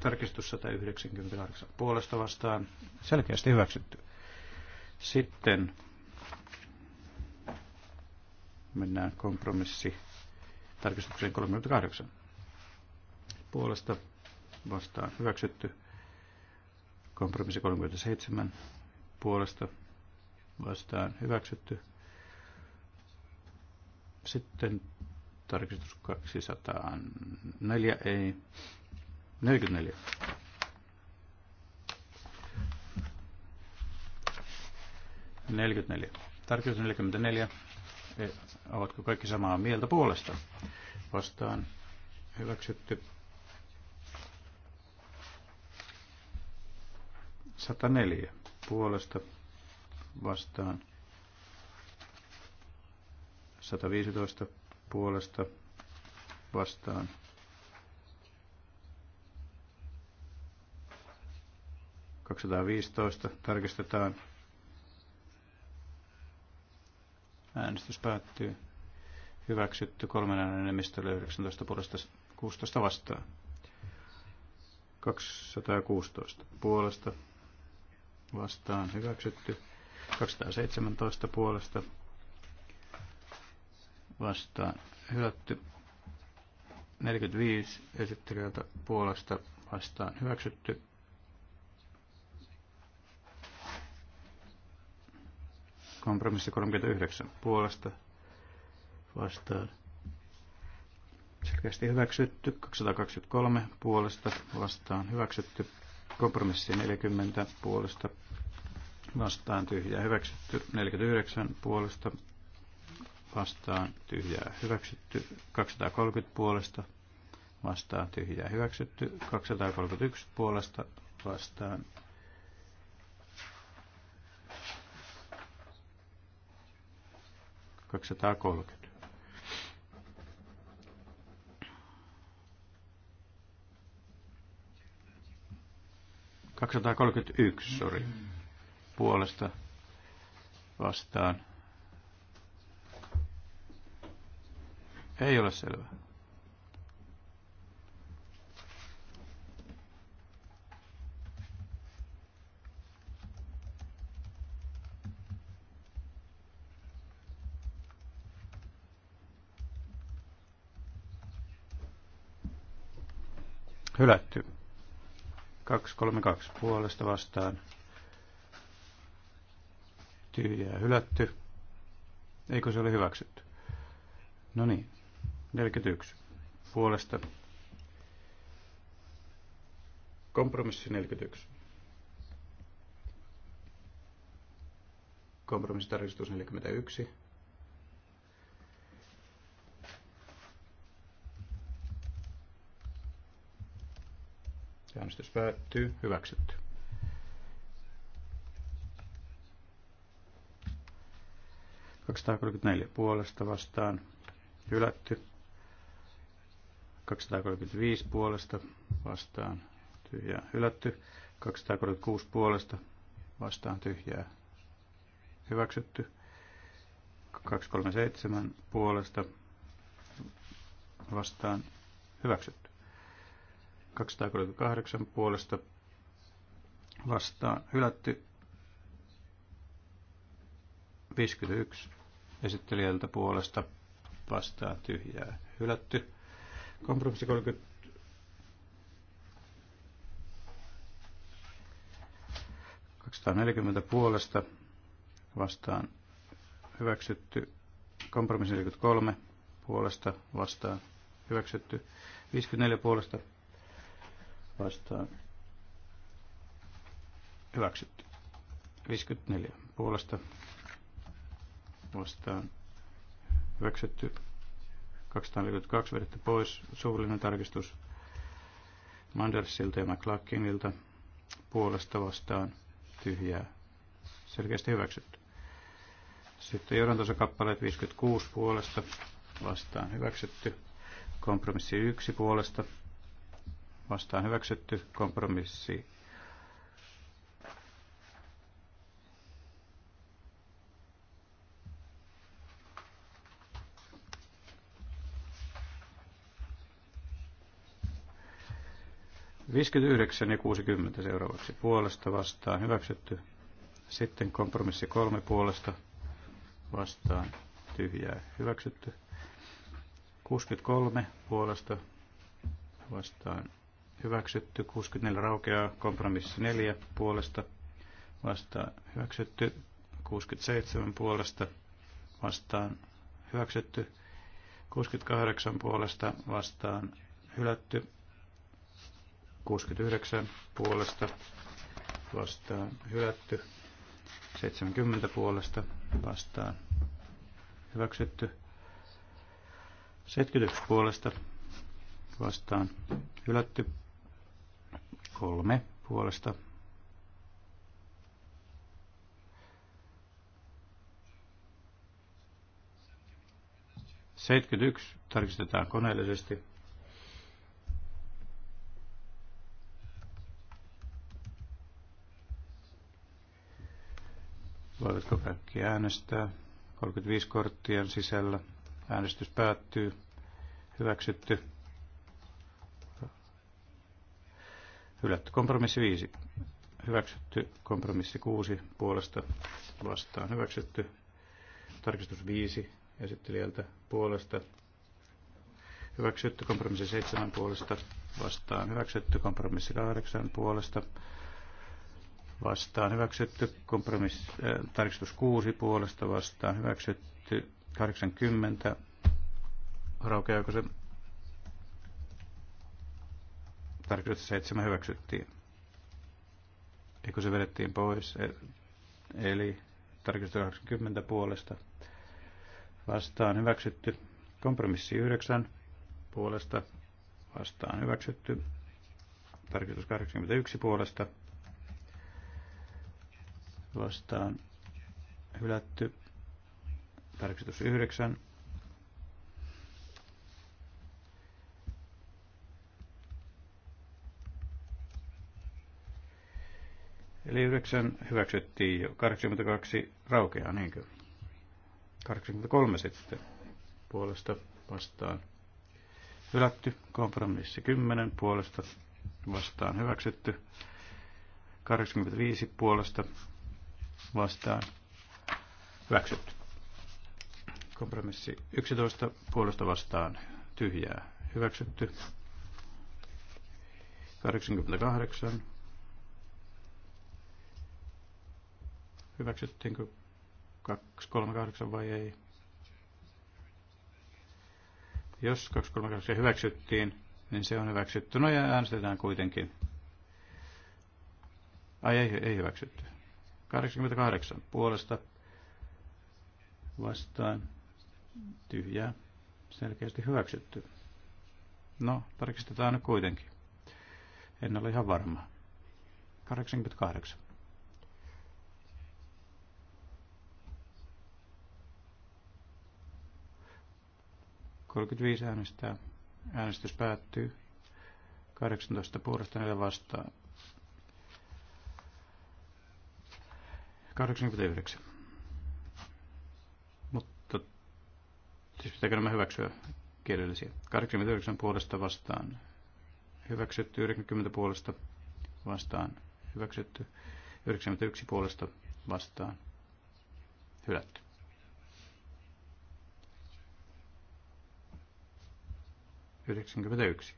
tarkistus 198 puolesta vastaan selkeästi hyväksytty. Sitten mennään kompromissi tarkistukseen 38 puolesta vastaan hyväksytty. Kompromissi 37 puolesta vastaan hyväksytty. Sitten tarkistus 204 ei 44. Neljäkymmentäneljä. Tarkistus 44. E, ovatko kaikki samaa mieltä puolesta? Vastaan hyväksytty 104 puolesta vastaan 115 puolesta vastaan 215 tarkistetaan. Äänestys päättyy. Hyväksytty kolmen äänen enemmistöllä 19 puolesta 16 vastaan. 216 puolesta vastaan hyväksytty. 217 puolesta vastaan hylätty. 45 esittelijältä puolesta vastaan hyväksytty. Kompromissi 39 puolesta vastaan. Selkeästi hyväksytty. 223 puolesta vastaan hyväksytty. Kompromissi 40 puolesta vastaan tyhjää hyväksytty. 49 puolesta vastaan tyhjää hyväksytty. 230 puolesta vastaan tyhjää hyväksytty. 231 puolesta vastaan 231, sori, puolesta vastaan. Ei ole selvää. Hylätty. 232 puolesta vastaan. Tyhjää hylätty. Eikö se ole hyväksytty? No niin. 41 puolesta. Kompromissi 41. Kompromissitarkistus 41 Äänestys päättyy. Hyväksytty. Kaksisataakolmekymmentäneljä puolesta vastaan. Hylätty. 235 puolesta vastaan tyhjää hylätty. 236 puolesta vastaan tyhjää hyväksytty. 237 puolesta vastaan hyväksytty. 238 puolesta vastaan hylätty 51 esittelijältä puolesta vastaan tyhjää hylätty. Kompromissi 240 puolesta vastaan hyväksytty. Kompromissi 43 puolesta vastaan hyväksytty. 54 puolesta vastaan hyväksytty. 54 puolesta vastaan hyväksytty. 242 vedetty pois. Suullinen tarkistus Mandersilta ja McLaughlinilta puolesta vastaan tyhjää. Selkeästi hyväksytty. Sitten johdantosakappaleet 56 puolesta vastaan hyväksytty. Kompromissi 1 puolesta vastaan hyväksytty kompromissi. Viisikymmentäyhdeksän ja 60 seuraavaksi puolesta vastaan hyväksytty. Sitten kompromissi kolme puolesta vastaan tyhjää hyväksytty. 63 puolesta vastaan hyväksytty, 64 raukeaa, kompromissi 4 puolesta vastaan hyväksytty, 67 puolesta vastaan hyväksytty, 68 puolesta vastaan hylätty, 69 puolesta vastaan hylätty, 70 puolesta vastaan hyväksytty, 71 puolesta vastaan hylätty, Kolme puolesta. Seitsemänkymmentäyksi tarkistetaan koneellisesti. Voivatko kaikki äänestää? 35 korttien sisällä. Äänestys päättyy. Hyväksytty. Hylätty kompromissi 5. Hyväksytty kompromissi 6 puolesta vastaan. Hyväksytty tarkistus 5 esittelijältä puolesta. Hyväksytty kompromissi 7 puolesta vastaan. Hyväksytty kompromissi 8 puolesta vastaan. Hyväksytty kompromissi, äh, tarkistus 6 puolesta vastaan. Hyväksytty 80. Raukeako se tarkoitus että 7 hyväksyttiin. Ja kun se vedettiin pois? E- eli tarkistus 80 puolesta vastaan hyväksytty. Kompromissi 9 puolesta vastaan hyväksytty. Tarkistus 81 puolesta vastaan hylätty. Tarkistus 9 Eli 9 hyväksyttiin jo. 82 raukeaa, niinkö? 83 sitten puolesta vastaan hylätty. Kompromissi 10 puolesta vastaan hyväksytty. 85 puolesta vastaan hyväksytty. Kompromissi 11 puolesta vastaan tyhjää hyväksytty. 88 hyväksyttiinkö 238 vai ei. Jos 238 hyväksyttiin, niin se on hyväksytty. No ja äänestetään kuitenkin. Ai ei, ei hyväksytty. 88 puolesta vastaan tyhjää. Selkeästi hyväksytty. No, tarkistetaan nyt kuitenkin. En ole ihan varma. 88. 35 äänestää. Äänestys päättyy. 18 puolesta 4 vastaan. 89. Mutta siis pitääkö nämä hyväksyä kielellisiä? 89 puolesta vastaan. Hyväksytty 90 puolesta vastaan. Hyväksytty 91 puolesta vastaan. Hylätty. 91.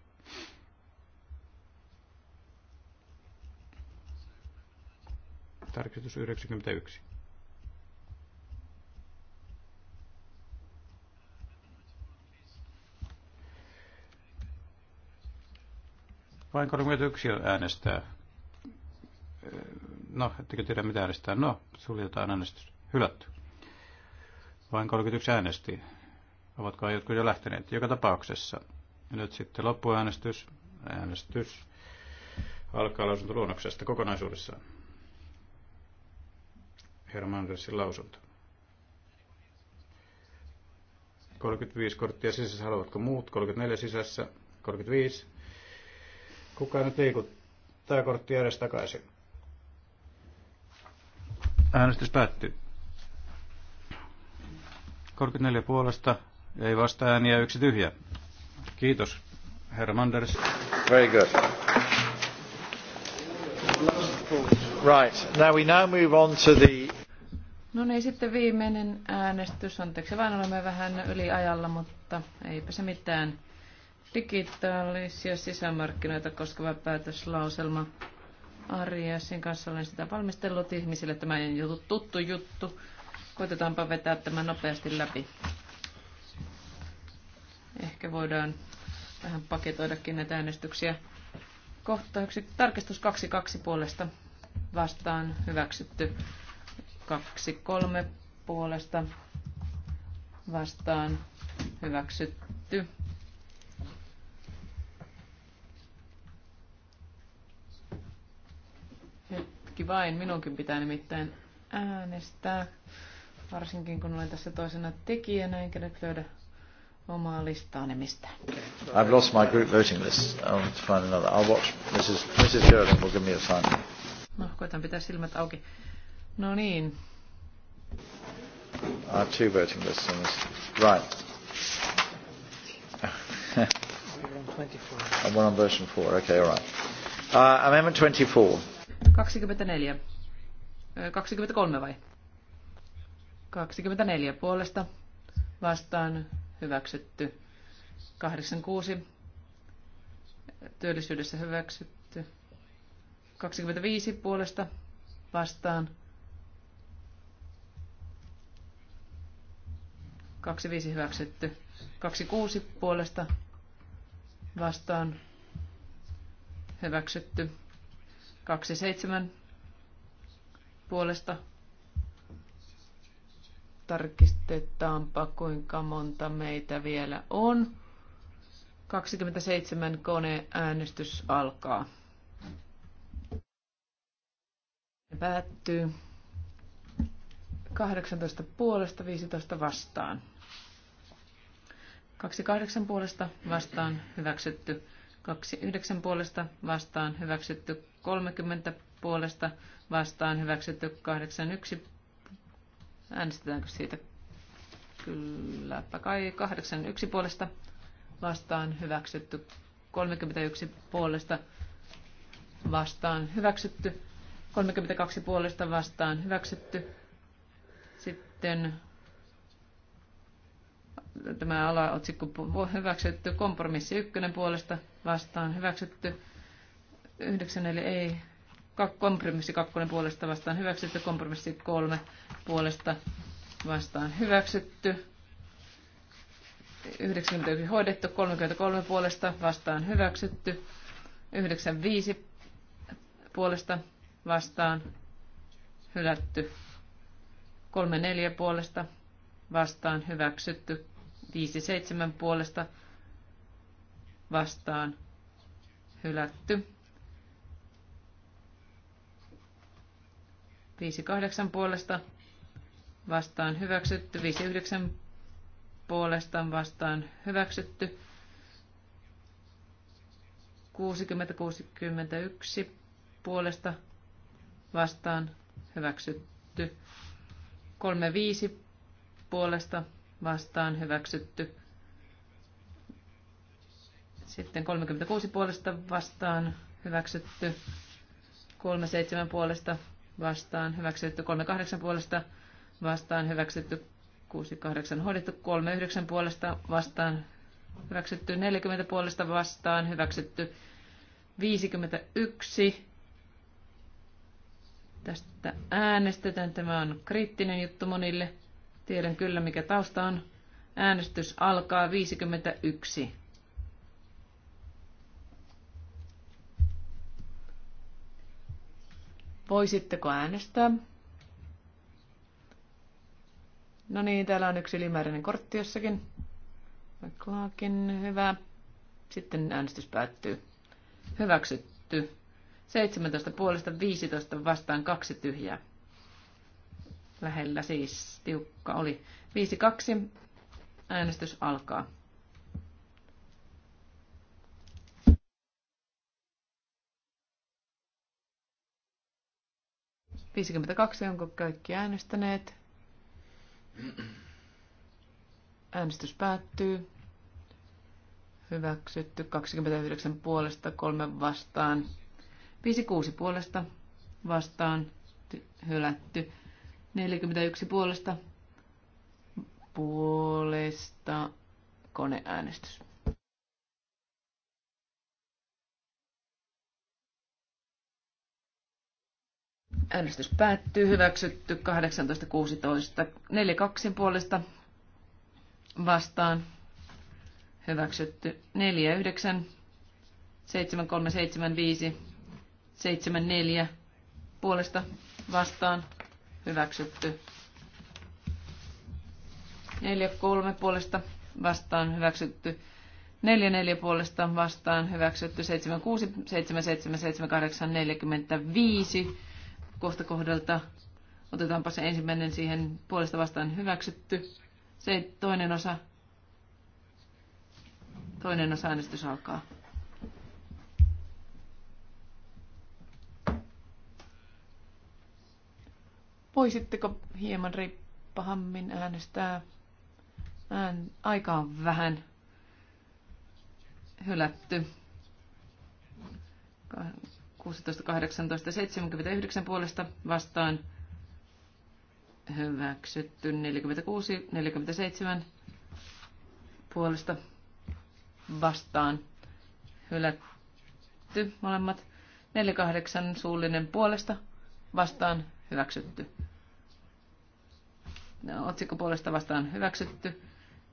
Tarkistus 91. Vain 31 äänestää. No, ettekö tiedä mitä äänestää? No, suljetaan äänestys. Hylätty. Vain 31 äänesti. Ovatko jotkut jo lähteneet? Joka tapauksessa ja nyt sitten loppuäänestys. Äänestys alkaa lausuntoluonnoksesta kokonaisuudessaan. Hermandersin lausunto. 35 korttia sisässä, haluatko muut? 34 sisässä, 35. Kuka nyt liikuttaa korttia edes takaisin? Äänestys päättyy. 34 puolesta, ei vasta ääniä, yksi tyhjä. Kiitos, herra Manders. Very good. Right. Now we now move on to the... No niin, sitten viimeinen äänestys. Anteeksi, vaan olemme vähän yli ajalla, mutta eipä se mitään. Digitaalisia sisämarkkinoita koskeva päätöslauselma. Ari ja sen kanssa olen sitä valmistellut ihmisille. Tämä ei ole tuttu juttu. Koitetaanpa vetää tämä nopeasti läpi. Ehkä voidaan vähän paketoidakin näitä äänestyksiä. Kohta yksi, tarkistus 2.2 puolesta vastaan hyväksytty. 2.3 puolesta vastaan hyväksytty. Hetki vain, minunkin pitää nimittäin äänestää, varsinkin kun olen tässä toisena tekijänä, enkä nyt löydä omaa listaani mistään. I've lost my group voting list. I'll have to find another. I'll watch Mrs. Mrs. Jordan will give me a sign. No, koitan pitää silmät auki. No niin. I have two voting lists on this. Right. I'm one on version four. Okay, all right. Uh, amendment 24. 24. 23 vai? 24 puolesta vastaan hyväksytty. 86 työllisyydessä hyväksytty. 25 puolesta vastaan. 25 hyväksytty. 26 puolesta vastaan hyväksytty. 27 puolesta Tarkistetaanpa, kuinka monta meitä vielä on. 27 koneäänestys alkaa. Päättyy 18 puolesta 15 vastaan. 28 puolesta vastaan hyväksytty. 29 puolesta vastaan hyväksytty. 30 puolesta vastaan hyväksytty. 81 Äänestetäänkö siitä? Kylläpä kai. 81 puolesta vastaan hyväksytty. 31 puolesta vastaan hyväksytty. 32 puolesta vastaan hyväksytty. Sitten tämä alaotsikko hyväksytty. Kompromissi 1 puolesta vastaan hyväksytty. 9 eli ei kompromissi kakkonen puolesta vastaan hyväksytty, kompromissi kolme puolesta vastaan hyväksytty, 91 hoidettu, 33 puolesta vastaan hyväksytty, 95 puolesta vastaan hylätty, 34 puolesta vastaan hyväksytty, 57 puolesta vastaan hylätty. 58 puolesta vastaan hyväksytty. 59 puolesta vastaan hyväksytty. 60-61 puolesta vastaan hyväksytty. 35 puolesta vastaan hyväksytty. Sitten 36 puolesta vastaan hyväksytty. 37 puolesta vastaan hyväksytty 38 puolesta, vastaan hyväksytty 68 hoidettu 39 puolesta, vastaan hyväksytty 40 puolesta, vastaan hyväksytty 51. Tästä äänestetään. Tämä on kriittinen juttu monille. Tiedän kyllä, mikä tausta on. Äänestys alkaa 51. Voisitteko äänestää? No niin, täällä on yksi ylimääräinen kortti jossakin. McClarkin, hyvä. Sitten äänestys päättyy. Hyväksytty. 17 puolesta 15 vastaan kaksi tyhjää. Lähellä siis tiukka oli. 5-2. Äänestys alkaa. 52, onko kaikki äänestäneet? Äänestys päättyy. Hyväksytty 29 puolesta, 3 vastaan. 56 puolesta vastaan hylätty. 41 puolesta puolesta koneäänestys. Äänestys päättyy. Hyväksytty 18.16. 4.2 puolesta vastaan. Hyväksytty 4.9. 7.3.7.5. 7.4 puolesta vastaan. Hyväksytty 4.3 puolesta vastaan. Hyväksytty 4.4 puolesta vastaan hyväksytty 76 77 78 45 kohta kohdalta. Otetaanpa se ensimmäinen siihen puolesta vastaan hyväksytty. Se toinen osa. Toinen osa äänestys alkaa. Voisitteko hieman riippahammin äänestää? Ään, aika on vähän hylätty. 16, 18, 79 puolesta vastaan hyväksytty 46, 47 puolesta vastaan hylätty molemmat. 48 suullinen puolesta vastaan hyväksytty. Otsikko puolesta vastaan hyväksytty.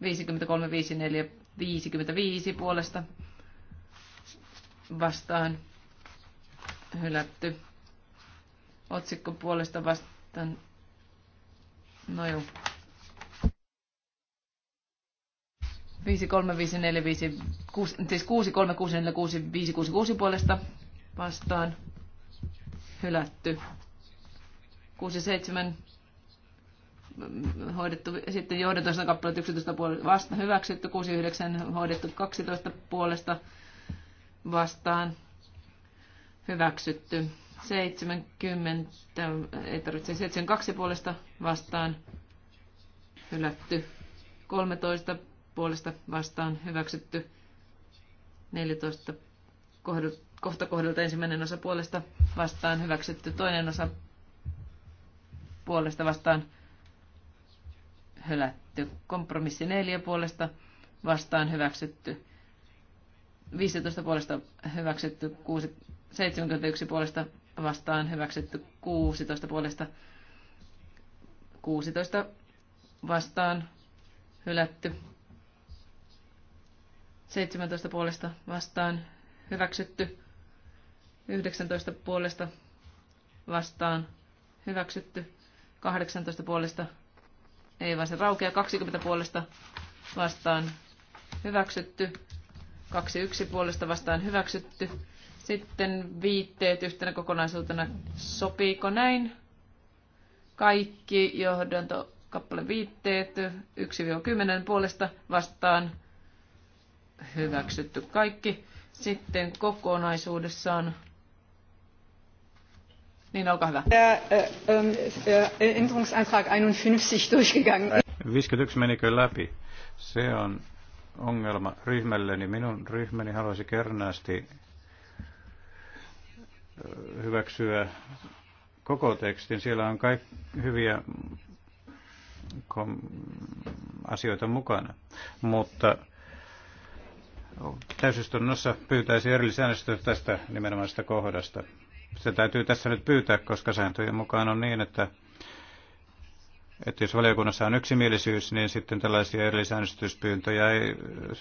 53, 54, 55 puolesta vastaan hylätty. Otsikko puolesta vastaan. No juu. 53545, siis 6364566 puolesta vastaan hylätty. 67 hoidettu, sitten johdantoisena kappaleet 11 puolesta vastaan hyväksytty, 69 hoidettu 12 puolesta vastaan hyväksytty. 70, ei tarvitse 72 puolesta vastaan hylätty. 13 puolesta vastaan hyväksytty. 14 kohta kohdalta ensimmäinen osa puolesta vastaan hyväksytty. Toinen osa puolesta vastaan hylätty. Kompromissi 4 puolesta vastaan hyväksytty. 15 puolesta hyväksytty, 6 71 puolesta vastaan hyväksytty 16 puolesta 16 vastaan hylätty 17 puolesta vastaan hyväksytty 19 puolesta vastaan hyväksytty 18 puolesta ei vaan se raukea 20 puolesta vastaan hyväksytty 21 puolesta vastaan hyväksytty sitten viitteet yhtenä kokonaisuutena. Sopiiko näin? Kaikki johdanto kappale viitteet 1-10 puolesta vastaan. Hyväksytty kaikki. Sitten kokonaisuudessaan niin, olkaa hyvä. Änderungsantrag 51 durchgegangen. 51 menikö läpi? Se on ongelma ryhmälleni. minun ryhmäni haluaisi kernaasti hyväksyä koko tekstin. Siellä on kaikki hyviä asioita mukana, mutta täysistunnossa pyytäisi erillisäänestystä tästä nimenomaisesta kohdasta. Se täytyy tässä nyt pyytää, koska sääntöjen mukaan on niin, että, että jos valiokunnassa on yksimielisyys, niin sitten tällaisia erillisäänestyspyyntöjä ei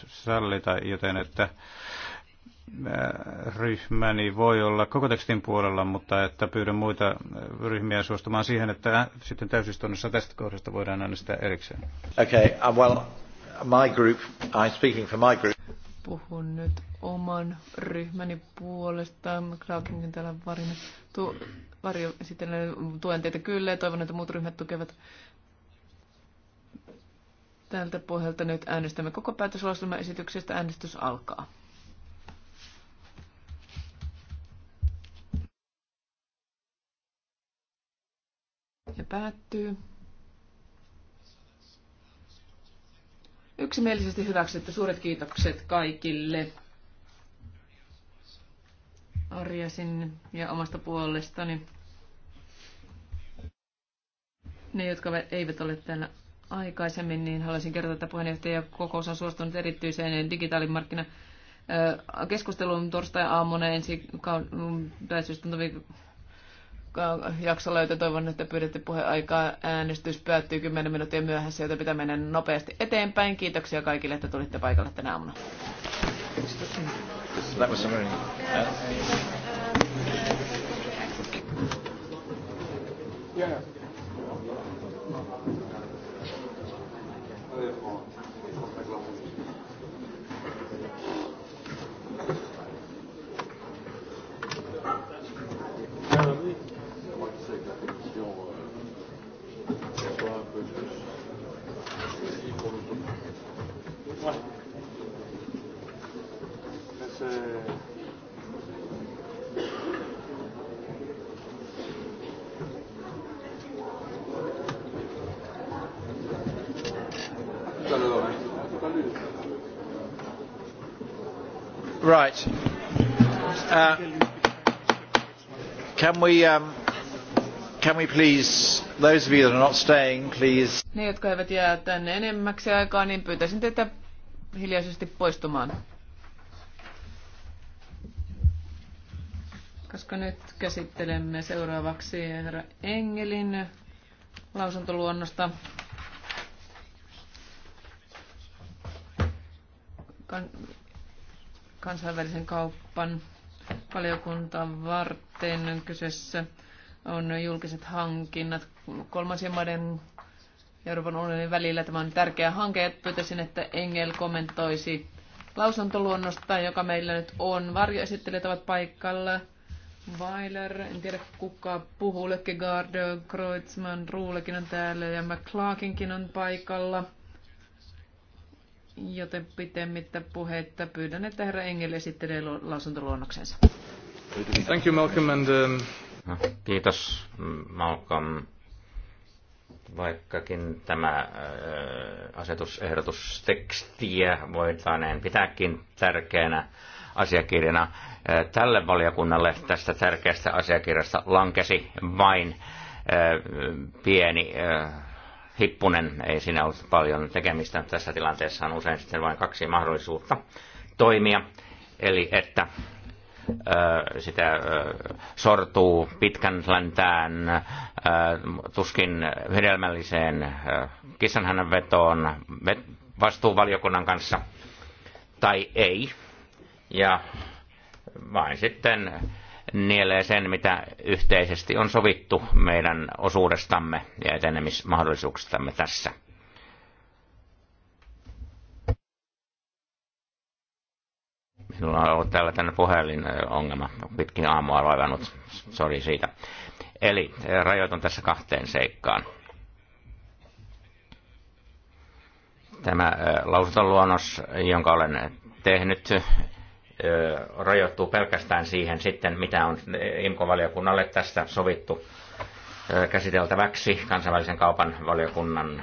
sallita, joten että ryhmäni voi olla koko tekstin puolella, mutta että pyydän muita äh, ryhmiä suostumaan siihen, että sitten täysistunnossa tästä kohdasta voidaan äänestää erikseen. Okay, well, my group, I'm speaking for my group. Puhun nyt oman ryhmäni puolesta. Clarkinkin täällä varina. Tu, varjo, sitten tuen teitä kyllä ja toivon, että muut ryhmät tukevat tältä pohjalta nyt äänestämme koko päätöslauselman esityksestä. Äänestys alkaa. ja päättyy. Yksimielisesti hyväksytty. Suuret kiitokset kaikille. Arjasin ja omasta puolestani. Ne, jotka eivät ole täällä aikaisemmin, niin haluaisin kertoa, että puheenjohtaja kokous on suostunut erityiseen digitaalimarkkina keskusteluun torstai-aamuna ensi kauden mm, jakso löytyy. toivon, että pyydätte puheaikaa. Äänestys päättyy 10 minuuttia myöhässä, joten pitää mennä nopeasti eteenpäin. Kiitoksia kaikille, että tulitte paikalle tänä aamuna. Yeah. Right. Uh, can we um, can we please those of you that are not staying, please. Ne jotka eivät jää tänne enemmäksi aikaa, niin pyytäisin teitä hiljaisesti poistumaan. Koska nyt käsittelemme seuraavaksi herra Engelin lausuntoluonnosta. kan- kansainvälisen kaupan valiokuntaan varten. Kyseessä on julkiset hankinnat kolmansien maiden Euroopan unionin välillä. Tämä on tärkeä hanke. Pyytäisin, että Engel kommentoisi lausuntoluonnosta, joka meillä nyt on. Varjoesittelijät ovat paikalla. Weiler, en tiedä kuka puhuu, Lökkegaard, Kreutzmann, Ruulekin on täällä ja McClarkinkin on paikalla. Joten pitemmittä puhetta pyydän, että herra Engel esittelee lausuntoluonnoksensa. Thank you, Malcolm, and, um... No, kiitos, Malcolm. Vaikkakin tämä äh, asetusehdotustekstiä voitaneen pitääkin tärkeänä asiakirjana, äh, tälle valiokunnalle tästä tärkeästä asiakirjasta lankesi vain äh, pieni hippunen. Ei siinä ollut paljon tekemistä. Tässä tilanteessa on usein sitten vain kaksi mahdollisuutta toimia. Eli että sitä sortuu pitkän läntään tuskin hedelmälliseen kissanhännän vetoon vastuuvaliokunnan kanssa tai ei. Ja vain sitten nielee sen, mitä yhteisesti on sovittu meidän osuudestamme ja etenemismahdollisuuksistamme tässä. Minulla on ollut täällä tänne ongelma, pitkin aamua vaivannut, sori siitä. Eli eh, rajoitan tässä kahteen seikkaan. Tämä eh, lausuntoluonnos, jonka olen tehnyt, rajoittuu pelkästään siihen sitten, mitä on imco valiokunnalle tästä sovittu käsiteltäväksi kansainvälisen kaupan valiokunnan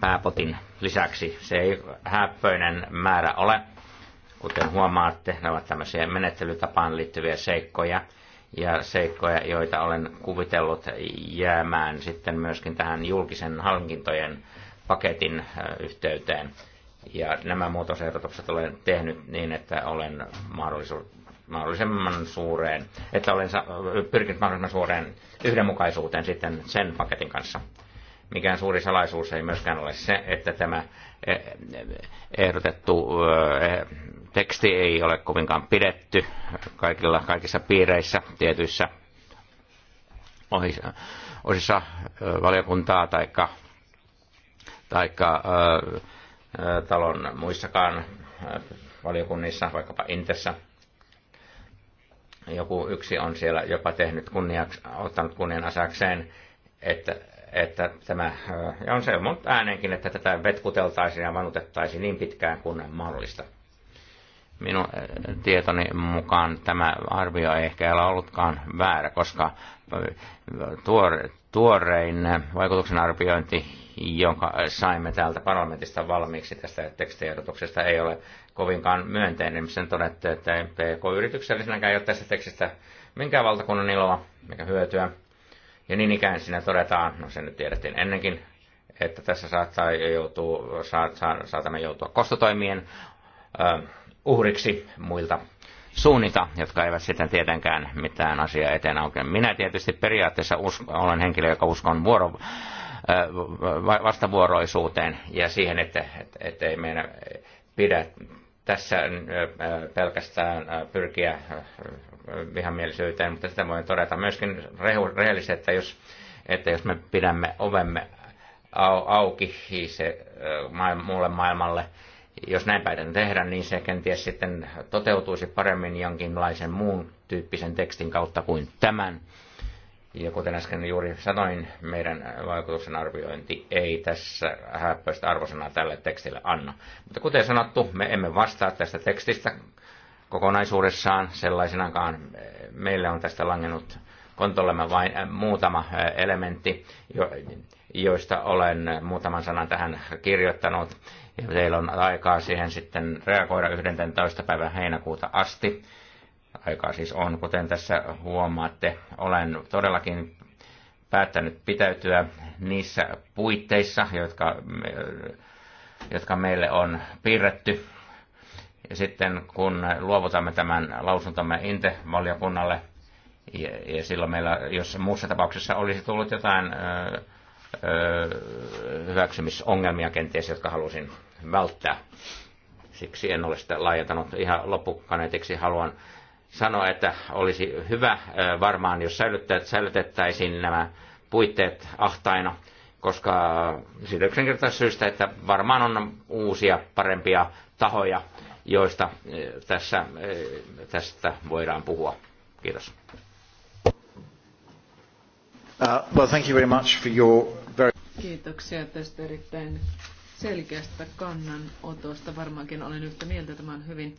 pääpotin lisäksi. Se ei häppöinen määrä ole, kuten huomaatte, ne ovat tämmöisiä menettelytapaan liittyviä seikkoja ja seikkoja, joita olen kuvitellut jäämään sitten myöskin tähän julkisen hankintojen paketin yhteyteen ja nämä muutosehdotukset olen tehnyt niin, että olen mahdollisuus, mahdollisimman suureen, että olen pyrkinyt mahdollisimman suureen yhdenmukaisuuteen sitten sen paketin kanssa. Mikään suuri salaisuus ei myöskään ole se, että tämä e, ehdotettu e, teksti ei ole kovinkaan pidetty kaikilla, kaikissa piireissä, tietyissä osissa e, valiokuntaa tai taikka, taikka talon muissakaan valiokunnissa, vaikkapa Intessä. Joku yksi on siellä jopa tehnyt kunniaksi, ottanut kunnian asakseen, että, että tämä, ja on se on äänenkin, että tätä vetkuteltaisiin ja vanutettaisiin niin pitkään kuin mahdollista. Minun tietoni mukaan tämä arvio ei ehkä ole ollutkaan väärä, koska tuore, tuorein vaikutuksen arviointi, jonka saimme täältä parlamentista valmiiksi tästä tekstiehdotuksesta, ei ole kovinkaan myönteinen. Sen todettu, että PK-yrityksellisenäkään ei ole tästä tekstistä minkään valtakunnan iloa, mikä hyötyä. Ja niin ikään siinä todetaan, no se nyt tiedettiin ennenkin, että tässä saattaa joutua, saatamme joutua kostotoimien uhriksi muilta suunnita, jotka eivät sitten tietenkään mitään asiaa eteen aukea. Minä tietysti periaatteessa usko, olen henkilö, joka uskon vuoro, äh, vastavuoroisuuteen ja siihen, että, että, että ei meidän pidä tässä äh, pelkästään äh, pyrkiä vihamielisyyteen, mutta sitä voin todeta myöskin rehellisesti, että jos, että jos me pidämme ovemme auki se maailma, muulle maailmalle, jos näin päätetään tehdä, niin se kenties sitten toteutuisi paremmin jonkinlaisen muun tyyppisen tekstin kautta kuin tämän. Ja kuten äsken juuri sanoin, meidän vaikutuksen arviointi ei tässä häppöistä arvosanaa tälle tekstille anna. Mutta kuten sanottu, me emme vastaa tästä tekstistä kokonaisuudessaan sellaisenakaan. Meille on tästä langennut kontollemme vain äh, muutama äh, elementti, joista olen muutaman sanan tähän kirjoittanut ja teillä on aikaa siihen sitten reagoida 11. päivän heinäkuuta asti. Aikaa siis on, kuten tässä huomaatte. Olen todellakin päättänyt pitäytyä niissä puitteissa, jotka, jotka meille on piirretty. Ja sitten kun luovutamme tämän lausuntomme Inte-valiokunnalle, ja, ja silloin meillä, jos muussa tapauksessa olisi tullut jotain ö, hyväksymisongelmia kenties, jotka halusin välttää. Siksi en ole sitä laajentanut ihan loppukaneetiksi. Haluan sanoa, että olisi hyvä äh, varmaan, jos säilytettäisiin nämä puitteet ahtaina, koska siitä yksinkertaisesta syystä, että varmaan on uusia, parempia tahoja, joista äh, tässä, äh, tästä voidaan puhua. Kiitos. Uh, well, thank you very much for your very... Kiitoksia tästä erittäin selkeästä kannanotosta. Varmaankin olen yhtä mieltä. Tämä on hyvin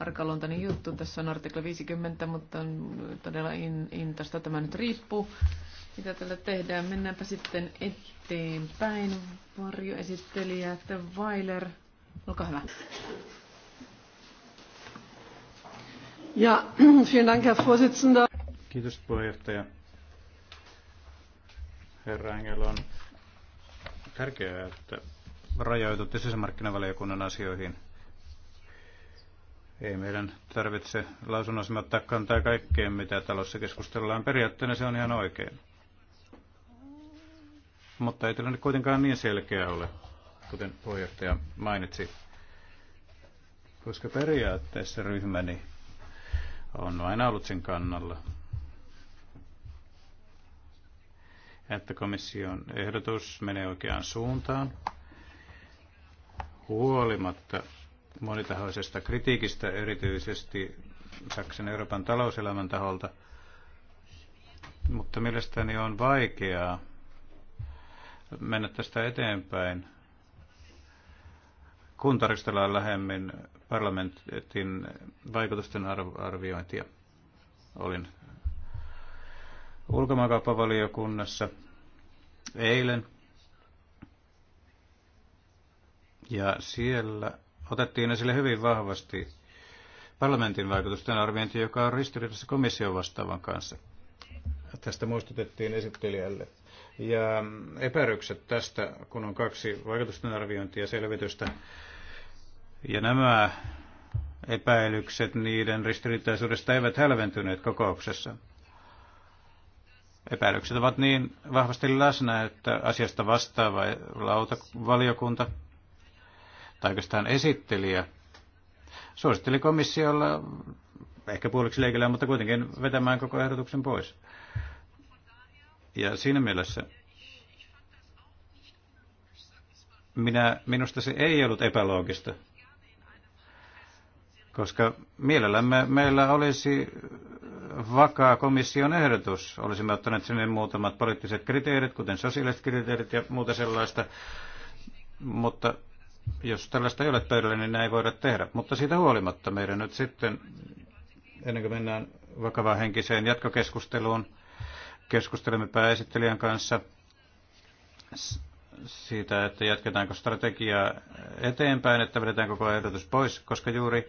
arkaluontainen juttu. Tässä on artikla 50, mutta todella in, intasta tämä nyt riippuu. Mitä tällä tehdään? Mennäänpä sitten eteenpäin. Varjoesittelijä Weiler, olkaa hyvä. Ja, vielen Dank, Herr Vorsitzender. Kiitos puheenjohtaja. Herra Engel on tärkeää, että rajoitutte sisämarkkinavaliokunnan asioihin. Ei meidän tarvitse lausunnossa ottaa kantaa kaikkeen, mitä talossa keskustellaan. Periaatteena se on ihan oikein. Mutta ei tilanne kuitenkaan niin selkeä ole, kuten puheenjohtaja mainitsi. Koska periaatteessa ryhmäni on aina ollut sen kannalla, että komission ehdotus menee oikeaan suuntaan huolimatta monitahoisesta kritiikistä erityisesti Saksan Euroopan talouselämän taholta, mutta mielestäni on vaikeaa mennä tästä eteenpäin, kun tarkastellaan lähemmin parlamentin vaikutusten arviointia. Olin ulkomaankauppavaliokunnassa eilen Ja siellä otettiin esille hyvin vahvasti parlamentin vaikutusten arviointi, joka on ristiriidassa komission vastaavan kanssa. Tästä muistutettiin esittelijälle. Ja epärykset tästä, kun on kaksi vaikutusten arviointia ja selvitystä. Ja nämä epäilykset niiden ristiriitaisuudesta eivät hälventyneet kokouksessa. Epäilykset ovat niin vahvasti läsnä, että asiasta vastaava valiokunta tai oikeastaan esittelijä, suositteli komissiolla ehkä puoliksi leikillä, mutta kuitenkin vetämään koko ehdotuksen pois. Ja siinä mielessä minä, minusta se ei ollut epäloogista, koska mielellämme meillä olisi vakaa komission ehdotus. Olisimme ottaneet sinne muutamat poliittiset kriteerit, kuten sosiaaliset kriteerit ja muuta sellaista, mutta jos tällaista ei ole pöydällä, niin näin ei voida tehdä. Mutta siitä huolimatta meidän nyt sitten, ennen kuin mennään vakavaan henkiseen jatkokeskusteluun, keskustelemme pääesittelijän kanssa siitä, että jatketaanko strategiaa eteenpäin, että vedetään koko ehdotus pois, koska juuri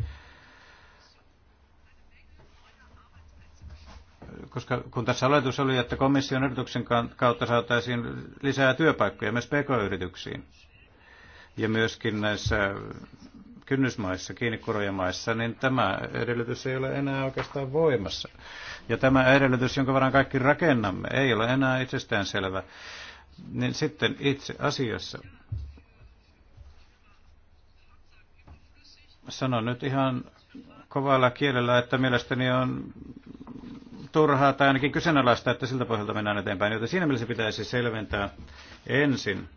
koska kun tässä oletus oli, että komission ehdotuksen kautta saataisiin lisää työpaikkoja myös pk-yrityksiin, ja myöskin näissä kynnysmaissa, kiinnikurojamaissa, niin tämä edellytys ei ole enää oikeastaan voimassa. Ja tämä edellytys, jonka varaan kaikki rakennamme, ei ole enää itsestäänselvä. Niin sitten itse asiassa sanon nyt ihan kovalla kielellä, että mielestäni on turhaa tai ainakin kyseenalaista, että siltä pohjalta mennään eteenpäin. Joten siinä mielessä pitäisi selventää ensin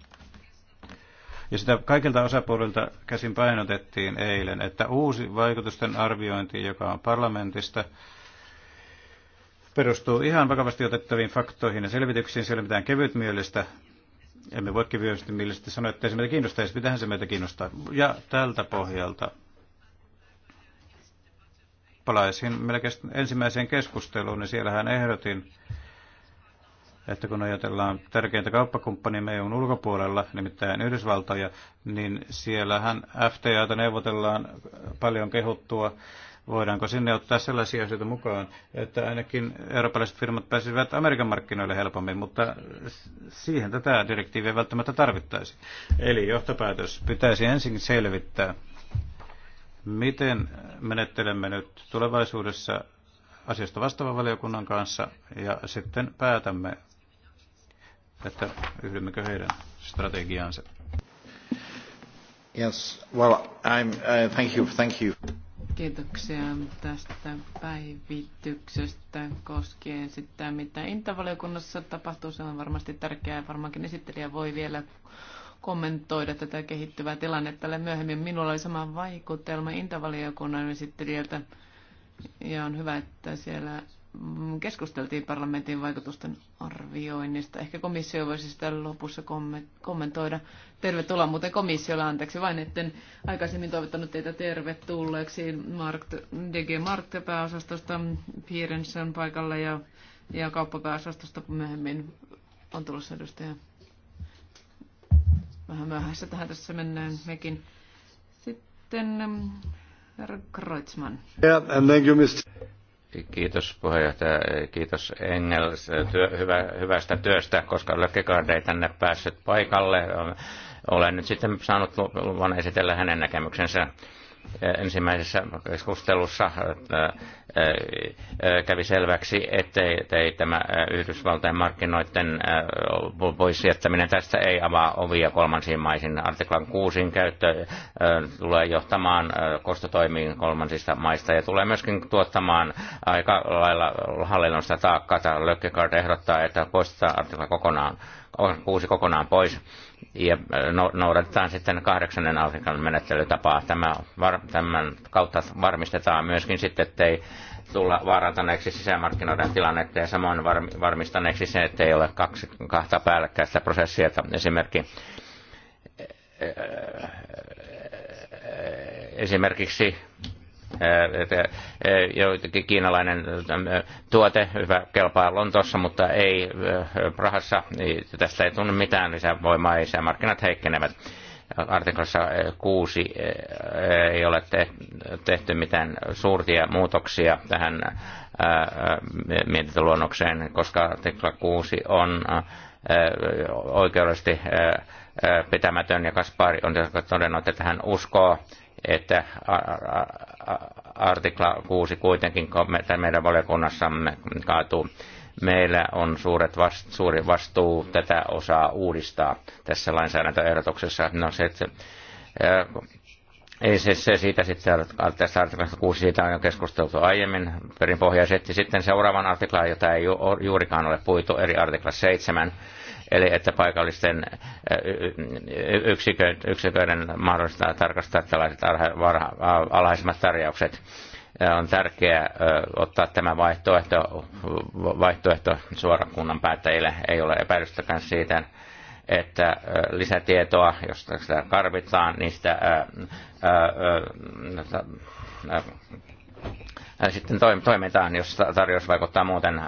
ja sitä kaikilta osapuolilta käsin painotettiin eilen, että uusi vaikutusten arviointi, joka on parlamentista, perustuu ihan vakavasti otettaviin faktoihin ja selvityksiin. Siellä mitään kevytmielistä. Emme voi mielestä sanoa, että ei se meitä kiinnostaa, ja mitähän se meitä kiinnostaa. Ja tältä pohjalta palaisin melkein ensimmäiseen keskusteluun, niin siellähän ehdotin, että kun ajatellaan tärkeintä kauppakumppania EUn ulkopuolella, nimittäin Yhdysvaltoja, niin siellähän FTAta neuvotellaan paljon kehuttua. Voidaanko sinne ottaa sellaisia asioita mukaan, että ainakin eurooppalaiset firmat pääsisivät Amerikan markkinoille helpommin, mutta siihen tätä direktiiviä välttämättä tarvittaisi. Eli johtopäätös pitäisi ensin selvittää, miten menettelemme nyt tulevaisuudessa asiasta vastaavan valiokunnan kanssa ja sitten päätämme, että yhdymmekö heidän strategiaansa. Yes, well, I'm, uh, thank you, thank you. Kiitoksia tästä päivityksestä koskien sitä, mitä Intavaliokunnassa tapahtuu. Se on varmasti tärkeää. Varmaankin esittelijä voi vielä kommentoida tätä kehittyvää tilannetta Tälle myöhemmin. Minulla oli sama vaikutelma Intavaliokunnan esittelijältä ja on hyvä, että siellä keskusteltiin parlamentin vaikutusten arvioinnista. Ehkä komissio voisi sitä lopussa kommentoida. Tervetuloa muuten komissiolla, anteeksi vain, etten aikaisemmin toivottanut teitä tervetulleeksi. Mark, DG Markt pääosastosta, Pierens on paikalla ja, ja kauppapääosastosta myöhemmin on tulossa edustaja. Vähän myöhässä tähän tässä mennään mekin. Sitten mm, Herr Kreutzmann. Yeah, and thank you, Mr. Kiitos puheenjohtaja, kiitos Engels työ, hyvä, hyvästä työstä, koska Lökkekaard ei tänne päässyt paikalle. Olen nyt sitten saanut luvan esitellä hänen näkemyksensä ensimmäisessä keskustelussa äh, äh, äh, kävi selväksi, ettei, ei tämä Yhdysvaltain markkinoiden pois jättäminen tästä ei avaa ovia kolmansiin maisiin. Artiklan 6 käyttö tulee johtamaan kostotoimiin kolmansista maista ja tulee myöskin tuottamaan aika lailla hallinnosta taakkaa. Lökkekard ehdottaa, että poistetaan artikla kokonaan, kuusi kokonaan pois ja äh, no, noudatetaan sitten kahdeksannen Afrikan menettelytapaa. Tämä, var, tämän kautta varmistetaan myöskin sitten, ettei tulla vaarantaneeksi sisämarkkinoiden tilannetta ja samoin varmistaneeksi se, ettei ole kaksi, kahta päällekkäistä prosessia. Esimerkki, äh, äh, esimerkiksi kiinalainen tuote, hyvä kelpaa Lontossa, mutta ei Prahassa. Tästä ei tunne mitään lisävoimaa, ei markkinat heikkenevät. Artiklassa 6 ei ole tehty mitään suurtia muutoksia tähän mietintöluonnokseen, koska artikla 6 on oikeudellisesti pitämätön ja Kaspari on todennut, että hän uskoo että artikla 6 kuitenkin meidän valiokunnassamme kaatuu. Meillä on suuret vastu, suuri vastuu tätä osaa uudistaa tässä lainsäädäntöehdotuksessa. No se, että, ei se, se siitä sitten, tästä artiklasta 6 siitä on jo keskusteltu aiemmin perinpohjaisesti. Sitten seuraavan artiklaan, jota ei juurikaan ole puitu, eri artikla 7, eli että paikallisten yksiköiden, yksiköiden mahdollista tarkastaa tällaiset alhaisemmat tarjoukset. On tärkeää ottaa tämä vaihtoehto, vaihtoehto suoraan kunnan päättäjille. Ei ole epäilystäkään siitä, että lisätietoa, jos sitä tarvitaan, niin sitä ää, ää, ää, sitten toimitaan, jos tarjous vaikuttaa muuten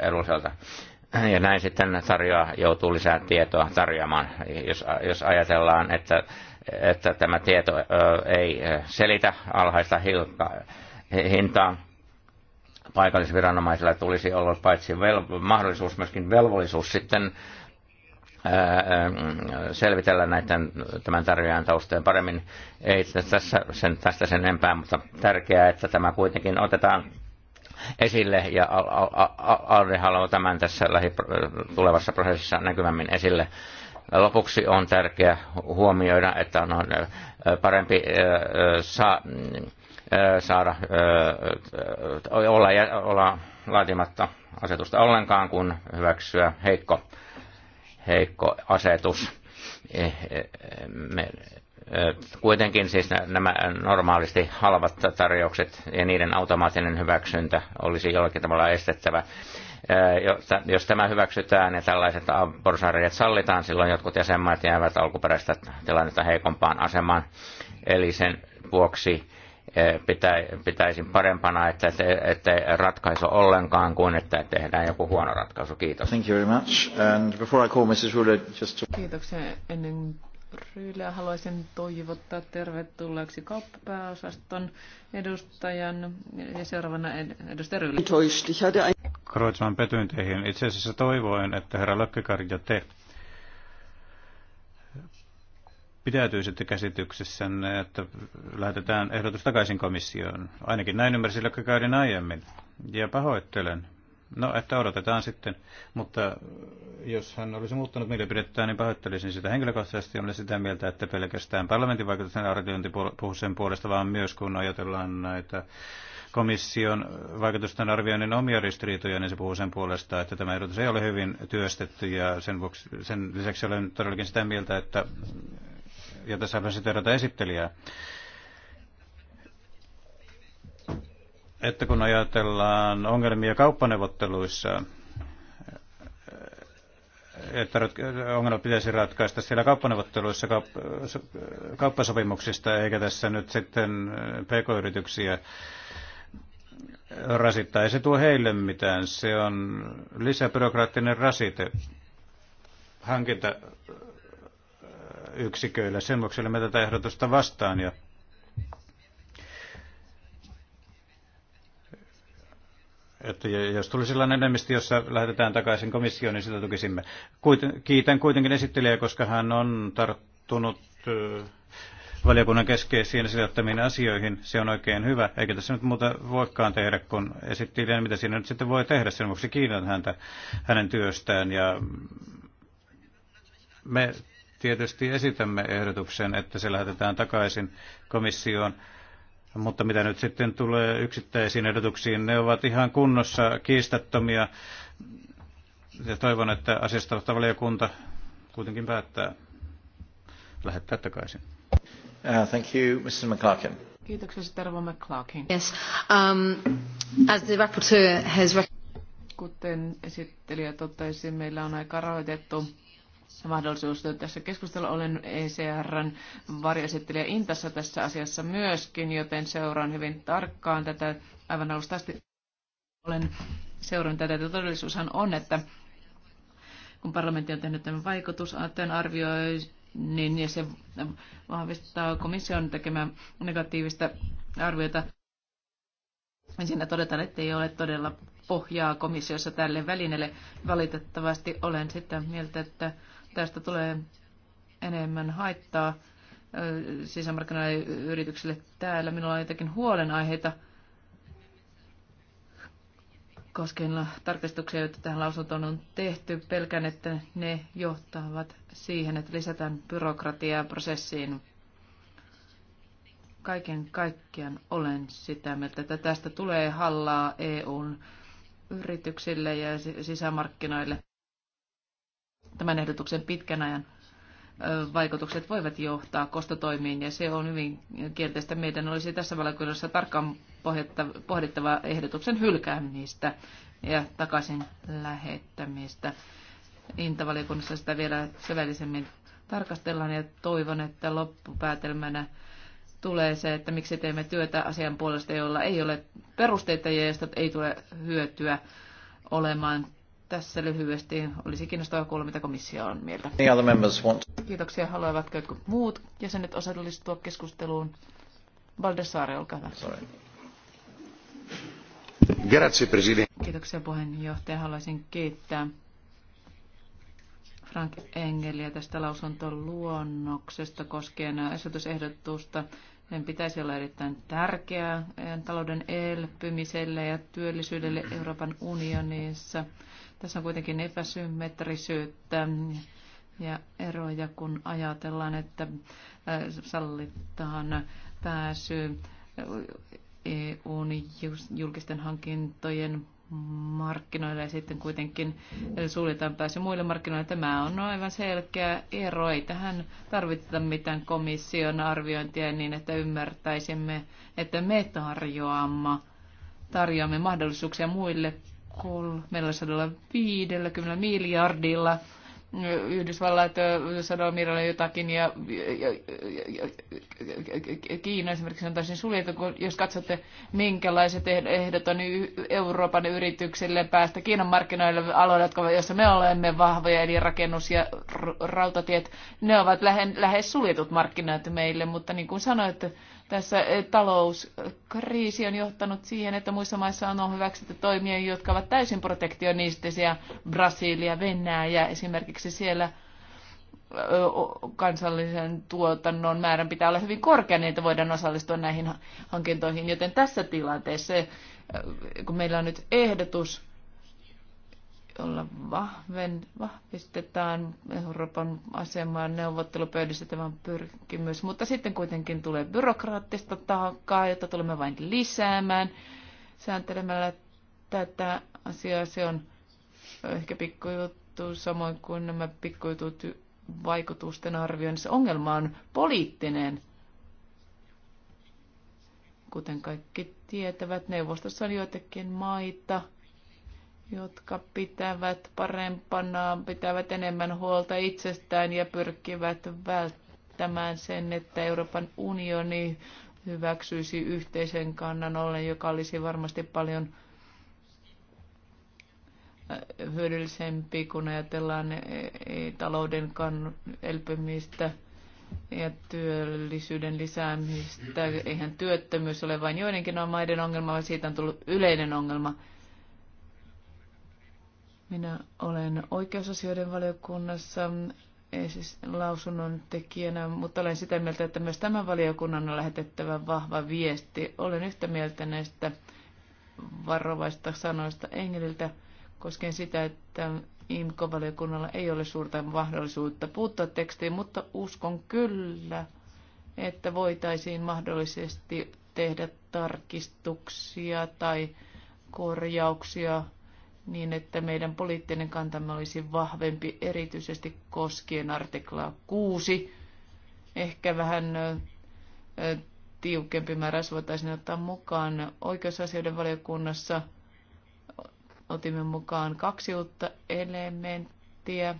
edulliselta ja näin sitten tarjoa, joutuu lisää tietoa tarjoamaan. Jos, jos ajatellaan, että, että tämä tieto ö, ei selitä alhaista hilka, hintaa, paikallisviranomaisilla tulisi olla paitsi vel, mahdollisuus, myöskin velvollisuus sitten ö, ö, selvitellä näiden tämän tarjoajan taustojen paremmin. Ei tässä sen, tästä sen enempää, mutta tärkeää, että tämä kuitenkin otetaan esille ja Alri haluaa tämän tässä tulevassa prosessissa näkyvämmin esille. Lopuksi on tärkeää huomioida, että on äh, parempi äh, saa, äh, saada olla, olla laatimatta asetusta ollenkaan kuin hyväksyä heikko, heikko asetus. Eh, eh, Kuitenkin siis nämä normaalisti halvat tarjoukset ja niiden automaattinen hyväksyntä olisi jollakin tavalla estettävä. Jos tämä hyväksytään ja tällaiset porsareet sallitaan, silloin jotkut jäsenmaat jäävät alkuperäistä tilannetta heikompaan asemaan. Eli sen vuoksi pitä, pitäisin parempana, että että ratkaisu ollenkaan kuin että tehdään joku huono ratkaisu. Kiitos. Kiitoksia. Ennen Ryyliä haluaisin toivottaa tervetulleeksi kauppapääosaston edustajan ja seuraavana edustaja Ryyli. Kroitsman petyin Itse asiassa toivoin, että herra Lökkikar ja te pidätyisitte käsityksessänne, että lähetetään ehdotus takaisin komissioon. Ainakin näin ymmärsin Lökkikarin aiemmin. Ja pahoittelen, No, että odotetaan sitten, mutta äh, jos hän olisi muuttanut mielipidettään, niin pahoittelisin sitä henkilökohtaisesti. Olen sitä mieltä, että pelkästään parlamentin vaikutusten arviointi puhuu sen puolesta, vaan myös kun ajatellaan näitä komission vaikutusten arvioinnin omia ristiriitoja, niin se puhuu sen puolesta, että tämä ehdotus ei ole hyvin työstetty ja sen, vuoksi, sen lisäksi olen todellakin sitä mieltä, että ja tässä haluaisin esittelijää, että kun ajatellaan ongelmia kauppaneuvotteluissa, että ongelma pitäisi ratkaista siellä kauppaneuvotteluissa kauppasopimuksista, eikä tässä nyt sitten pk-yrityksiä rasittaa. Ei se tuo heille mitään. Se on lisäbyrokraattinen rasite hankintayksiköillä. Sen vuoksi olemme tätä ehdotusta vastaan ja että jos tuli sellainen enemmistö, jossa lähetetään takaisin komissioon, niin sitä tukisimme. Kuiten, kiitän kuitenkin esittelijää, koska hän on tarttunut valiokunnan keskeisiin esille asioihin. Se on oikein hyvä, eikä tässä nyt muuta voikaan tehdä, kun esittelijän, mitä siinä nyt sitten voi tehdä. Sen vuoksi kiitän häntä hänen työstään ja me tietysti esitämme ehdotuksen, että se lähetetään takaisin komissioon mutta mitä nyt sitten tulee yksittäisiin ehdotuksiin, ne ovat ihan kunnossa kiistattomia. Ja toivon, että asiasta valiokunta kuitenkin päättää lähettää takaisin. Uh, thank you, Mrs. McClarkin. Kiitoksia, Tervo McClarkin. Yes, um, as the rapporteur has... Kuten esittelijä totesi, meillä on aika rahoitettu mahdollisuus tässä keskustella. Olen ECRn varjoesittelijä Intassa tässä asiassa myöskin, joten seuraan hyvin tarkkaan tätä aivan alusta asti. Olen seurannut tätä, että todellisuushan on, että kun parlamentti on tehnyt tämän vaikutusarvion arvioinnin ja se vahvistaa komission tekemään negatiivista arviota, niin Siinä todetaan, että ei ole todella pohjaa komissiossa tälle välineelle. Valitettavasti olen sitä mieltä, että Tästä tulee enemmän haittaa sisämarkkinoiden yrityksille täällä. Minulla on jotakin huolenaiheita koskien tarkistuksia, joita tähän lausuntoon on tehty. Pelkän, että ne johtavat siihen, että lisätään byrokratiaa prosessiin. Kaiken kaikkiaan olen sitä mieltä, että tästä tulee hallaa EUn yrityksille ja sisämarkkinoille tämän ehdotuksen pitkän ajan vaikutukset voivat johtaa kostotoimiin ja se on hyvin kielteistä. Meidän olisi tässä valiokunnassa tarkkaan pohdittava ehdotuksen hylkäämistä ja takaisin lähettämistä. Intavaliokunnassa sitä vielä syvällisemmin tarkastellaan ja toivon, että loppupäätelmänä tulee se, että miksi teemme työtä asian puolesta, jolla ei ole perusteita ja josta ei tule hyötyä olemaan tässä lyhyesti olisi kiinnostavaa kuulla, mitä komissio on mieltä. Kiitoksia. Haluavatko jotkut muut jäsenet osallistua keskusteluun? Valdessaare, olkaa hyvä. Grazie, president. Kiitoksia puheenjohtaja. Haluaisin kiittää Frank Engeliä tästä luonnoksesta koskien esitysehdotusta. Sen pitäisi olla erittäin tärkeää talouden elpymiselle ja työllisyydelle Euroopan unionissa. Tässä on kuitenkin epäsymmetrisyyttä ja eroja, kun ajatellaan, että äh, sallitaan pääsy EUn julkisten hankintojen markkinoille ja sitten kuitenkin äh, suljetaan pääsy muille markkinoille. Tämä on aivan selkeä ero. Ei tähän tarvita mitään komission arviointia niin, että ymmärtäisimme, että me tarjoamme, tarjoamme mahdollisuuksia muille 350 miljardilla. Yhdysvallat sanoo miljardilla jotakin ja, ja, ja, ja Kiina esimerkiksi on täysin suljettu, kun jos katsotte minkälaiset ehdot on Euroopan yrityksille päästä Kiinan markkinoille aloille, jotka, joissa me olemme vahvoja, eli rakennus ja rautatiet, ne ovat lähe, lähes suljetut markkinat meille, mutta niin kuin sanoit, että tässä eh, talouskriisi on johtanut siihen, että muissa maissa on hyväksytty toimia, jotka ovat täysin protektionistisia. Brasilia, Venäjä esimerkiksi siellä kansallisen tuotannon määrän pitää olla hyvin korkea, niin että voidaan osallistua näihin hankintoihin. Joten tässä tilanteessa, eh, kun meillä on nyt ehdotus, jolla vahven, vahvistetaan Euroopan asemaa neuvottelupöydissä tämän pyrkimys, mutta sitten kuitenkin tulee byrokraattista taakkaa, jota tulemme vain lisäämään sääntelemällä tätä asiaa. Se on ehkä pikkujuttu, samoin kuin nämä pikkujutut vaikutusten arvioinnissa. Ongelma on poliittinen. Kuten kaikki tietävät, neuvostossa on joitakin maita – jotka pitävät parempana, pitävät enemmän huolta itsestään ja pyrkivät välttämään sen, että Euroopan unioni hyväksyisi yhteisen kannan ollen, joka olisi varmasti paljon äh, hyödyllisempi, kun ajatellaan e, e, talouden elpymistä ja työllisyyden lisäämistä. Eihän työttömyys ole vain joidenkin maiden ongelma, vaan siitä on tullut yleinen ongelma – minä olen oikeusasioiden valiokunnassa siis lausunnon tekijänä, mutta olen sitä mieltä, että myös tämän valiokunnan on lähetettävä vahva viesti. Olen yhtä mieltä näistä varovaista sanoista Engeliltä koskien sitä, että IMKO-valiokunnalla ei ole suurta mahdollisuutta puuttua tekstiin, mutta uskon kyllä, että voitaisiin mahdollisesti tehdä tarkistuksia tai korjauksia niin, että meidän poliittinen kantamme olisi vahvempi, erityisesti koskien artiklaa 6. Ehkä vähän tiukempi määräys voitaisiin ottaa mukaan. Oikeusasioiden valiokunnassa otimme mukaan kaksi uutta elementtiä,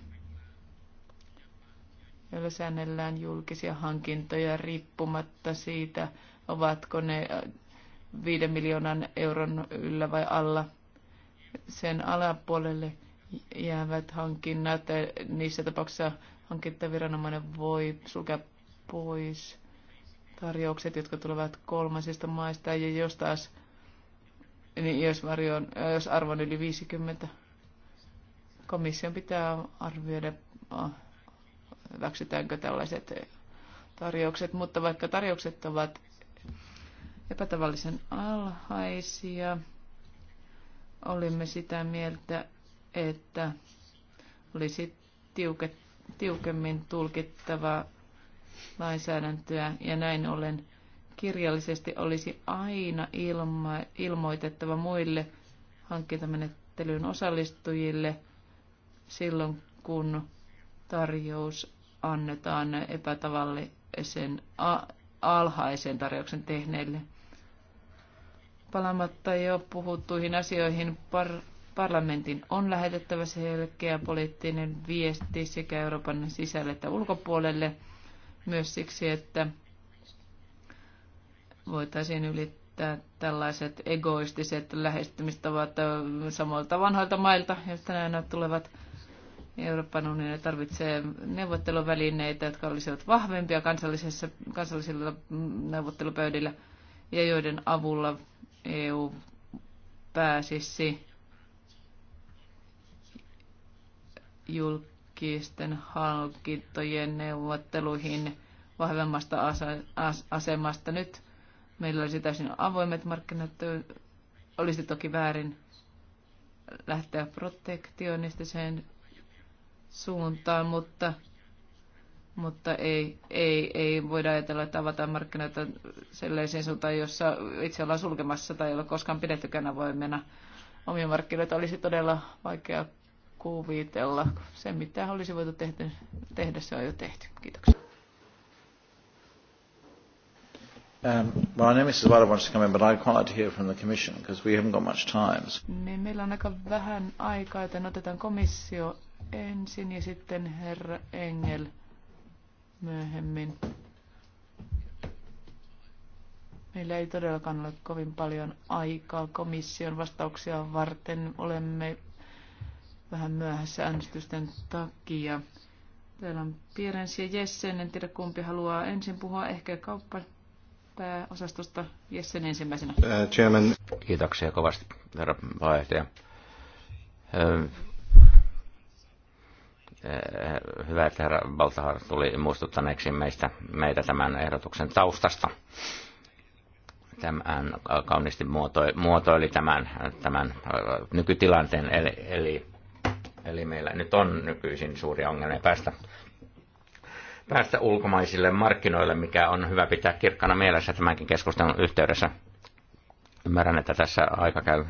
joilla säännellään julkisia hankintoja riippumatta siitä, ovatko ne 5 miljoonan euron yllä vai alla – sen alapuolelle jäävät hankinnat. Niissä tapauksissa hankintaviranomainen voi sulkea pois tarjoukset, jotka tulevat kolmansista maista, ja jos taas, niin jos, varjon, jos arvo on yli 50, komission pitää arvioida, hyväksytäänkö tällaiset tarjoukset, mutta vaikka tarjoukset ovat epätavallisen alhaisia, olimme sitä mieltä, että olisi tiuke, tiukemmin tulkittava lainsäädäntöä ja näin ollen kirjallisesti olisi aina ilma, ilmoitettava muille hankintamenettelyyn osallistujille silloin, kun tarjous annetaan epätavallisen alhaisen tarjouksen tehneille palaamatta jo puhuttuihin asioihin par- parlamentin on lähetettävä selkeä poliittinen viesti sekä Euroopan sisälle että ulkopuolelle myös siksi, että voitaisiin ylittää tällaiset egoistiset lähestymistavat samoilta vanhoilta mailta, joista näinä tulevat. Euroopan unioni tarvitsee neuvotteluvälineitä, jotka olisivat vahvempia kansallisessa, kansallisilla neuvottelupöydillä ja joiden avulla EU pääsisi julkisten hankintojen neuvotteluihin vahvemmasta asemasta. Nyt meillä olisi täysin avoimet markkinat. Olisi toki väärin lähteä protektionistiseen suuntaan, mutta mutta ei, ei, ei voida ajatella, että avataan markkinoita sellaiseen suuntaan, jossa itse ollaan sulkemassa tai ei ole koskaan pidettykään avoimena. Omia markkinoita olisi todella vaikea kuvitella. Se, mitä olisi voitu tehdä, tehdä se on jo tehty. Kiitoksia. Um, but quite from the Commission because we haven't got much time. Niin, meillä on aika vähän aikaa, joten otetaan komissio ensin ja sitten herra Engel myöhemmin. Meillä ei todellakaan ole kovin paljon aikaa komission vastauksia varten. Olemme vähän myöhässä äänestysten takia. Täällä on Pierensi ja Jessen. En tiedä kumpi haluaa ensin puhua. Ehkä kauppa pääosastosta Jessen ensimmäisenä. Uh, chairman. Kiitoksia kovasti, herra puheenjohtaja. Äh, Eh, hyvä, että herra Baltahar tuli muistuttaneeksi meistä, meitä tämän ehdotuksen taustasta. Tämän muotoi, muotoili tämän, tämän äh, nykytilanteen, eli, eli, eli meillä nyt on nykyisin suuria ongelmia päästä, päästä ulkomaisille markkinoille, mikä on hyvä pitää kirkkana mielessä tämänkin keskustelun yhteydessä. Ymmärrän, että tässä aika käy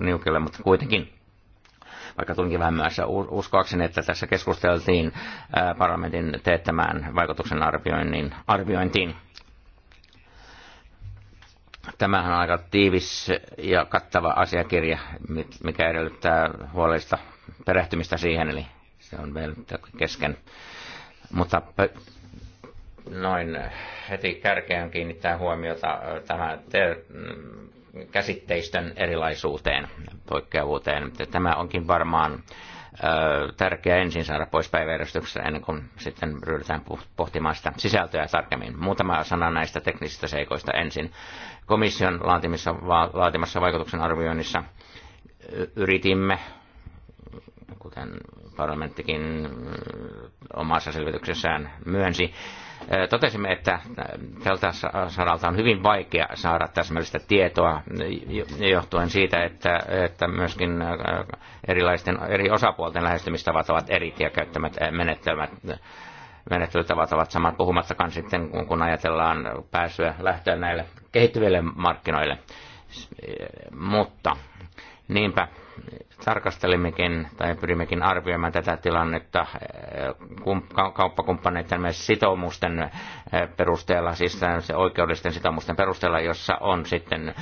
niukille, mutta kuitenkin vaikka tulinkin vähän myöhässä. Uskoakseni, että tässä keskusteltiin parlamentin teettämään vaikutuksen arvioinnin, arviointiin. Tämähän on aika tiivis ja kattava asiakirja, mikä edellyttää huolellista perehtymistä siihen, eli se on vielä kesken. Mutta noin heti kärkeen kiinnittää huomiota tähän käsitteistön erilaisuuteen, poikkeavuuteen. Tämä onkin varmaan tärkeää ensin saada pois päiväjärjestyksestä ennen kuin sitten ryhdytään pohtimaan sitä sisältöä tarkemmin. Muutama sana näistä teknisistä seikoista ensin. Komission laatimissa, laatimassa vaikutuksen arvioinnissa yritimme, kuten parlamenttikin omassa selvityksessään myönsi, Totesimme, että äh, tältä saralta on hyvin vaikea saada täsmällistä tietoa johtuen siitä, että, että myöskin äh, erilaisten eri osapuolten lähestymistavat ovat eri ja käyttämät äh, menetelmät menettelytavat ovat samat, puhumattakaan sitten, kun ajatellaan pääsyä lähtöä näille kehittyville markkinoille. Mutta niinpä tarkastelimmekin tai pyrimmekin arvioimaan tätä tilannetta eh, kauppakumppaneiden myös sitoumusten eh, perusteella, siis se oikeudellisten sitoumusten perusteella, jossa on sitten eh,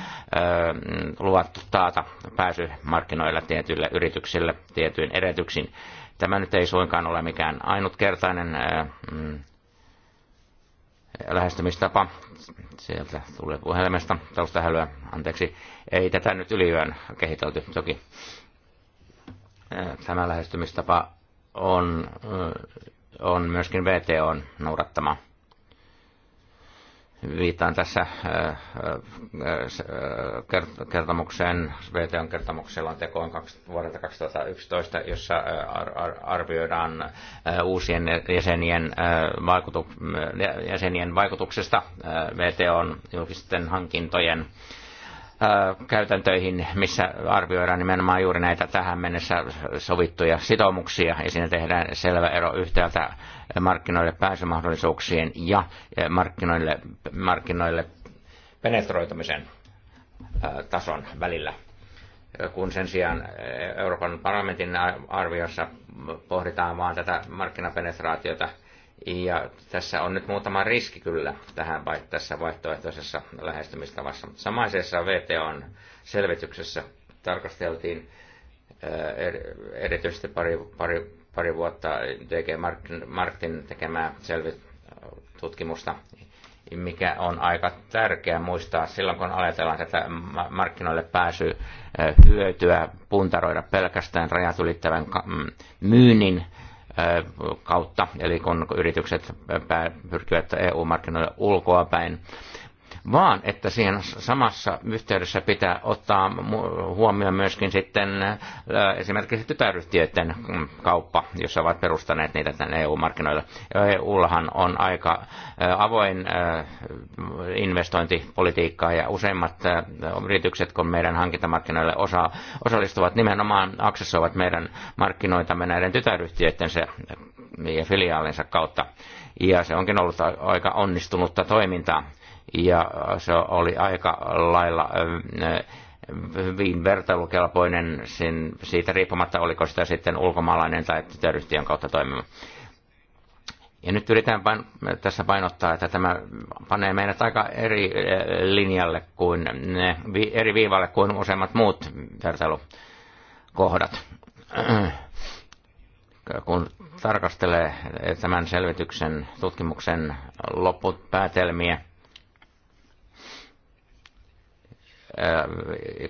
luvattu taata pääsy markkinoilla tietyille yrityksille tietyin edetyksiin. Tämä nyt ei suinkaan ole mikään ainutkertainen mm, lähestymistapa sieltä tulee puhelimesta taustahälyä, anteeksi, ei tätä nyt yliyön kehitelty toki. Tämä lähestymistapa on, on myöskin VTOn noudattama. Viitaan tässä kertomukseen, VTOn kertomuksella on tekoon vuodelta 2011, jossa arvioidaan uusien jäsenien, vaikutu, jäsenien vaikutuksesta VTOn julkisten hankintojen käytäntöihin, missä arvioidaan nimenomaan juuri näitä tähän mennessä sovittuja sitoumuksia, ja siinä tehdään selvä ero yhtäältä markkinoille pääsymahdollisuuksien ja markkinoille, markkinoille penetroitumisen tason välillä kun sen sijaan Euroopan parlamentin arviossa pohditaan vaan tätä markkinapenetraatiota – ja tässä on nyt muutama riski kyllä tähän tässä vaihtoehtoisessa lähestymistavassa. Samaisessa VTOn selvityksessä tarkasteltiin äh, erityisesti pari, pari, pari vuotta DG Martin tekemää tutkimusta, mikä on aika tärkeää muistaa silloin, kun ajatellaan tätä markkinoille pääsy äh, hyötyä, puntaroida pelkästään rajat ylittävän mm, myynnin kautta, eli kun yritykset pyrkivät EU-markkinoille ulkoapäin vaan että siinä samassa yhteydessä pitää ottaa huomioon myöskin sitten äh, esimerkiksi tytäryhtiöiden mm, kauppa, jossa ovat perustaneet niitä tänne EU-markkinoille. EUllahan on aika äh, avoin äh, investointipolitiikkaa ja useimmat yritykset, kun meidän hankintamarkkinoille osa, osallistuvat, nimenomaan aksessoivat meidän markkinoitamme näiden se ja filiaalinsa kautta. Ja se onkin ollut aika onnistunutta toimintaa ja se oli aika lailla hyvin vertailukelpoinen sen, siitä riippumatta, oliko sitä sitten ulkomaalainen tai tytäryhtiön kautta toimiva. Ja nyt yritetään pain, tässä painottaa, että tämä panee meidät aika eri linjalle kuin ne, eri viivalle kuin useimmat muut vertailukohdat. Kun tarkastelee tämän selvityksen tutkimuksen loppupäätelmiä,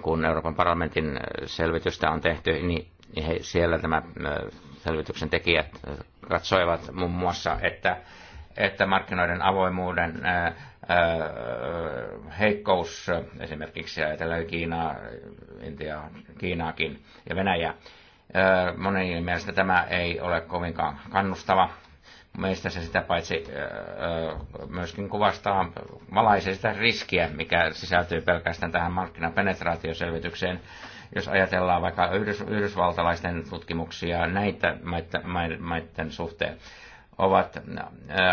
kun Euroopan parlamentin selvitystä on tehty, niin siellä tämä selvityksen tekijät katsoivat muun muassa, että, että markkinoiden avoimuuden heikkous esimerkiksi ajatellaan Kiinaa, Intiaa, Kiinaakin ja Venäjä, Monen mielestä tämä ei ole kovinkaan kannustava meistä se sitä paitsi myöskin kuvastaa valaisee sitä riskiä, mikä sisältyy pelkästään tähän markkinapenetraatioselvitykseen. Jos ajatellaan vaikka yhdys, yhdysvaltalaisten tutkimuksia näitä maiden, maiden suhteen, ovat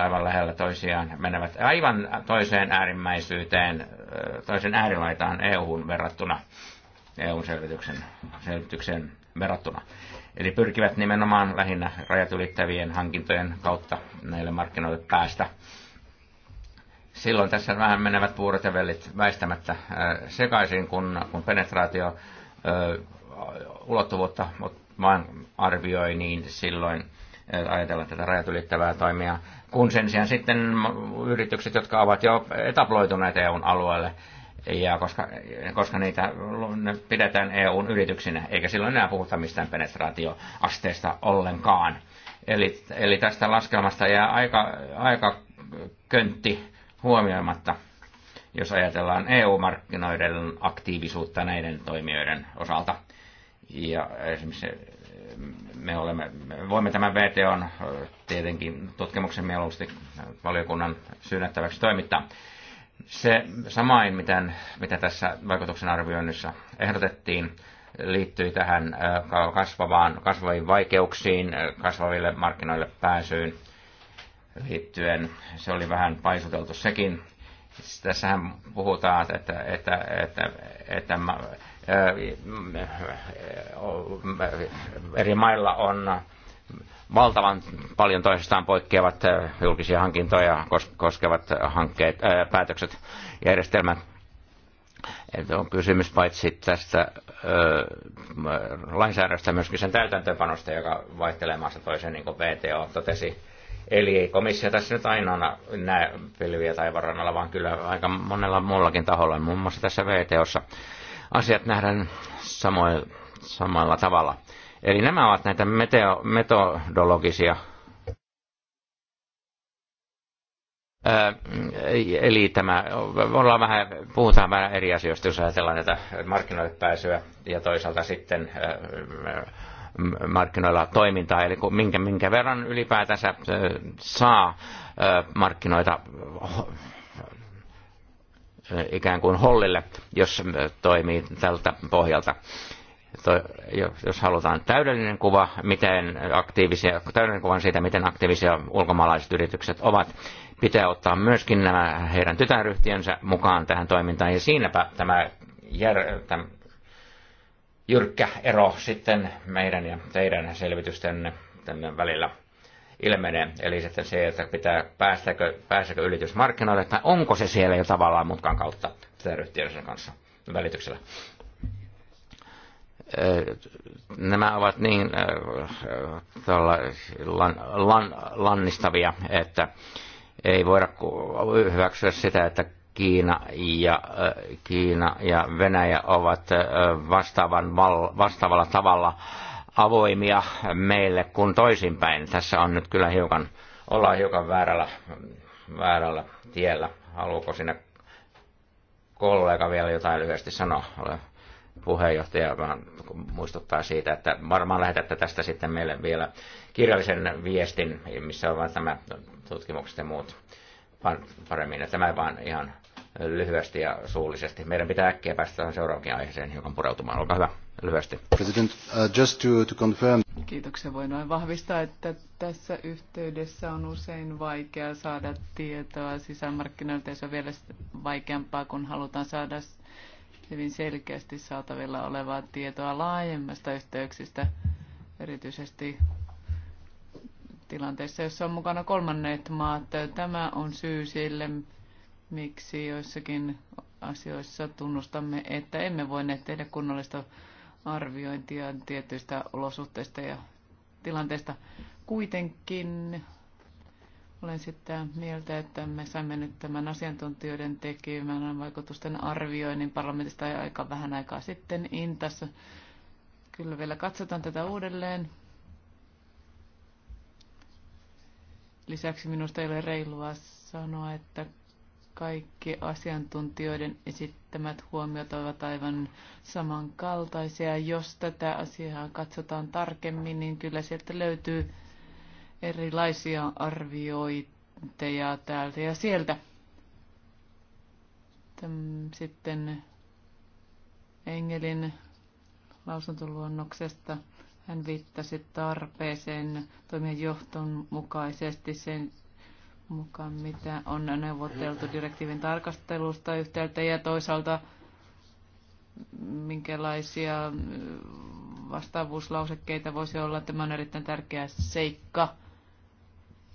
aivan lähellä toisiaan, menevät aivan toiseen äärimmäisyyteen, toisen äärilaitaan eu verrattuna, EU-selvityksen selvityksen verrattuna. Eli pyrkivät nimenomaan lähinnä rajat ylittävien hankintojen kautta näille markkinoille päästä. Silloin tässä vähän menevät puurot ja vellit väistämättä äh, sekaisin, kun, kun penetraatio äh, ulottuvuutta vain arvioi, niin silloin äh, ajatellaan tätä rajat ylittävää toimia, kun sen sijaan sitten yritykset, jotka ovat jo etabloituneet EUn alueelle, ja koska, koska niitä pidetään EUn yrityksinä, eikä silloin enää puhuta mistään penetraatioasteesta ollenkaan. Eli, eli tästä laskelmasta jää aika, aika köntti huomioimatta, jos ajatellaan EU-markkinoiden aktiivisuutta näiden toimijoiden osalta. Ja esimerkiksi me, olemme, me voimme tämän VTOn tietenkin tutkimuksen mieluusti valiokunnan syynnettäväksi toimittaa. Se samain, miten, mitä tässä vaikutuksen arvioinnissa ehdotettiin, liittyy tähän kasvavaan, kasvaviin vaikeuksiin, kasvaville markkinoille pääsyyn liittyen. Se oli vähän paisuteltu sekin. Tässähän puhutaan, että, että, että, että eri mailla on valtavan paljon toisistaan poikkeavat äh, julkisia hankintoja koskevat hankkeet, äh, päätökset, järjestelmät. Että on kysymys paitsi tästä äh, lainsäädännöstä myöskin sen täytäntöönpanosta, joka vaihtelee maassa toiseen, niin kuin VTO totesi. Eli ei komissio tässä nyt ainoana näe pilviä tai varannalla, vaan kyllä aika monella muullakin taholla, muun muassa tässä VTOssa. Asiat nähdään samoin, samalla tavalla. Eli nämä ovat näitä meteo, metodologisia Eli tämä, ollaan vähän, puhutaan vähän eri asioista, jos ajatellaan näitä markkinoille pääsyä ja toisaalta sitten markkinoilla toimintaa, eli minkä, minkä verran ylipäätänsä saa markkinoita ikään kuin hollille, jos toimii tältä pohjalta jos halutaan täydellinen kuva, miten aktiivisia, täydellinen kuva siitä, miten aktiivisia ulkomaalaiset yritykset ovat, pitää ottaa myöskin nämä heidän tytäryhtiönsä mukaan tähän toimintaan. Ja siinäpä tämä, jär, tämä jyrkkä ero sitten meidän ja teidän selvitysten tänne välillä ilmenee. Eli sitten se, että pitää päästäkö, päästäkö yritys markkinoille, tai onko se siellä jo tavallaan mutkan kautta tytäryhtiönsä kanssa välityksellä nämä ovat niin lan, lan, lannistavia, että ei voida hyväksyä sitä, että Kiina ja, Kiina ja Venäjä ovat vastaavan, vastaavalla tavalla avoimia meille kuin toisinpäin. Tässä on nyt kyllä hiukan, ollaan hiukan väärällä, väärällä tiellä. Haluuko sinne kollega vielä jotain lyhyesti sanoa? Ole puheenjohtaja vaan muistuttaa siitä, että varmaan lähetätte tästä sitten meille vielä kirjallisen viestin, missä ovat tämä tutkimukset ja muut paremmin. Ja tämä vaan ihan lyhyesti ja suullisesti. Meidän pitää äkkiä päästä seuraavankin aiheeseen hiukan pureutumaan. Olkaa hyvä, lyhyesti. President, uh, just to, to confirm. Kiitoksia. Voin noin vahvistaa, että tässä yhteydessä on usein vaikea saada tietoa sisämarkkinoilta ja se on vielä vaikeampaa, kun halutaan saada hyvin selkeästi saatavilla olevaa tietoa laajemmasta yhteyksistä, erityisesti tilanteessa, jossa on mukana kolmannet maat. Tämä on syy sille, miksi joissakin asioissa tunnustamme, että emme voineet tehdä kunnollista arviointia tietyistä olosuhteista ja tilanteista. Kuitenkin olen sitä mieltä, että me saimme nyt tämän asiantuntijoiden tekemän vaikutusten arvioinnin parlamentista ja aika vähän aikaa sitten Intassa. Kyllä vielä katsotaan tätä uudelleen. Lisäksi minusta ei ole reilua sanoa, että kaikki asiantuntijoiden esittämät huomiot ovat aivan samankaltaisia. Jos tätä asiaa katsotaan tarkemmin, niin kyllä sieltä löytyy erilaisia arviointeja täältä ja sieltä. Sitten Engelin lausuntoluonnoksesta hän viittasi tarpeeseen toimia johton mukaisesti sen mukaan, mitä on neuvoteltu direktiivin tarkastelusta yhtäältä ja toisaalta minkälaisia vastaavuuslausekkeita voisi olla. Tämä on erittäin tärkeä seikka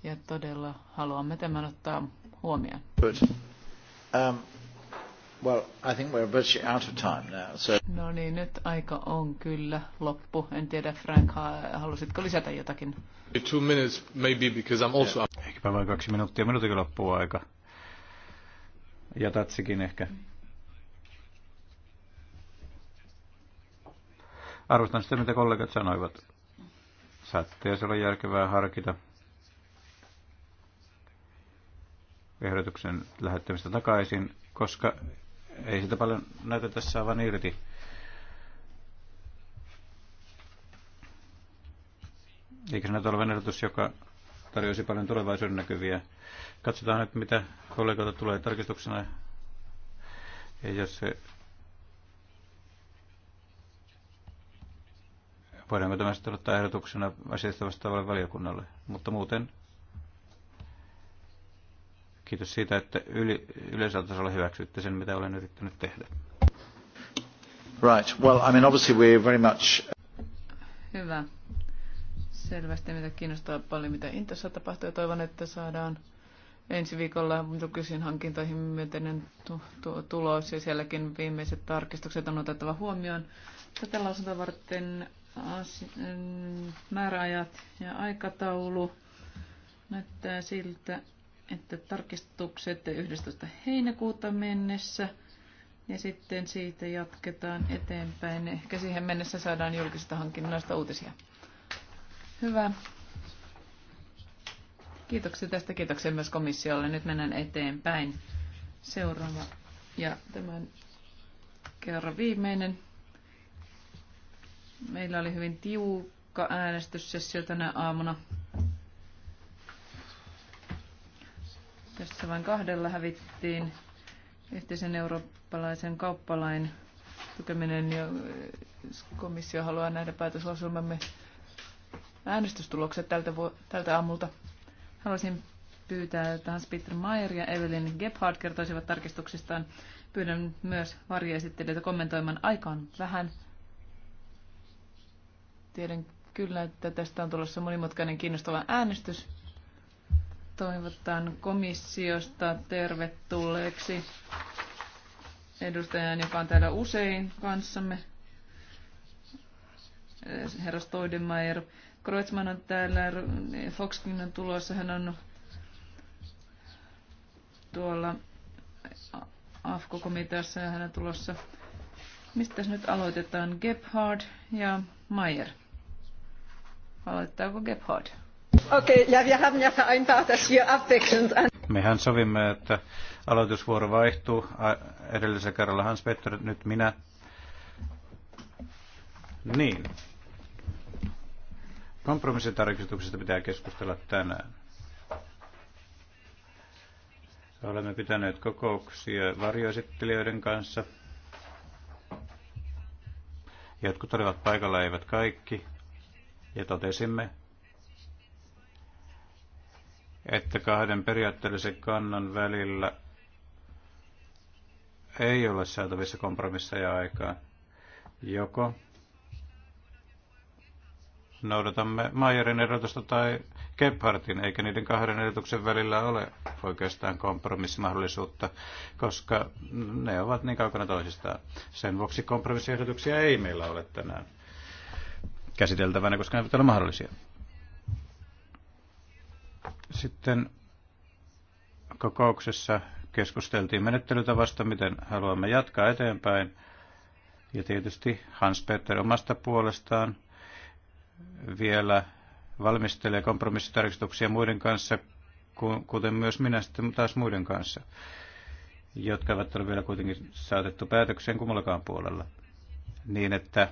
ja todella haluamme tämän ottaa huomioon. Um, well, I think we're virtually out of time now, so... No niin, nyt aika on kyllä loppu. En tiedä, Frank, halusitko lisätä jotakin? Two minutes, maybe, because I'm also... Yeah. Ehkäpä vain kaksi minuuttia. Minuutikin loppuu aika. Ja tatsikin ehkä. Arvostan sitä, mitä kollegat sanoivat. Saattaa se on järkevää harkita ehdotuksen lähettämistä takaisin, koska ei sitä paljon näitä tässä saavan irti. Eikö se näytä olevan ehdotus, joka tarjoisi paljon tulevaisuuden näkyviä. Katsotaan nyt, mitä kollegoilta tulee tarkistuksena. Ja jos se... Voidaanko tämä sitten ottaa ehdotuksena asiasta vastaavalle valiokunnalle? Mutta muuten Kiitos siitä, että yli, yleisellä tasolla hyväksytte sen, mitä olen yrittänyt tehdä. Right. Well, I mean, obviously we're very much... Hyvä. Selvästi mitä kiinnostaa paljon, mitä Intossa tapahtuu. Toivon, että saadaan ensi viikolla julkisiin hankintoihin myönteinen tu- tu- tulos ja sielläkin viimeiset tarkistukset on otettava huomioon. Tätä lausuntoa varten asi- mm, määräajat ja aikataulu näyttää siltä, että tarkistukset 11. heinäkuuta mennessä ja sitten siitä jatketaan eteenpäin. Ehkä siihen mennessä saadaan julkisista hankinnoista uutisia. Hyvä. Kiitoksia tästä. Kiitoksia myös komissiolle. Nyt mennään eteenpäin. Seuraava ja tämän kerran viimeinen. Meillä oli hyvin tiukka äänestyssessio tänä aamuna. Tässä vain kahdella hävittiin yhteisen eurooppalaisen kauppalain tukeminen ja eh, komissio haluaa nähdä päätöslausumamme äänestystulokset tältä, vu- tältä aamulta. Haluaisin pyytää, että Hans-Peter Mayer ja Evelyn Gebhardt kertoisivat tarkistuksistaan. Pyydän myös varjeesittelijöitä kommentoimaan aikaan vähän. Tiedän kyllä, että tästä on tulossa monimutkainen kiinnostava äänestys toivotan komissiosta tervetulleeksi edustajan, joka on täällä usein kanssamme, herra Stoidemeyer. Kreutzmann on täällä, Foxkin on tulossa, hän on tuolla AFKO-komiteassa ja hän on tulossa. Mistä nyt aloitetaan? Gebhard ja Mayer. Aloittaako Gebhard? Mehän sovimme, että aloitusvuoro vaihtuu. Edellisellä kerralla Hans Petter, nyt minä. Niin. Kompromissitarkistuksesta pitää keskustella tänään. Olemme pitäneet kokouksia varjoesittelijöiden kanssa. Jotkut olivat paikalla, eivät kaikki. Ja totesimme, että kahden periaatteellisen kannan välillä ei ole saatavissa kompromisseja aikaa, Joko noudatamme Mayerin erotusta tai Gebhardin, eikä niiden kahden erotuksen välillä ole oikeastaan kompromissimahdollisuutta, koska ne ovat niin kaukana toisistaan. Sen vuoksi kompromissiehdotuksia ei meillä ole tänään käsiteltävänä, koska ne eivät ole mahdollisia. Sitten kokouksessa keskusteltiin menettelytavasta, miten haluamme jatkaa eteenpäin. Ja tietysti Hans-Peter omasta puolestaan vielä valmistelee kompromissitarkistuksia muiden kanssa, kuten myös minä sitten taas muiden kanssa, jotka eivät ole vielä kuitenkin saatettu päätökseen kummallakaan puolella, niin että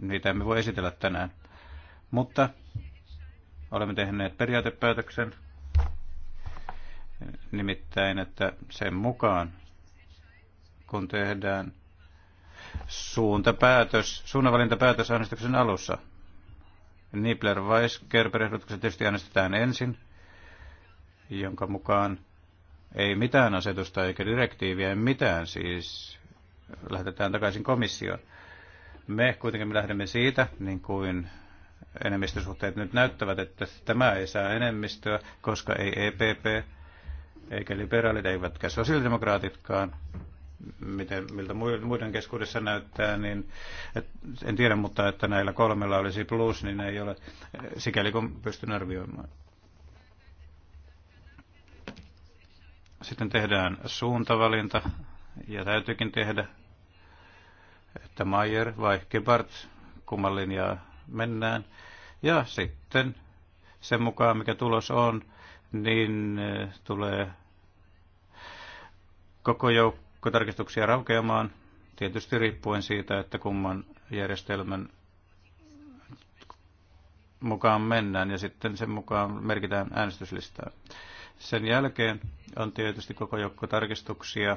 niitä emme voi esitellä tänään. Mutta Olemme tehneet periaatepäätöksen, nimittäin, että sen mukaan, kun tehdään suuntapäätös, suunnanvalintapäätös äänestyksen alussa, Nibler Weisgerber ehdotukset tietysti äänestetään ensin, jonka mukaan ei mitään asetusta eikä direktiiviä, ei mitään siis lähetetään takaisin komissioon. Me kuitenkin me lähdemme siitä, niin kuin enemmistösuhteet nyt näyttävät, että tämä ei saa enemmistöä, koska ei EPP, eikä liberaalit, eivätkä sosiaalidemokraatitkaan, miten, miltä muiden keskuudessa näyttää, niin et, en tiedä, mutta että näillä kolmella olisi plus, niin ei ole, sikäli kun pystyn arvioimaan. Sitten tehdään suuntavalinta, ja täytyykin tehdä, että Mayer vai Gebhardt, kumman linjaa mennään. Ja sitten sen mukaan, mikä tulos on, niin äh, tulee koko joukko tarkistuksia raukeamaan, tietysti riippuen siitä, että kumman järjestelmän mukaan mennään ja sitten sen mukaan merkitään äänestyslistaa. Sen jälkeen on tietysti koko joukko tarkistuksia,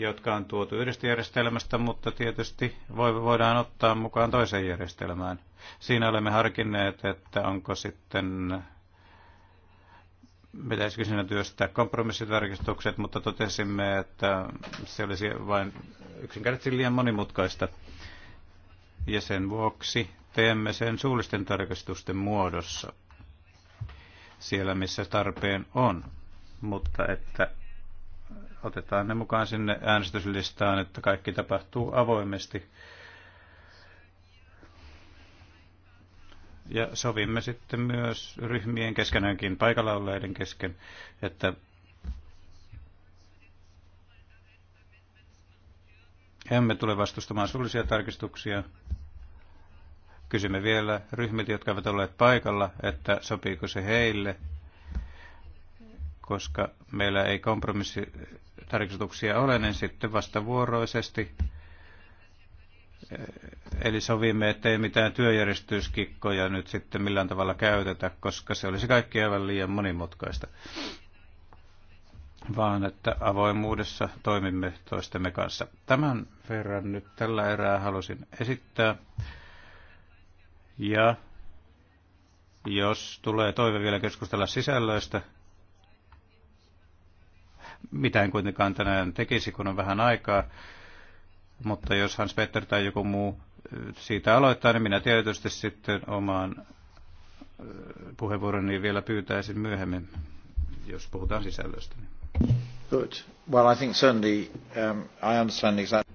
jotka on tuotu yhdestä järjestelmästä, mutta tietysti voidaan ottaa mukaan toiseen järjestelmään – Siinä olemme harkinneet, että onko sitten pitäisikö siinä työstää kompromissitarkistukset, mutta totesimme, että se olisi vain yksinkertaisesti liian monimutkaista. Ja sen vuoksi teemme sen suullisten tarkistusten muodossa siellä, missä tarpeen on, mutta että otetaan ne mukaan sinne äänestyslistaan, että kaikki tapahtuu avoimesti Ja sovimme sitten myös ryhmien kesken, paikalla olleiden kesken, että emme tule vastustamaan suullisia tarkistuksia. Kysymme vielä ryhmiltä, jotka ovat olleet paikalla, että sopiiko se heille, koska meillä ei kompromissitarkistuksia ole, niin sitten vastavuoroisesti Eli sovimme, ettei mitään työjärjestyskikkoja nyt sitten millään tavalla käytetä, koska se olisi kaikki aivan liian monimutkaista, vaan että avoimuudessa toimimme toistemme kanssa. Tämän verran nyt tällä erää halusin esittää. Ja jos tulee toive vielä keskustella sisällöistä, mitä en kuitenkaan tänään tekisi, kun on vähän aikaa, mutta jos Hans Petter tai joku muu äh, siitä aloittaa, niin minä tietysti sitten omaan äh, puheenvuoroni vielä pyytäisin myöhemmin, jos puhutaan sisällöstä. Good. Well, I think certainly um, I understand exactly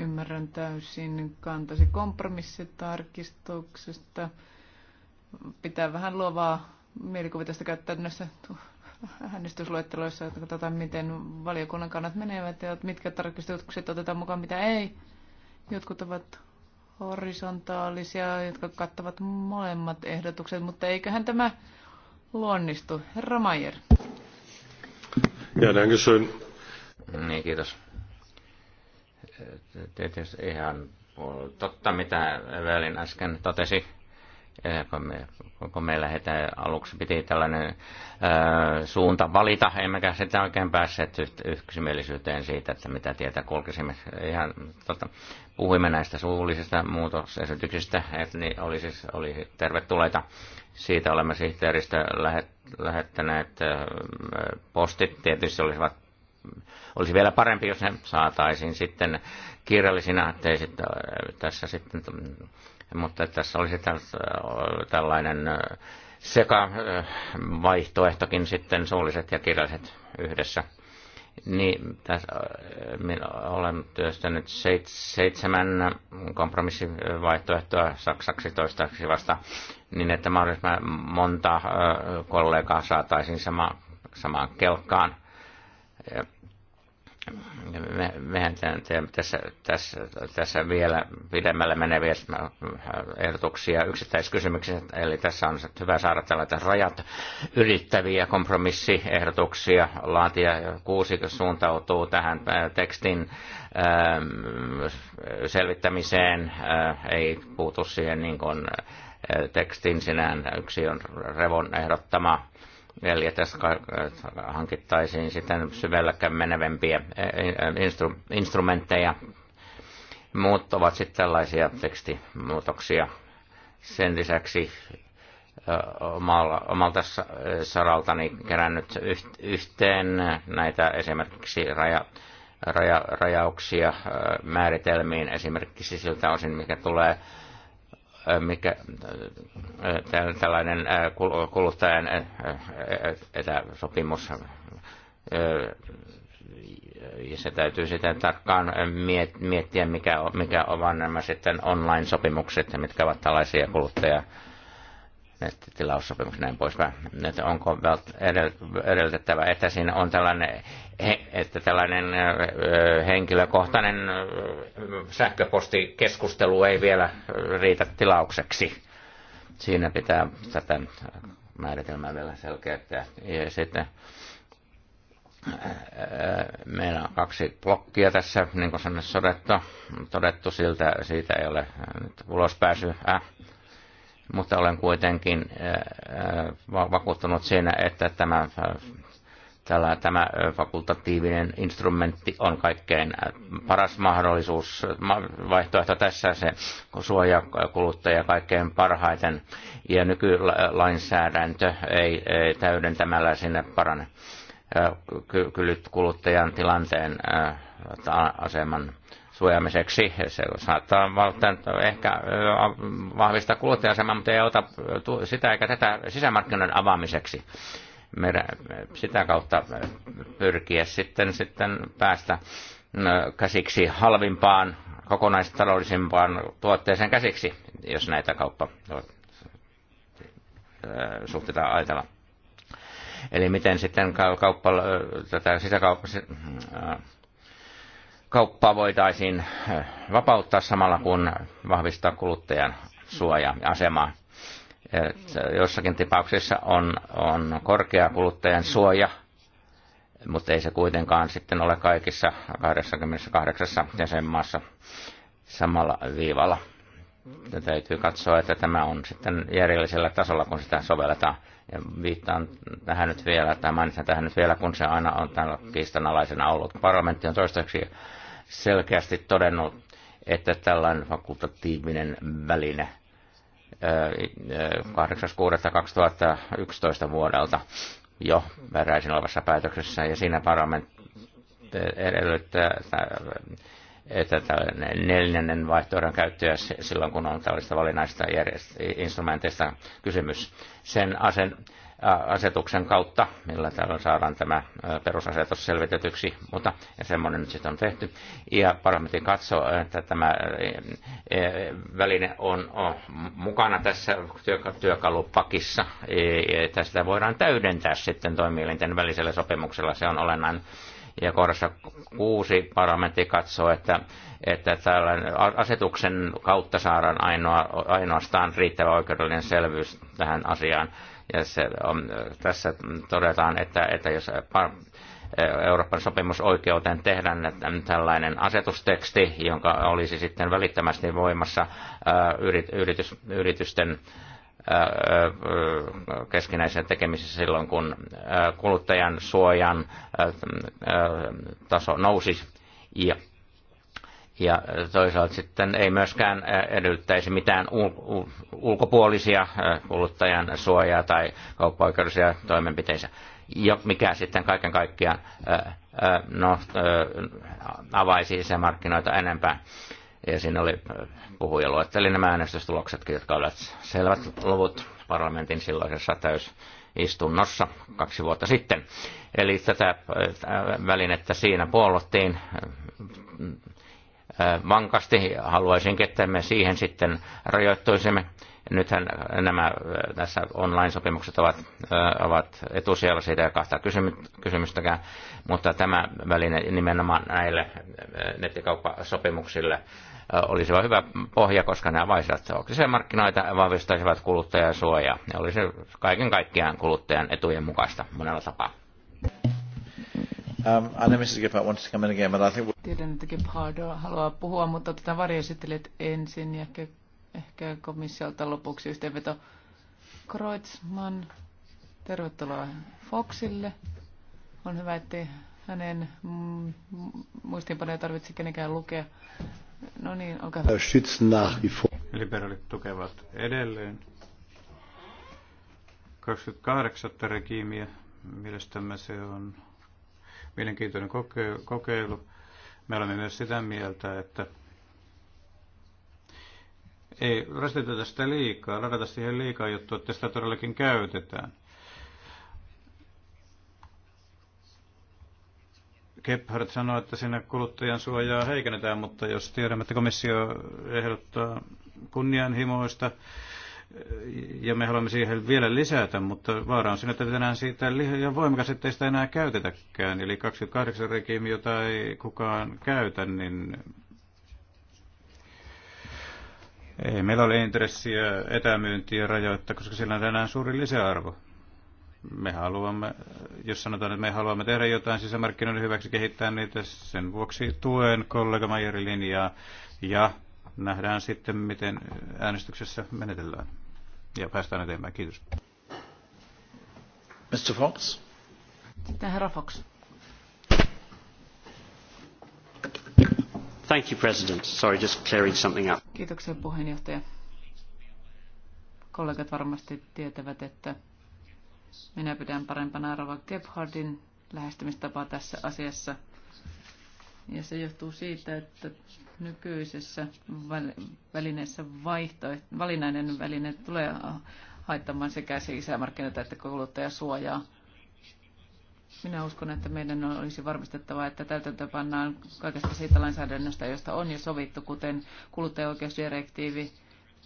ymmärrän täysin kantasi kompromissitarkistuksesta. Pitää vähän luovaa mielikuvitusta käyttää näissä äänestysluetteloissa, että katsotaan miten valiokunnan kannat menevät ja mitkä tarkistukset otetaan mukaan, mitä ei. Jotkut ovat horisontaalisia, jotka kattavat molemmat ehdotukset, mutta eiköhän tämä luonnistu. Herra Mayer. Ja dankeschön. Niin, kiitos. Tietysti ihan totta, mitä Evelin äsken totesi Eh, kun me, kun me lähdetään aluksi piti tällainen ö, eh, suunta valita, emmekä sitä oikein päässeet yksimielisyyteen siitä, että mitä tietä kulkisimme. Ihan, tota, puhuimme näistä suullisista muutosesityksistä, että niin oli siis oli tervetulleita. Siitä olemme sihteeristä lähet, lähettäneet ö, eh, postit. Tietysti olisivat, olisi vielä parempi, jos ne saataisiin sitten kirjallisina, ettei sit, tässä sitten mm, mutta tässä olisi äh, tällainen äh, sekä sitten suulliset ja kirjalliset yhdessä. Niin, tässä äh, minä olen työstänyt seitsemän kompromissivaihtoehtoa saksaksi toistaiseksi vasta, niin että mahdollisimman monta kollegaa saataisiin sama, samaan kelkkaan me, mehän teemme tässä, tässä, tässä vielä pidemmälle meneviä äh, ehdotuksia yksittäiskysymyksiä, eli tässä on hyvä saada tällaisia rajat ylittäviä kompromissiehdotuksia laatia. Kuusi suuntautuu tähän äh, tekstin äh, selvittämiseen, ei puutu siihen niin kuin tekstin sinään. Yksi on Revon ehdottama Eli hankittaisiin sitten syvällä menevämpiä instru, instrumentteja. Muut ovat sitten tällaisia tekstimuutoksia. Sen lisäksi omalla, omalta saraltani kerännyt yhteen näitä esimerkiksi raja, raja, rajauksia määritelmiin esimerkiksi siltä osin, mikä tulee mikä äh, tällainen äh, kuluttajan äh, etäsopimus, ja se täytyy sitten tarkkaan miettiä, mikä, mikä ovat nämä sitten online-sopimukset mitkä ovat tällaisia kuluttajan tilaussopimukset näin poispäin. Että onko edellytettävä, että siinä on tällainen, että tällainen henkilökohtainen sähköpostikeskustelu ei vielä riitä tilaukseksi. Siinä pitää tätä määritelmää vielä selkeyttää. Ja sitten meillä on kaksi blokkia tässä, niin kuin sanoin, todettu, todettu siltä, siitä ei ole nyt ulospääsyä. Äh mutta olen kuitenkin äh, äh, vakuuttunut siinä, että tämä, äh, tällä, tämä fakultatiivinen instrumentti on kaikkein paras mahdollisuus, vaihtoehto tässä se suojaa kuluttajia kaikkein parhaiten, ja nykylainsäädäntö ei, ei täydentämällä sinne parane kyllyt kuluttajan tilanteen aseman suojaamiseksi. Se saattaa ehkä vahvistaa kuluttajasemaa, mutta ei ota sitä eikä tätä sisämarkkinoiden avaamiseksi. Meidän sitä kautta pyrkiä sitten, sitten päästä käsiksi halvimpaan, kokonaistaloudellisimpaan tuotteeseen käsiksi, jos näitä kauppa suhteita ajatella. Eli miten sitten kauppa, tätä sisäkauppa, kauppaa voitaisiin eh, vapauttaa samalla kun vahvistaa kuluttajan suoja ja asemaa. Eh, jossakin tapauksessa on, on korkea kuluttajan suoja, mutta ei se kuitenkaan sitten ole kaikissa 28 jäsenmaassa samalla viivalla. Ja täytyy katsoa, että tämä on sitten järjellisellä tasolla, kun sitä sovelletaan. Ja viittaan tähän nyt vielä, tai mainitsen tähän nyt vielä, kun se aina on tällä kiistanalaisena ollut. Parlamentti on toistaiseksi selkeästi todennut, että tällainen fakultatiivinen väline 8.6.2011 vuodelta jo peräisin olevassa päätöksessä, ja siinä parlamentti edellyttää, että tällainen neljännen vaihtoehdon käyttöä silloin, kun on tällaista valinnaista instrumenteista kysymys. Sen asen, asetuksen kautta, millä täällä saadaan tämä perusasetus selvitetyksi, mutta semmoinen nyt sitten on tehty. Ja parlamentin katsoo, että tämä e, väline on mukana tässä työkalupakissa, että e, sitä voidaan täydentää sitten toimielinten välisellä sopimuksella, se on olennainen. Ja kohdassa kuusi parlamentti katsoo, että, että tällainen asetuksen kautta saadaan ainoa, ainoastaan riittävä oikeudellinen selvyys tähän asiaan ja se on, tässä todetaan, että, että jos Euroopan sopimusoikeuteen tehdään tällainen asetusteksti, jonka olisi sitten välittömästi voimassa yritys, yritysten keskinäisen tekemisessä, silloin, kun kuluttajan suojan taso nousisi. Ja ja toisaalta sitten ei myöskään edellyttäisi mitään ulkopuolisia kuluttajan suojaa tai kauppaoikeudellisia toimenpiteitä, mikä sitten kaiken kaikkiaan no, avaisi se markkinoita enempää. Ja siinä oli puhuja luetteli nämä äänestystuloksetkin, jotka olivat selvät luvut parlamentin silloisessa täysistunnossa kaksi vuotta sitten. Eli tätä välinettä siinä puolottiin vankasti. Haluaisinkin, että me siihen sitten rajoittuisimme. Nythän nämä tässä online-sopimukset ovat, ovat etusijalla siitä ja kahta kysymystäkään, mutta tämä väline nimenomaan näille nettikauppasopimuksille olisi hyvä pohja, koska nämä vaisivat markkinoita ja vahvistaisivat kuluttajan suojaa. Ja olisi kaiken kaikkiaan kuluttajan etujen mukaista monella tapaa. Um, I know Mrs. Gifford wanted to come in again, but I think Tiedän, että Gebhardo haluaa puhua, mutta tätä varjoesittelijät ensin ja ehkä, ehkä komissiolta lopuksi yhteenveto. Kreutzmann, tervetuloa Foxille. On hyvä, että hänen muistiinpanoja tarvitse kenenkään lukea. No niin, olkaa hyvä. Liberaalit tukevat edelleen 28. regiimiä. Mielestämme se on mielenkiintoinen kokeilu. Me olemme myös sitä mieltä, että ei rasiteta sitä liikaa, ladata siihen liikaa juttu, että sitä todellakin käytetään. Gebhardt sanoi, että sinne kuluttajan suojaa heikennetään, mutta jos tiedämme, että komissio ehdottaa kunnianhimoista ja me haluamme siihen vielä lisätä, mutta vaara on siinä, että tänään siitä liian voimakas, ettei sitä enää käytetäkään. Eli 28 regiimi, jota ei kukaan käytä, niin ei meillä ole intressiä etämyyntiä rajoittaa, koska sillä on tänään suuri lisäarvo. Me haluamme, jos sanotaan, että me haluamme tehdä jotain sisämarkkinoiden hyväksi kehittää niitä, sen vuoksi tuen kollega Majerin linjaa ja nähdään sitten, miten äänestyksessä menetellään. Ja päästään eteenpäin. Kiitos. Mr. Fox. Sitten herra Fox. Thank you, President. Sorry, just clearing something up. Kiitoksia puheenjohtaja. Kollegat varmasti tietävät, että minä pidän parempana Rova Gebhardin lähestymistapaa tässä asiassa. Ja se johtuu siitä, että nykyisessä välineessä vaihtoehto, valinnainen väline tulee haittamaan sekä sisämarkkinoita että kuluttajasuojaa. Minä uskon, että meidän olisi varmistettava, että täytäntö pannaan kaikesta siitä lainsäädännöstä, josta on jo sovittu, kuten kuluttajaoikeusdirektiivi,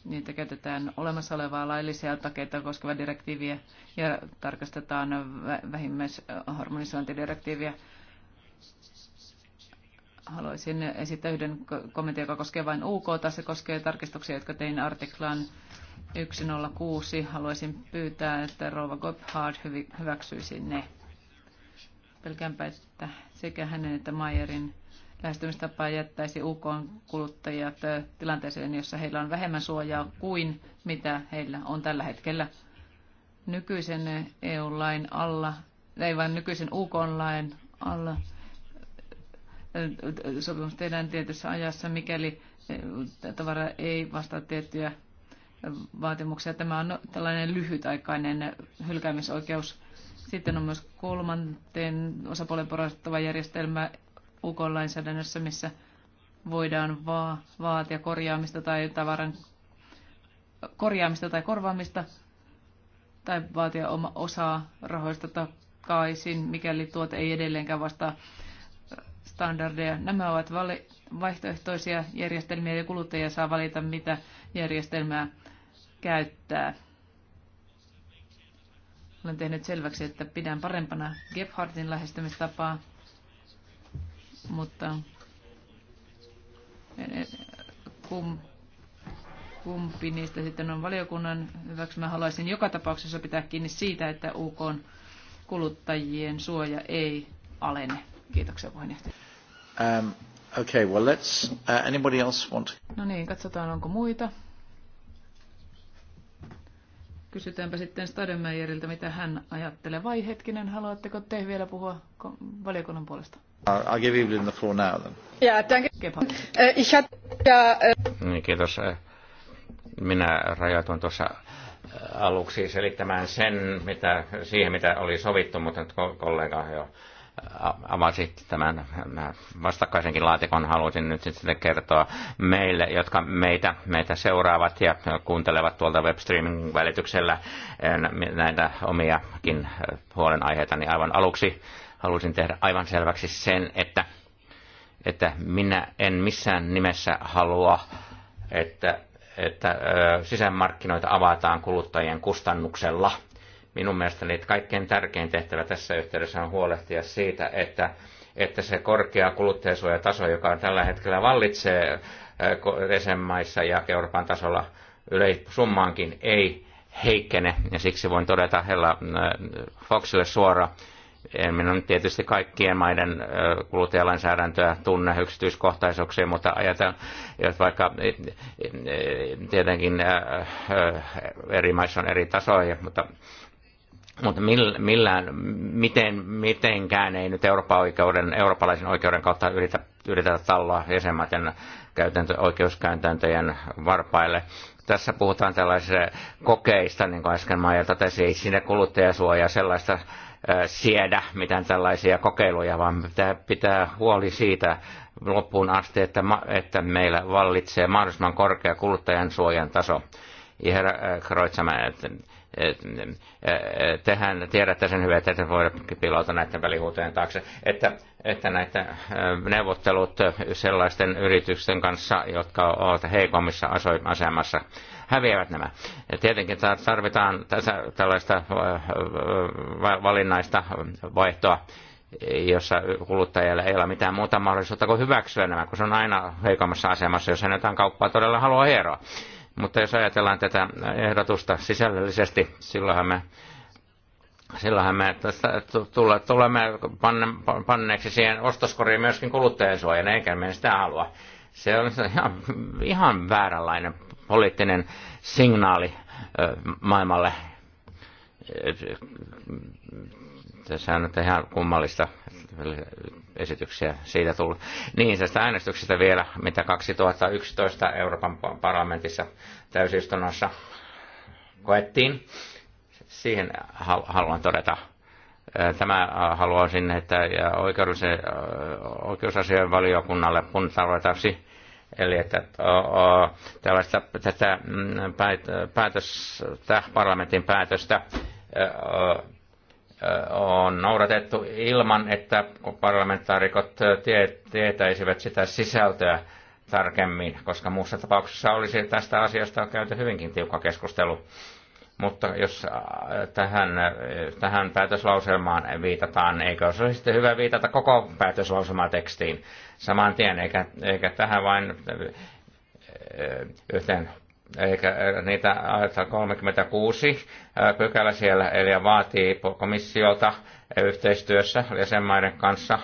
niitä käytetään olemassa olevaa laillisia takeita koskevaa direktiiviä ja tarkastetaan vähimmäisharmonisointidirektiiviä Haluaisin esittää yhden kommentin, joka koskee vain UK. Se koskee tarkistuksia, jotka tein artiklaan 106. Haluaisin pyytää, että Rova Gotthard hyväksyisi ne. Pelkäänpä, että sekä hänen että Mayerin lähestymistapa jättäisi UK kuluttajat tilanteeseen, jossa heillä on vähemmän suojaa kuin mitä heillä on tällä hetkellä nykyisen EU-lain alla, ei vaan nykyisen UK-lain alla sopimus tehdään tietyssä ajassa, mikäli eh, tavara ei vastaa tiettyjä vaatimuksia. Tämä on tällainen lyhytaikainen hylkäämisoikeus. Sitten on myös kolmanteen osapuolen porastettava järjestelmä UK-lainsäädännössä, missä voidaan va- vaatia korjaamista tai tavaran korjaamista tai korvaamista tai vaatia oma osaa rahoista takaisin, mikäli tuote ei edelleenkään vastaa standardeja. Nämä ovat vaihtoehtoisia järjestelmiä ja kuluttaja saa valita, mitä järjestelmää käyttää. Olen tehnyt selväksi, että pidän parempana Gebhardin lähestymistapaa, mutta kumpi niistä sitten on valiokunnan hyväksymä. Haluaisin joka tapauksessa pitää kiinni siitä, että UK kuluttajien suoja ei alene. Kiitoksia puheenjohtaja. Um, okay, well let's, uh, anybody else want? No niin, katsotaan onko muita. Kysytäänpä sitten Stademeyeriltä, mitä hän ajattelee. Vai hetkinen, haluatteko te vielä puhua valiokunnan puolesta? I'll give Evelyn the floor now then. Yeah, äh, äh, niin, kiitos. Äh, minä rajoitun tuossa aluksi selittämään sen, mitä, siihen mitä oli sovittu, mutta kollega jo avasit tämän vastakkaisenkin laatikon, haluaisin nyt sitten kertoa meille, jotka meitä, meitä seuraavat ja kuuntelevat tuolta webstreaming välityksellä näitä omiakin äh, huolenaiheita, niin aivan aluksi halusin tehdä aivan selväksi sen, että, että minä en missään nimessä halua, että, että äh, sisämarkkinoita avataan kuluttajien kustannuksella – minun mielestäni kaikkein tärkein tehtävä tässä yhteydessä on huolehtia siitä, että, että se korkea kuluttajasuojataso, joka on tällä hetkellä vallitsee jäsenmaissa ja Euroopan tasolla yleissummaankin, ei heikkene. Ja siksi voin todeta Hella Foxille suora en minä tietysti kaikkien maiden kuluttajalainsäädäntöä tunne yksityiskohtaisuuksiin, mutta ajatellaan, että vaikka tietenkin eri maissa on eri tasoja, mutta mutta millään, miten, mitenkään ei nyt Euroopan oikeuden, eurooppalaisen oikeuden kautta yritä, yritetä talloa jäsenmaiden käytäntö, oikeuskäytäntöjen varpaille. Tässä puhutaan tällaisista kokeista, niin kuin äsken Maija totesi, ei siinä kuluttajasuojaa sellaista siedä mitään tällaisia kokeiluja, vaan pitää pitää huoli siitä loppuun asti, että, että meillä vallitsee mahdollisimman korkea kuluttajan suojan taso. Ja herra Kreutzmann, tehän tiedätte sen hyvin, että voi pilata näiden välihuutojen taakse, että, että näitä äh, neuvottelut sellaisten yritysten kanssa, jotka ovat heikommissa asemassa, häviävät nämä. Ja tietenkin tarvitaan tässä tällaista äh, äh, valinnaista vaihtoa, jossa kuluttajalle ei ole mitään muuta mahdollisuutta kuin hyväksyä nämä, kun se on aina heikommassa asemassa, jos hän jotain kauppaa todella haluaa hieroa. Mutta jos ajatellaan tätä ehdotusta sisällöllisesti, silloinhan me, silloinhan me tästä tulemme panneeksi siihen ostoskoriin myöskin kuluttajansuojan, eikä me sitä halua. Se on ihan, ihan vääränlainen poliittinen signaali maailmalle. Tässä on ihan kummallista esityksiä siitä tullut. Niin, tästä äänestyksestä vielä, mitä 2011 Euroopan parlamentissa täysistunnossa koettiin. Siihen haluan todeta. Tämä haluaisin, että oikeusasian valiokunnalle puntaroitaksi. Eli että tällaista tätä mm, päätöstä, parlamentin päätöstä on noudatettu ilman, että parlamentaarikot tietäisivät sitä sisältöä tarkemmin, koska muussa tapauksessa olisi tästä asiasta käyty hyvinkin tiukka keskustelu. Mutta jos äh, tähän, äh, tähän päätöslauselmaan viitataan, eikö se olisi sitten hyvä viitata koko päätöslauselmatekstiin saman tien, eikä, eikä tähän vain äh, yhteen eli eh, niitä 36 eh, pykälä siellä, eli vaatii komissiolta eh, yhteistyössä jäsenmaiden kanssa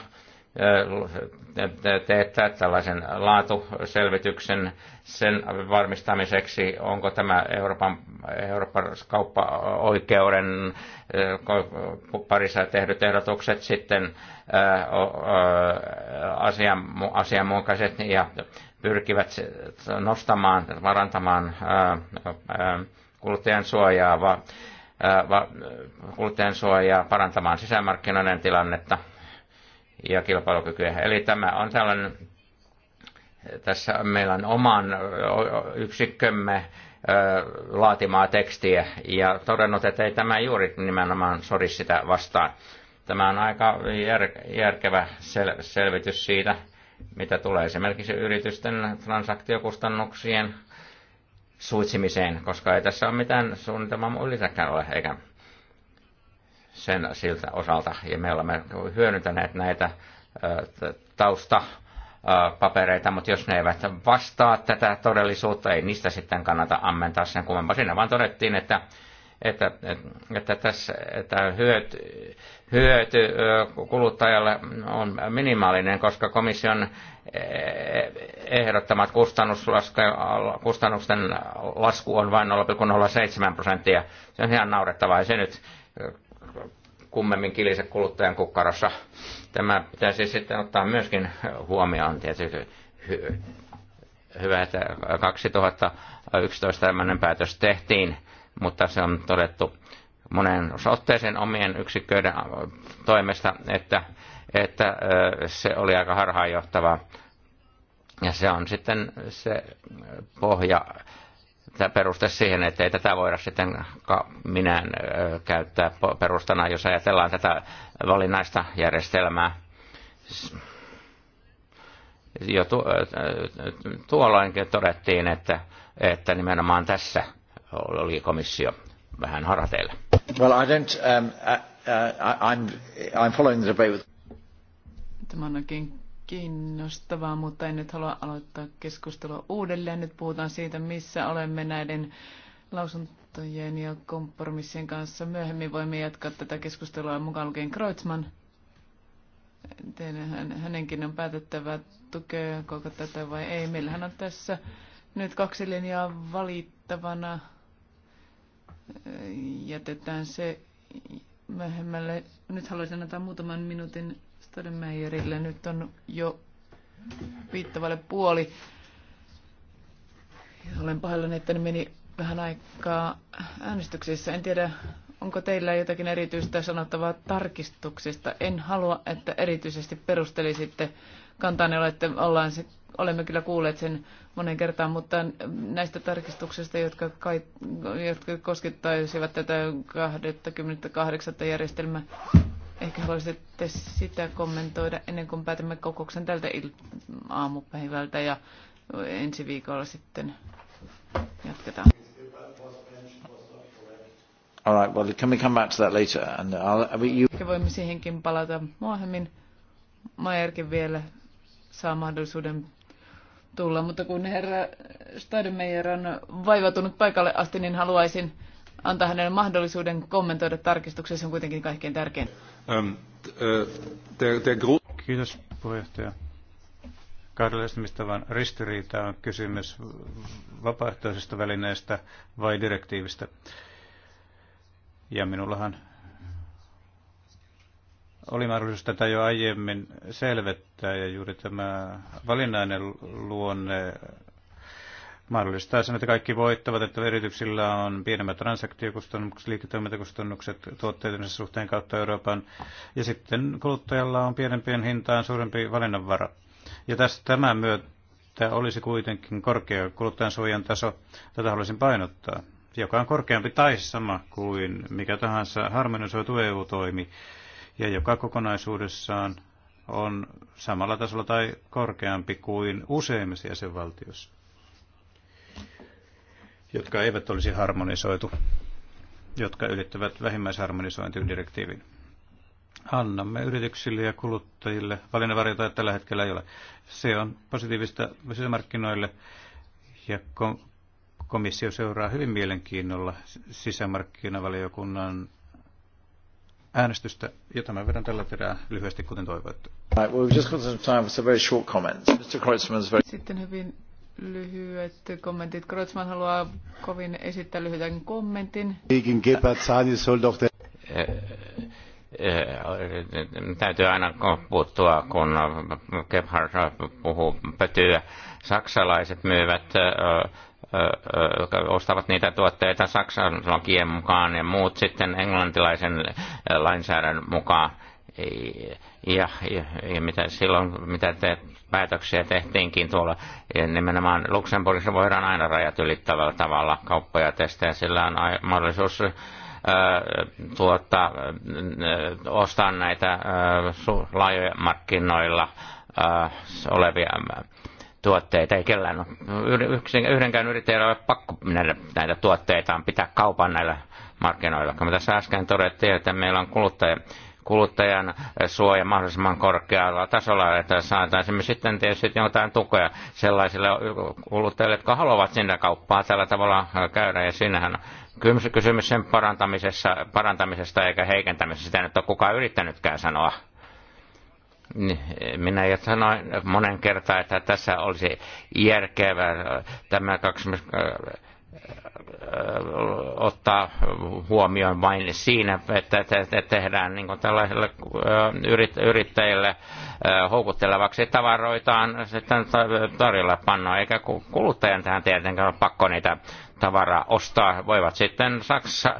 teettää tällaisen laatuselvityksen sen varmistamiseksi, onko tämä Euroopan, Euroopan kauppaoikeuden parissa tehdyt ehdotukset sitten asianmukaiset ja pyrkivät nostamaan, varantamaan kuluttajan suojaa, va, kuluttajan suojaa, parantamaan sisämarkkinoiden tilannetta ja kilpailukykyä. Eli tämä on tällainen, tässä meillä on oman yksikkömme laatimaa tekstiä ja todennut, että ei tämä juuri nimenomaan sori sitä vastaan. Tämä on aika järkevä selvitys siitä, mitä tulee esimerkiksi yritysten transaktiokustannuksien suitsimiseen, koska ei tässä ole mitään suunnitelmaa ylitäkään ole, eikä sen siltä osalta. Ja me olemme hyödyntäneet näitä tausta papereita, mutta jos ne eivät vastaa tätä todellisuutta, ei niistä sitten kannata ammentaa sen kummempaa. Siinä vaan todettiin, että että, että tässä että hyöty, hyöty kuluttajalle on minimaalinen, koska komission e, ehdottamat kustannusten lasku on vain 0,07 prosenttia. Se on ihan naurettavaa, ja se nyt kummemmin kilise kuluttajan kukkarossa. Tämä pitäisi sitten ottaa myöskin huomioon tietysti hyvä, että 2011 tämmöinen päätös tehtiin mutta se on todettu monen otteeseen omien yksiköiden toimesta, että, että se oli aika harhaanjohtavaa. Ja se on sitten se pohja, tämä peruste siihen, että ei tätä voida sitten minään käyttää perustana, jos ajatellaan tätä valinnaista järjestelmää. Jo tuolloinkin todettiin, että, että nimenomaan tässä oli komissio vähän harhateilla. Well, I don't, um, uh, uh, I'm, I'm following the debate with... Tämä on oikein kiinnostavaa, mutta en nyt halua aloittaa keskustelua uudelleen. Nyt puhutaan siitä, missä olemme näiden lausuntojen ja kompromissien kanssa. Myöhemmin voimme jatkaa tätä keskustelua mukaan lukien Kreutzmann. Teidän, hänenkin on päätettävä tukea koko tätä vai ei. Meillähän on tässä nyt kaksi linjaa valittavana jätetään se vähemmälle. Nyt haluaisin antaa muutaman minuutin Stademeijerille. Nyt on jo viittavalle puoli. Olen pahoillani, että ne meni vähän aikaa äänestyksissä. En tiedä, onko teillä jotakin erityistä sanottavaa tarkistuksista. En halua, että erityisesti perustelisitte kantaanne, olette, ollaan sitten olemme kyllä kuulleet sen monen kertaan, mutta näistä tarkistuksista, jotka, kai, jotka koskettaisivat tätä 28. järjestelmää, ehkä voisitte sitä kommentoida ennen kuin päätämme kokouksen tältä il- aamupäivältä ja ensi viikolla sitten jatketaan. All right, well, can we come back to that later? And I'll, you... Ehkä voimme siihenkin palata myöhemmin. Maerkin vielä saa mahdollisuuden tulla, mutta kun herra Stademeyer on vaivautunut paikalle asti, niin haluaisin antaa hänelle mahdollisuuden kommentoida tarkistuksessa, on kuitenkin kaikkein tärkein. Kiitos ähm, uh, äh, Kiitos puheenjohtaja. vain ristiriita on kysymys vapaaehtoisista välineistä vai direktiivistä. Ja minullahan oli mahdollisuus tätä jo aiemmin selvettää ja juuri tämä valinnainen luonne mahdollistaa sen, että kaikki voittavat, että yrityksillä on pienemmät transaktiokustannukset, liiketoimintakustannukset tuotteiden suhteen kautta Euroopan, ja sitten kuluttajalla on pienempien hintaan suurempi valinnanvara. Ja tästä tämän myötä olisi kuitenkin korkea suojan taso, tätä haluaisin painottaa, joka on korkeampi tai sama kuin mikä tahansa harmonisoitu EU-toimi, ja joka kokonaisuudessaan on samalla tasolla tai korkeampi kuin useimmissa jäsenvaltioissa, jotka eivät olisi harmonisoitu, jotka ylittävät vähimmäisharmonisointidirektiivin. Annamme yrityksille ja kuluttajille että tällä hetkellä ei ole. Se on positiivista sisämarkkinoille ja komissio seuraa hyvin mielenkiinnolla sisämarkkinavaliokunnan äänestystä, jota mä vedän tällä terää lyhyesti, kuten toivottu. Sitten hyvin lyhyet kommentit. Kreutzmann haluaa kovin esittää lyhyen kommentin. Eh, eh, täytyy aina puuttua, kun Gebhard puhuu pötyä. Saksalaiset myyvät eh, jotka ostavat niitä tuotteita Saksan lakien mukaan ja muut sitten englantilaisen lainsäädännön mukaan. Ja, ja, ja mitä silloin, mitä te päätöksiä tehtiinkin tuolla, nimenomaan Luxemburgissa voidaan aina rajat ylittävällä tavalla kauppoja testejä, sillä on mahdollisuus tuottaa, ostaa näitä laajoja markkinoilla olevia tuotteita. Ei kellään yhdenkään yrittäjällä ole pakko näitä, näitä tuotteitaan pitää kaupan näillä markkinoilla. Kun tässä äsken todettiin, että meillä on kuluttaja, kuluttajan suoja mahdollisimman korkealla tasolla, että saataisiin sitten tietysti jotain tukea sellaisille kuluttajille, jotka haluavat sinne kauppaa tällä tavalla käydä. Ja sinnehän kysymys sen parantamisessa, parantamisesta eikä heikentämisestä. Sitä nyt ole kukaan yrittänytkään sanoa. Niin, minä jo sanoin monen kertaan, että tässä olisi järkevää äh, tämä 20, äh, äh, ottaa huomioon vain siinä, että tehdään niin kuin tällaisille yrittäjille houkuttelevaksi tavaroitaan sitten tarjolla panna, eikä kuluttajan tähän tietenkään ole pakko niitä tavaraa ostaa. Voivat sitten Saksa,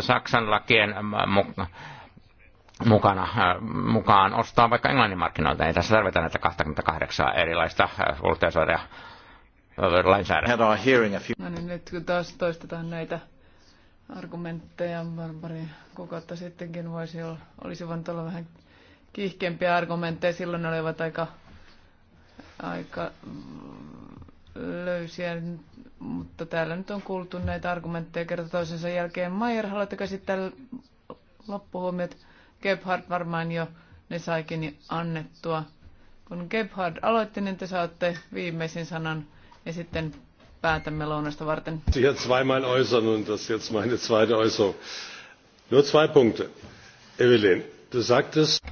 Saksan lakien mukana, äh, mukaan ostaa vaikka englannin markkinoilta. Ei tässä tarvita näitä 28 erilaista kuluttajasuoja lainsäädäntöä. No niin, nyt kun taas toistetaan näitä argumentteja, Barbari kuukautta sittenkin voisi olla, olisi voinut olla vähän kiihkeämpiä argumentteja. Silloin ne olivat aika, aika löysiä, mutta täällä nyt on kuultu näitä argumentteja kerta toisensa jälkeen. Maier, haluatteko sitten loppuhuomiot? Gebhard varmaan jo ne saikin annettua. Kun Gebhard aloitti, niin te saatte viimeisen sanan ja sitten päätämme lounasta varten. Hier zweimal äußern und das jetzt meine zweite Äußerung. Nur zwei Punkte. Evelyn, du sagtest...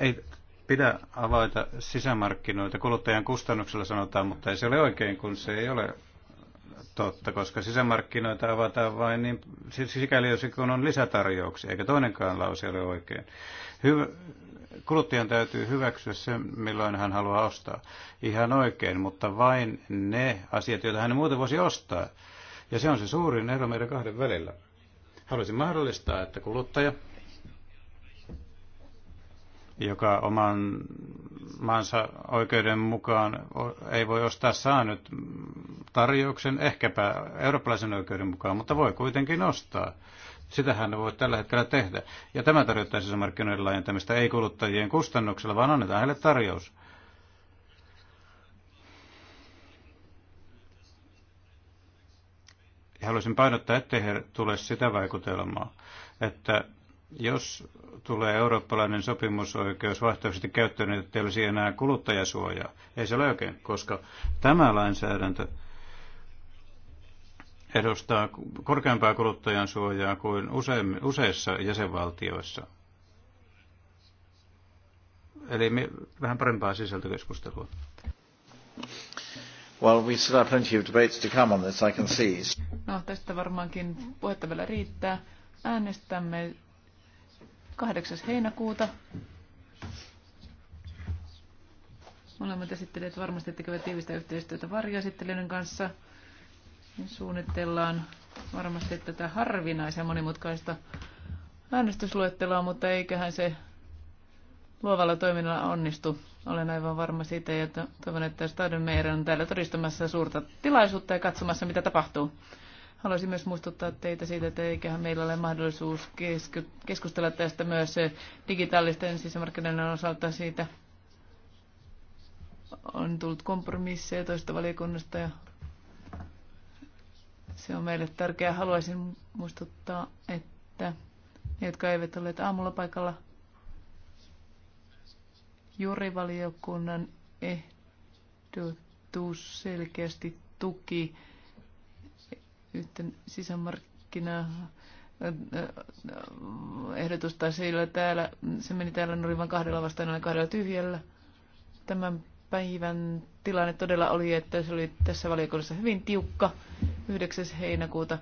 Ei pidä avaita sisämarkkinoita. Kuluttajan kustannuksella sanotaan, mutta ei se ole oikein, kun se ei ole totta, koska sisämarkkinoita avataan vain niin, sikäli jos kun on lisätarjouksia, eikä toinenkaan lause ole oikein. Hyvä, kuluttajan täytyy hyväksyä se, milloin hän haluaa ostaa. Ihan oikein, mutta vain ne asiat, joita hän muuten voisi ostaa. Ja se on se suurin ero meidän kahden välillä. Haluaisin mahdollistaa, että kuluttaja, joka oman maansa oikeuden mukaan ei voi ostaa, saa nyt tarjouksen, ehkäpä eurooppalaisen oikeuden mukaan, mutta voi kuitenkin ostaa. Sitähän ne voi tällä hetkellä tehdä. Ja tämä tarjottaisi siis markkinoiden laajentamista ei kuluttajien kustannuksella, vaan annetaan heille tarjous. Ja haluaisin painottaa, ettei tule sitä vaikutelmaa, että jos tulee eurooppalainen sopimusoikeus vaihtoehtoisesti käyttöön, niin ettei olisi enää kuluttajasuojaa. Ei se ole oikein, koska tämä lainsäädäntö edustaa korkeampaa kuluttajan suojaa kuin useissa jäsenvaltioissa. Eli me, vähän parempaa sisältökeskustelua. Well, we still have plenty of debates to come on this, I can see. No, tästä varmaankin puhetta vielä riittää. Äänestämme 8. heinäkuuta. Molemmat esittelijät varmasti tekevät tiivistä yhteistyötä varjoesittelijöiden kanssa. Suunnitellaan varmasti tätä harvinaisen monimutkaista äänestysluetteloa, mutta eiköhän se luovalla toiminnalla onnistu. Olen aivan varma siitä ja toivon, että Stadenmeijer on täällä todistamassa suurta tilaisuutta ja katsomassa, mitä tapahtuu. Haluaisin myös muistuttaa teitä siitä, että eiköhän meillä ole mahdollisuus keskustella tästä myös digitaalisten sisämarkkinoiden osalta siitä. On tullut kompromisseja toista valiokunnasta ja se on meille tärkeää. Haluaisin muistuttaa, että ne, jotka eivät ole aamulla paikalla, jurivaliokunnan ehdotus selkeästi tuki yhten sisämarkkinaa äh, äh, ehdotusta sillä täällä, se meni täällä oli vain kahdella vastaan ja kahdella tyhjällä. Tämän päivän tilanne todella oli, että se oli tässä valiokunnassa hyvin tiukka 9. heinäkuuta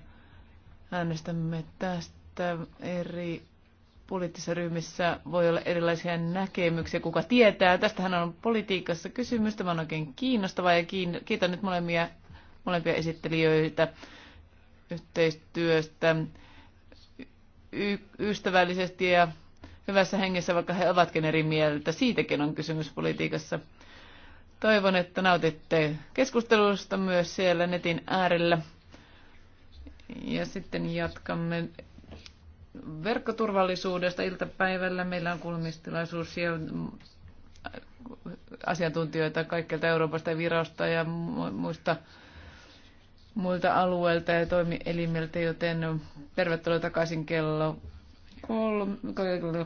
äänestämme tästä eri poliittisissa ryhmissä voi olla erilaisia näkemyksiä, kuka tietää. Tästähän on politiikassa kysymys. Tämä on oikein kiinnostavaa ja kiitän nyt molemmia, molempia esittelijöitä yhteistyöstä y- ystävällisesti ja hyvässä hengessä, vaikka he ovatkin eri mieltä. Siitäkin on kysymys politiikassa. Toivon, että nautitte keskustelusta myös siellä netin äärellä. Ja sitten jatkamme verkkoturvallisuudesta iltapäivällä. Meillä on kulmistilaisuus ja asiantuntijoita kaikkelta Euroopasta ja virasta ja muista muilta alueilta ja toimielimiltä, joten tervetuloa takaisin kello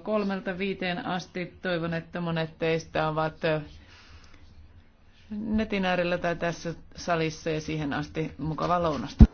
kolmelta viiteen asti. Toivon, että monet teistä ovat netin äärellä tai tässä salissa ja siihen asti mukava lounasta.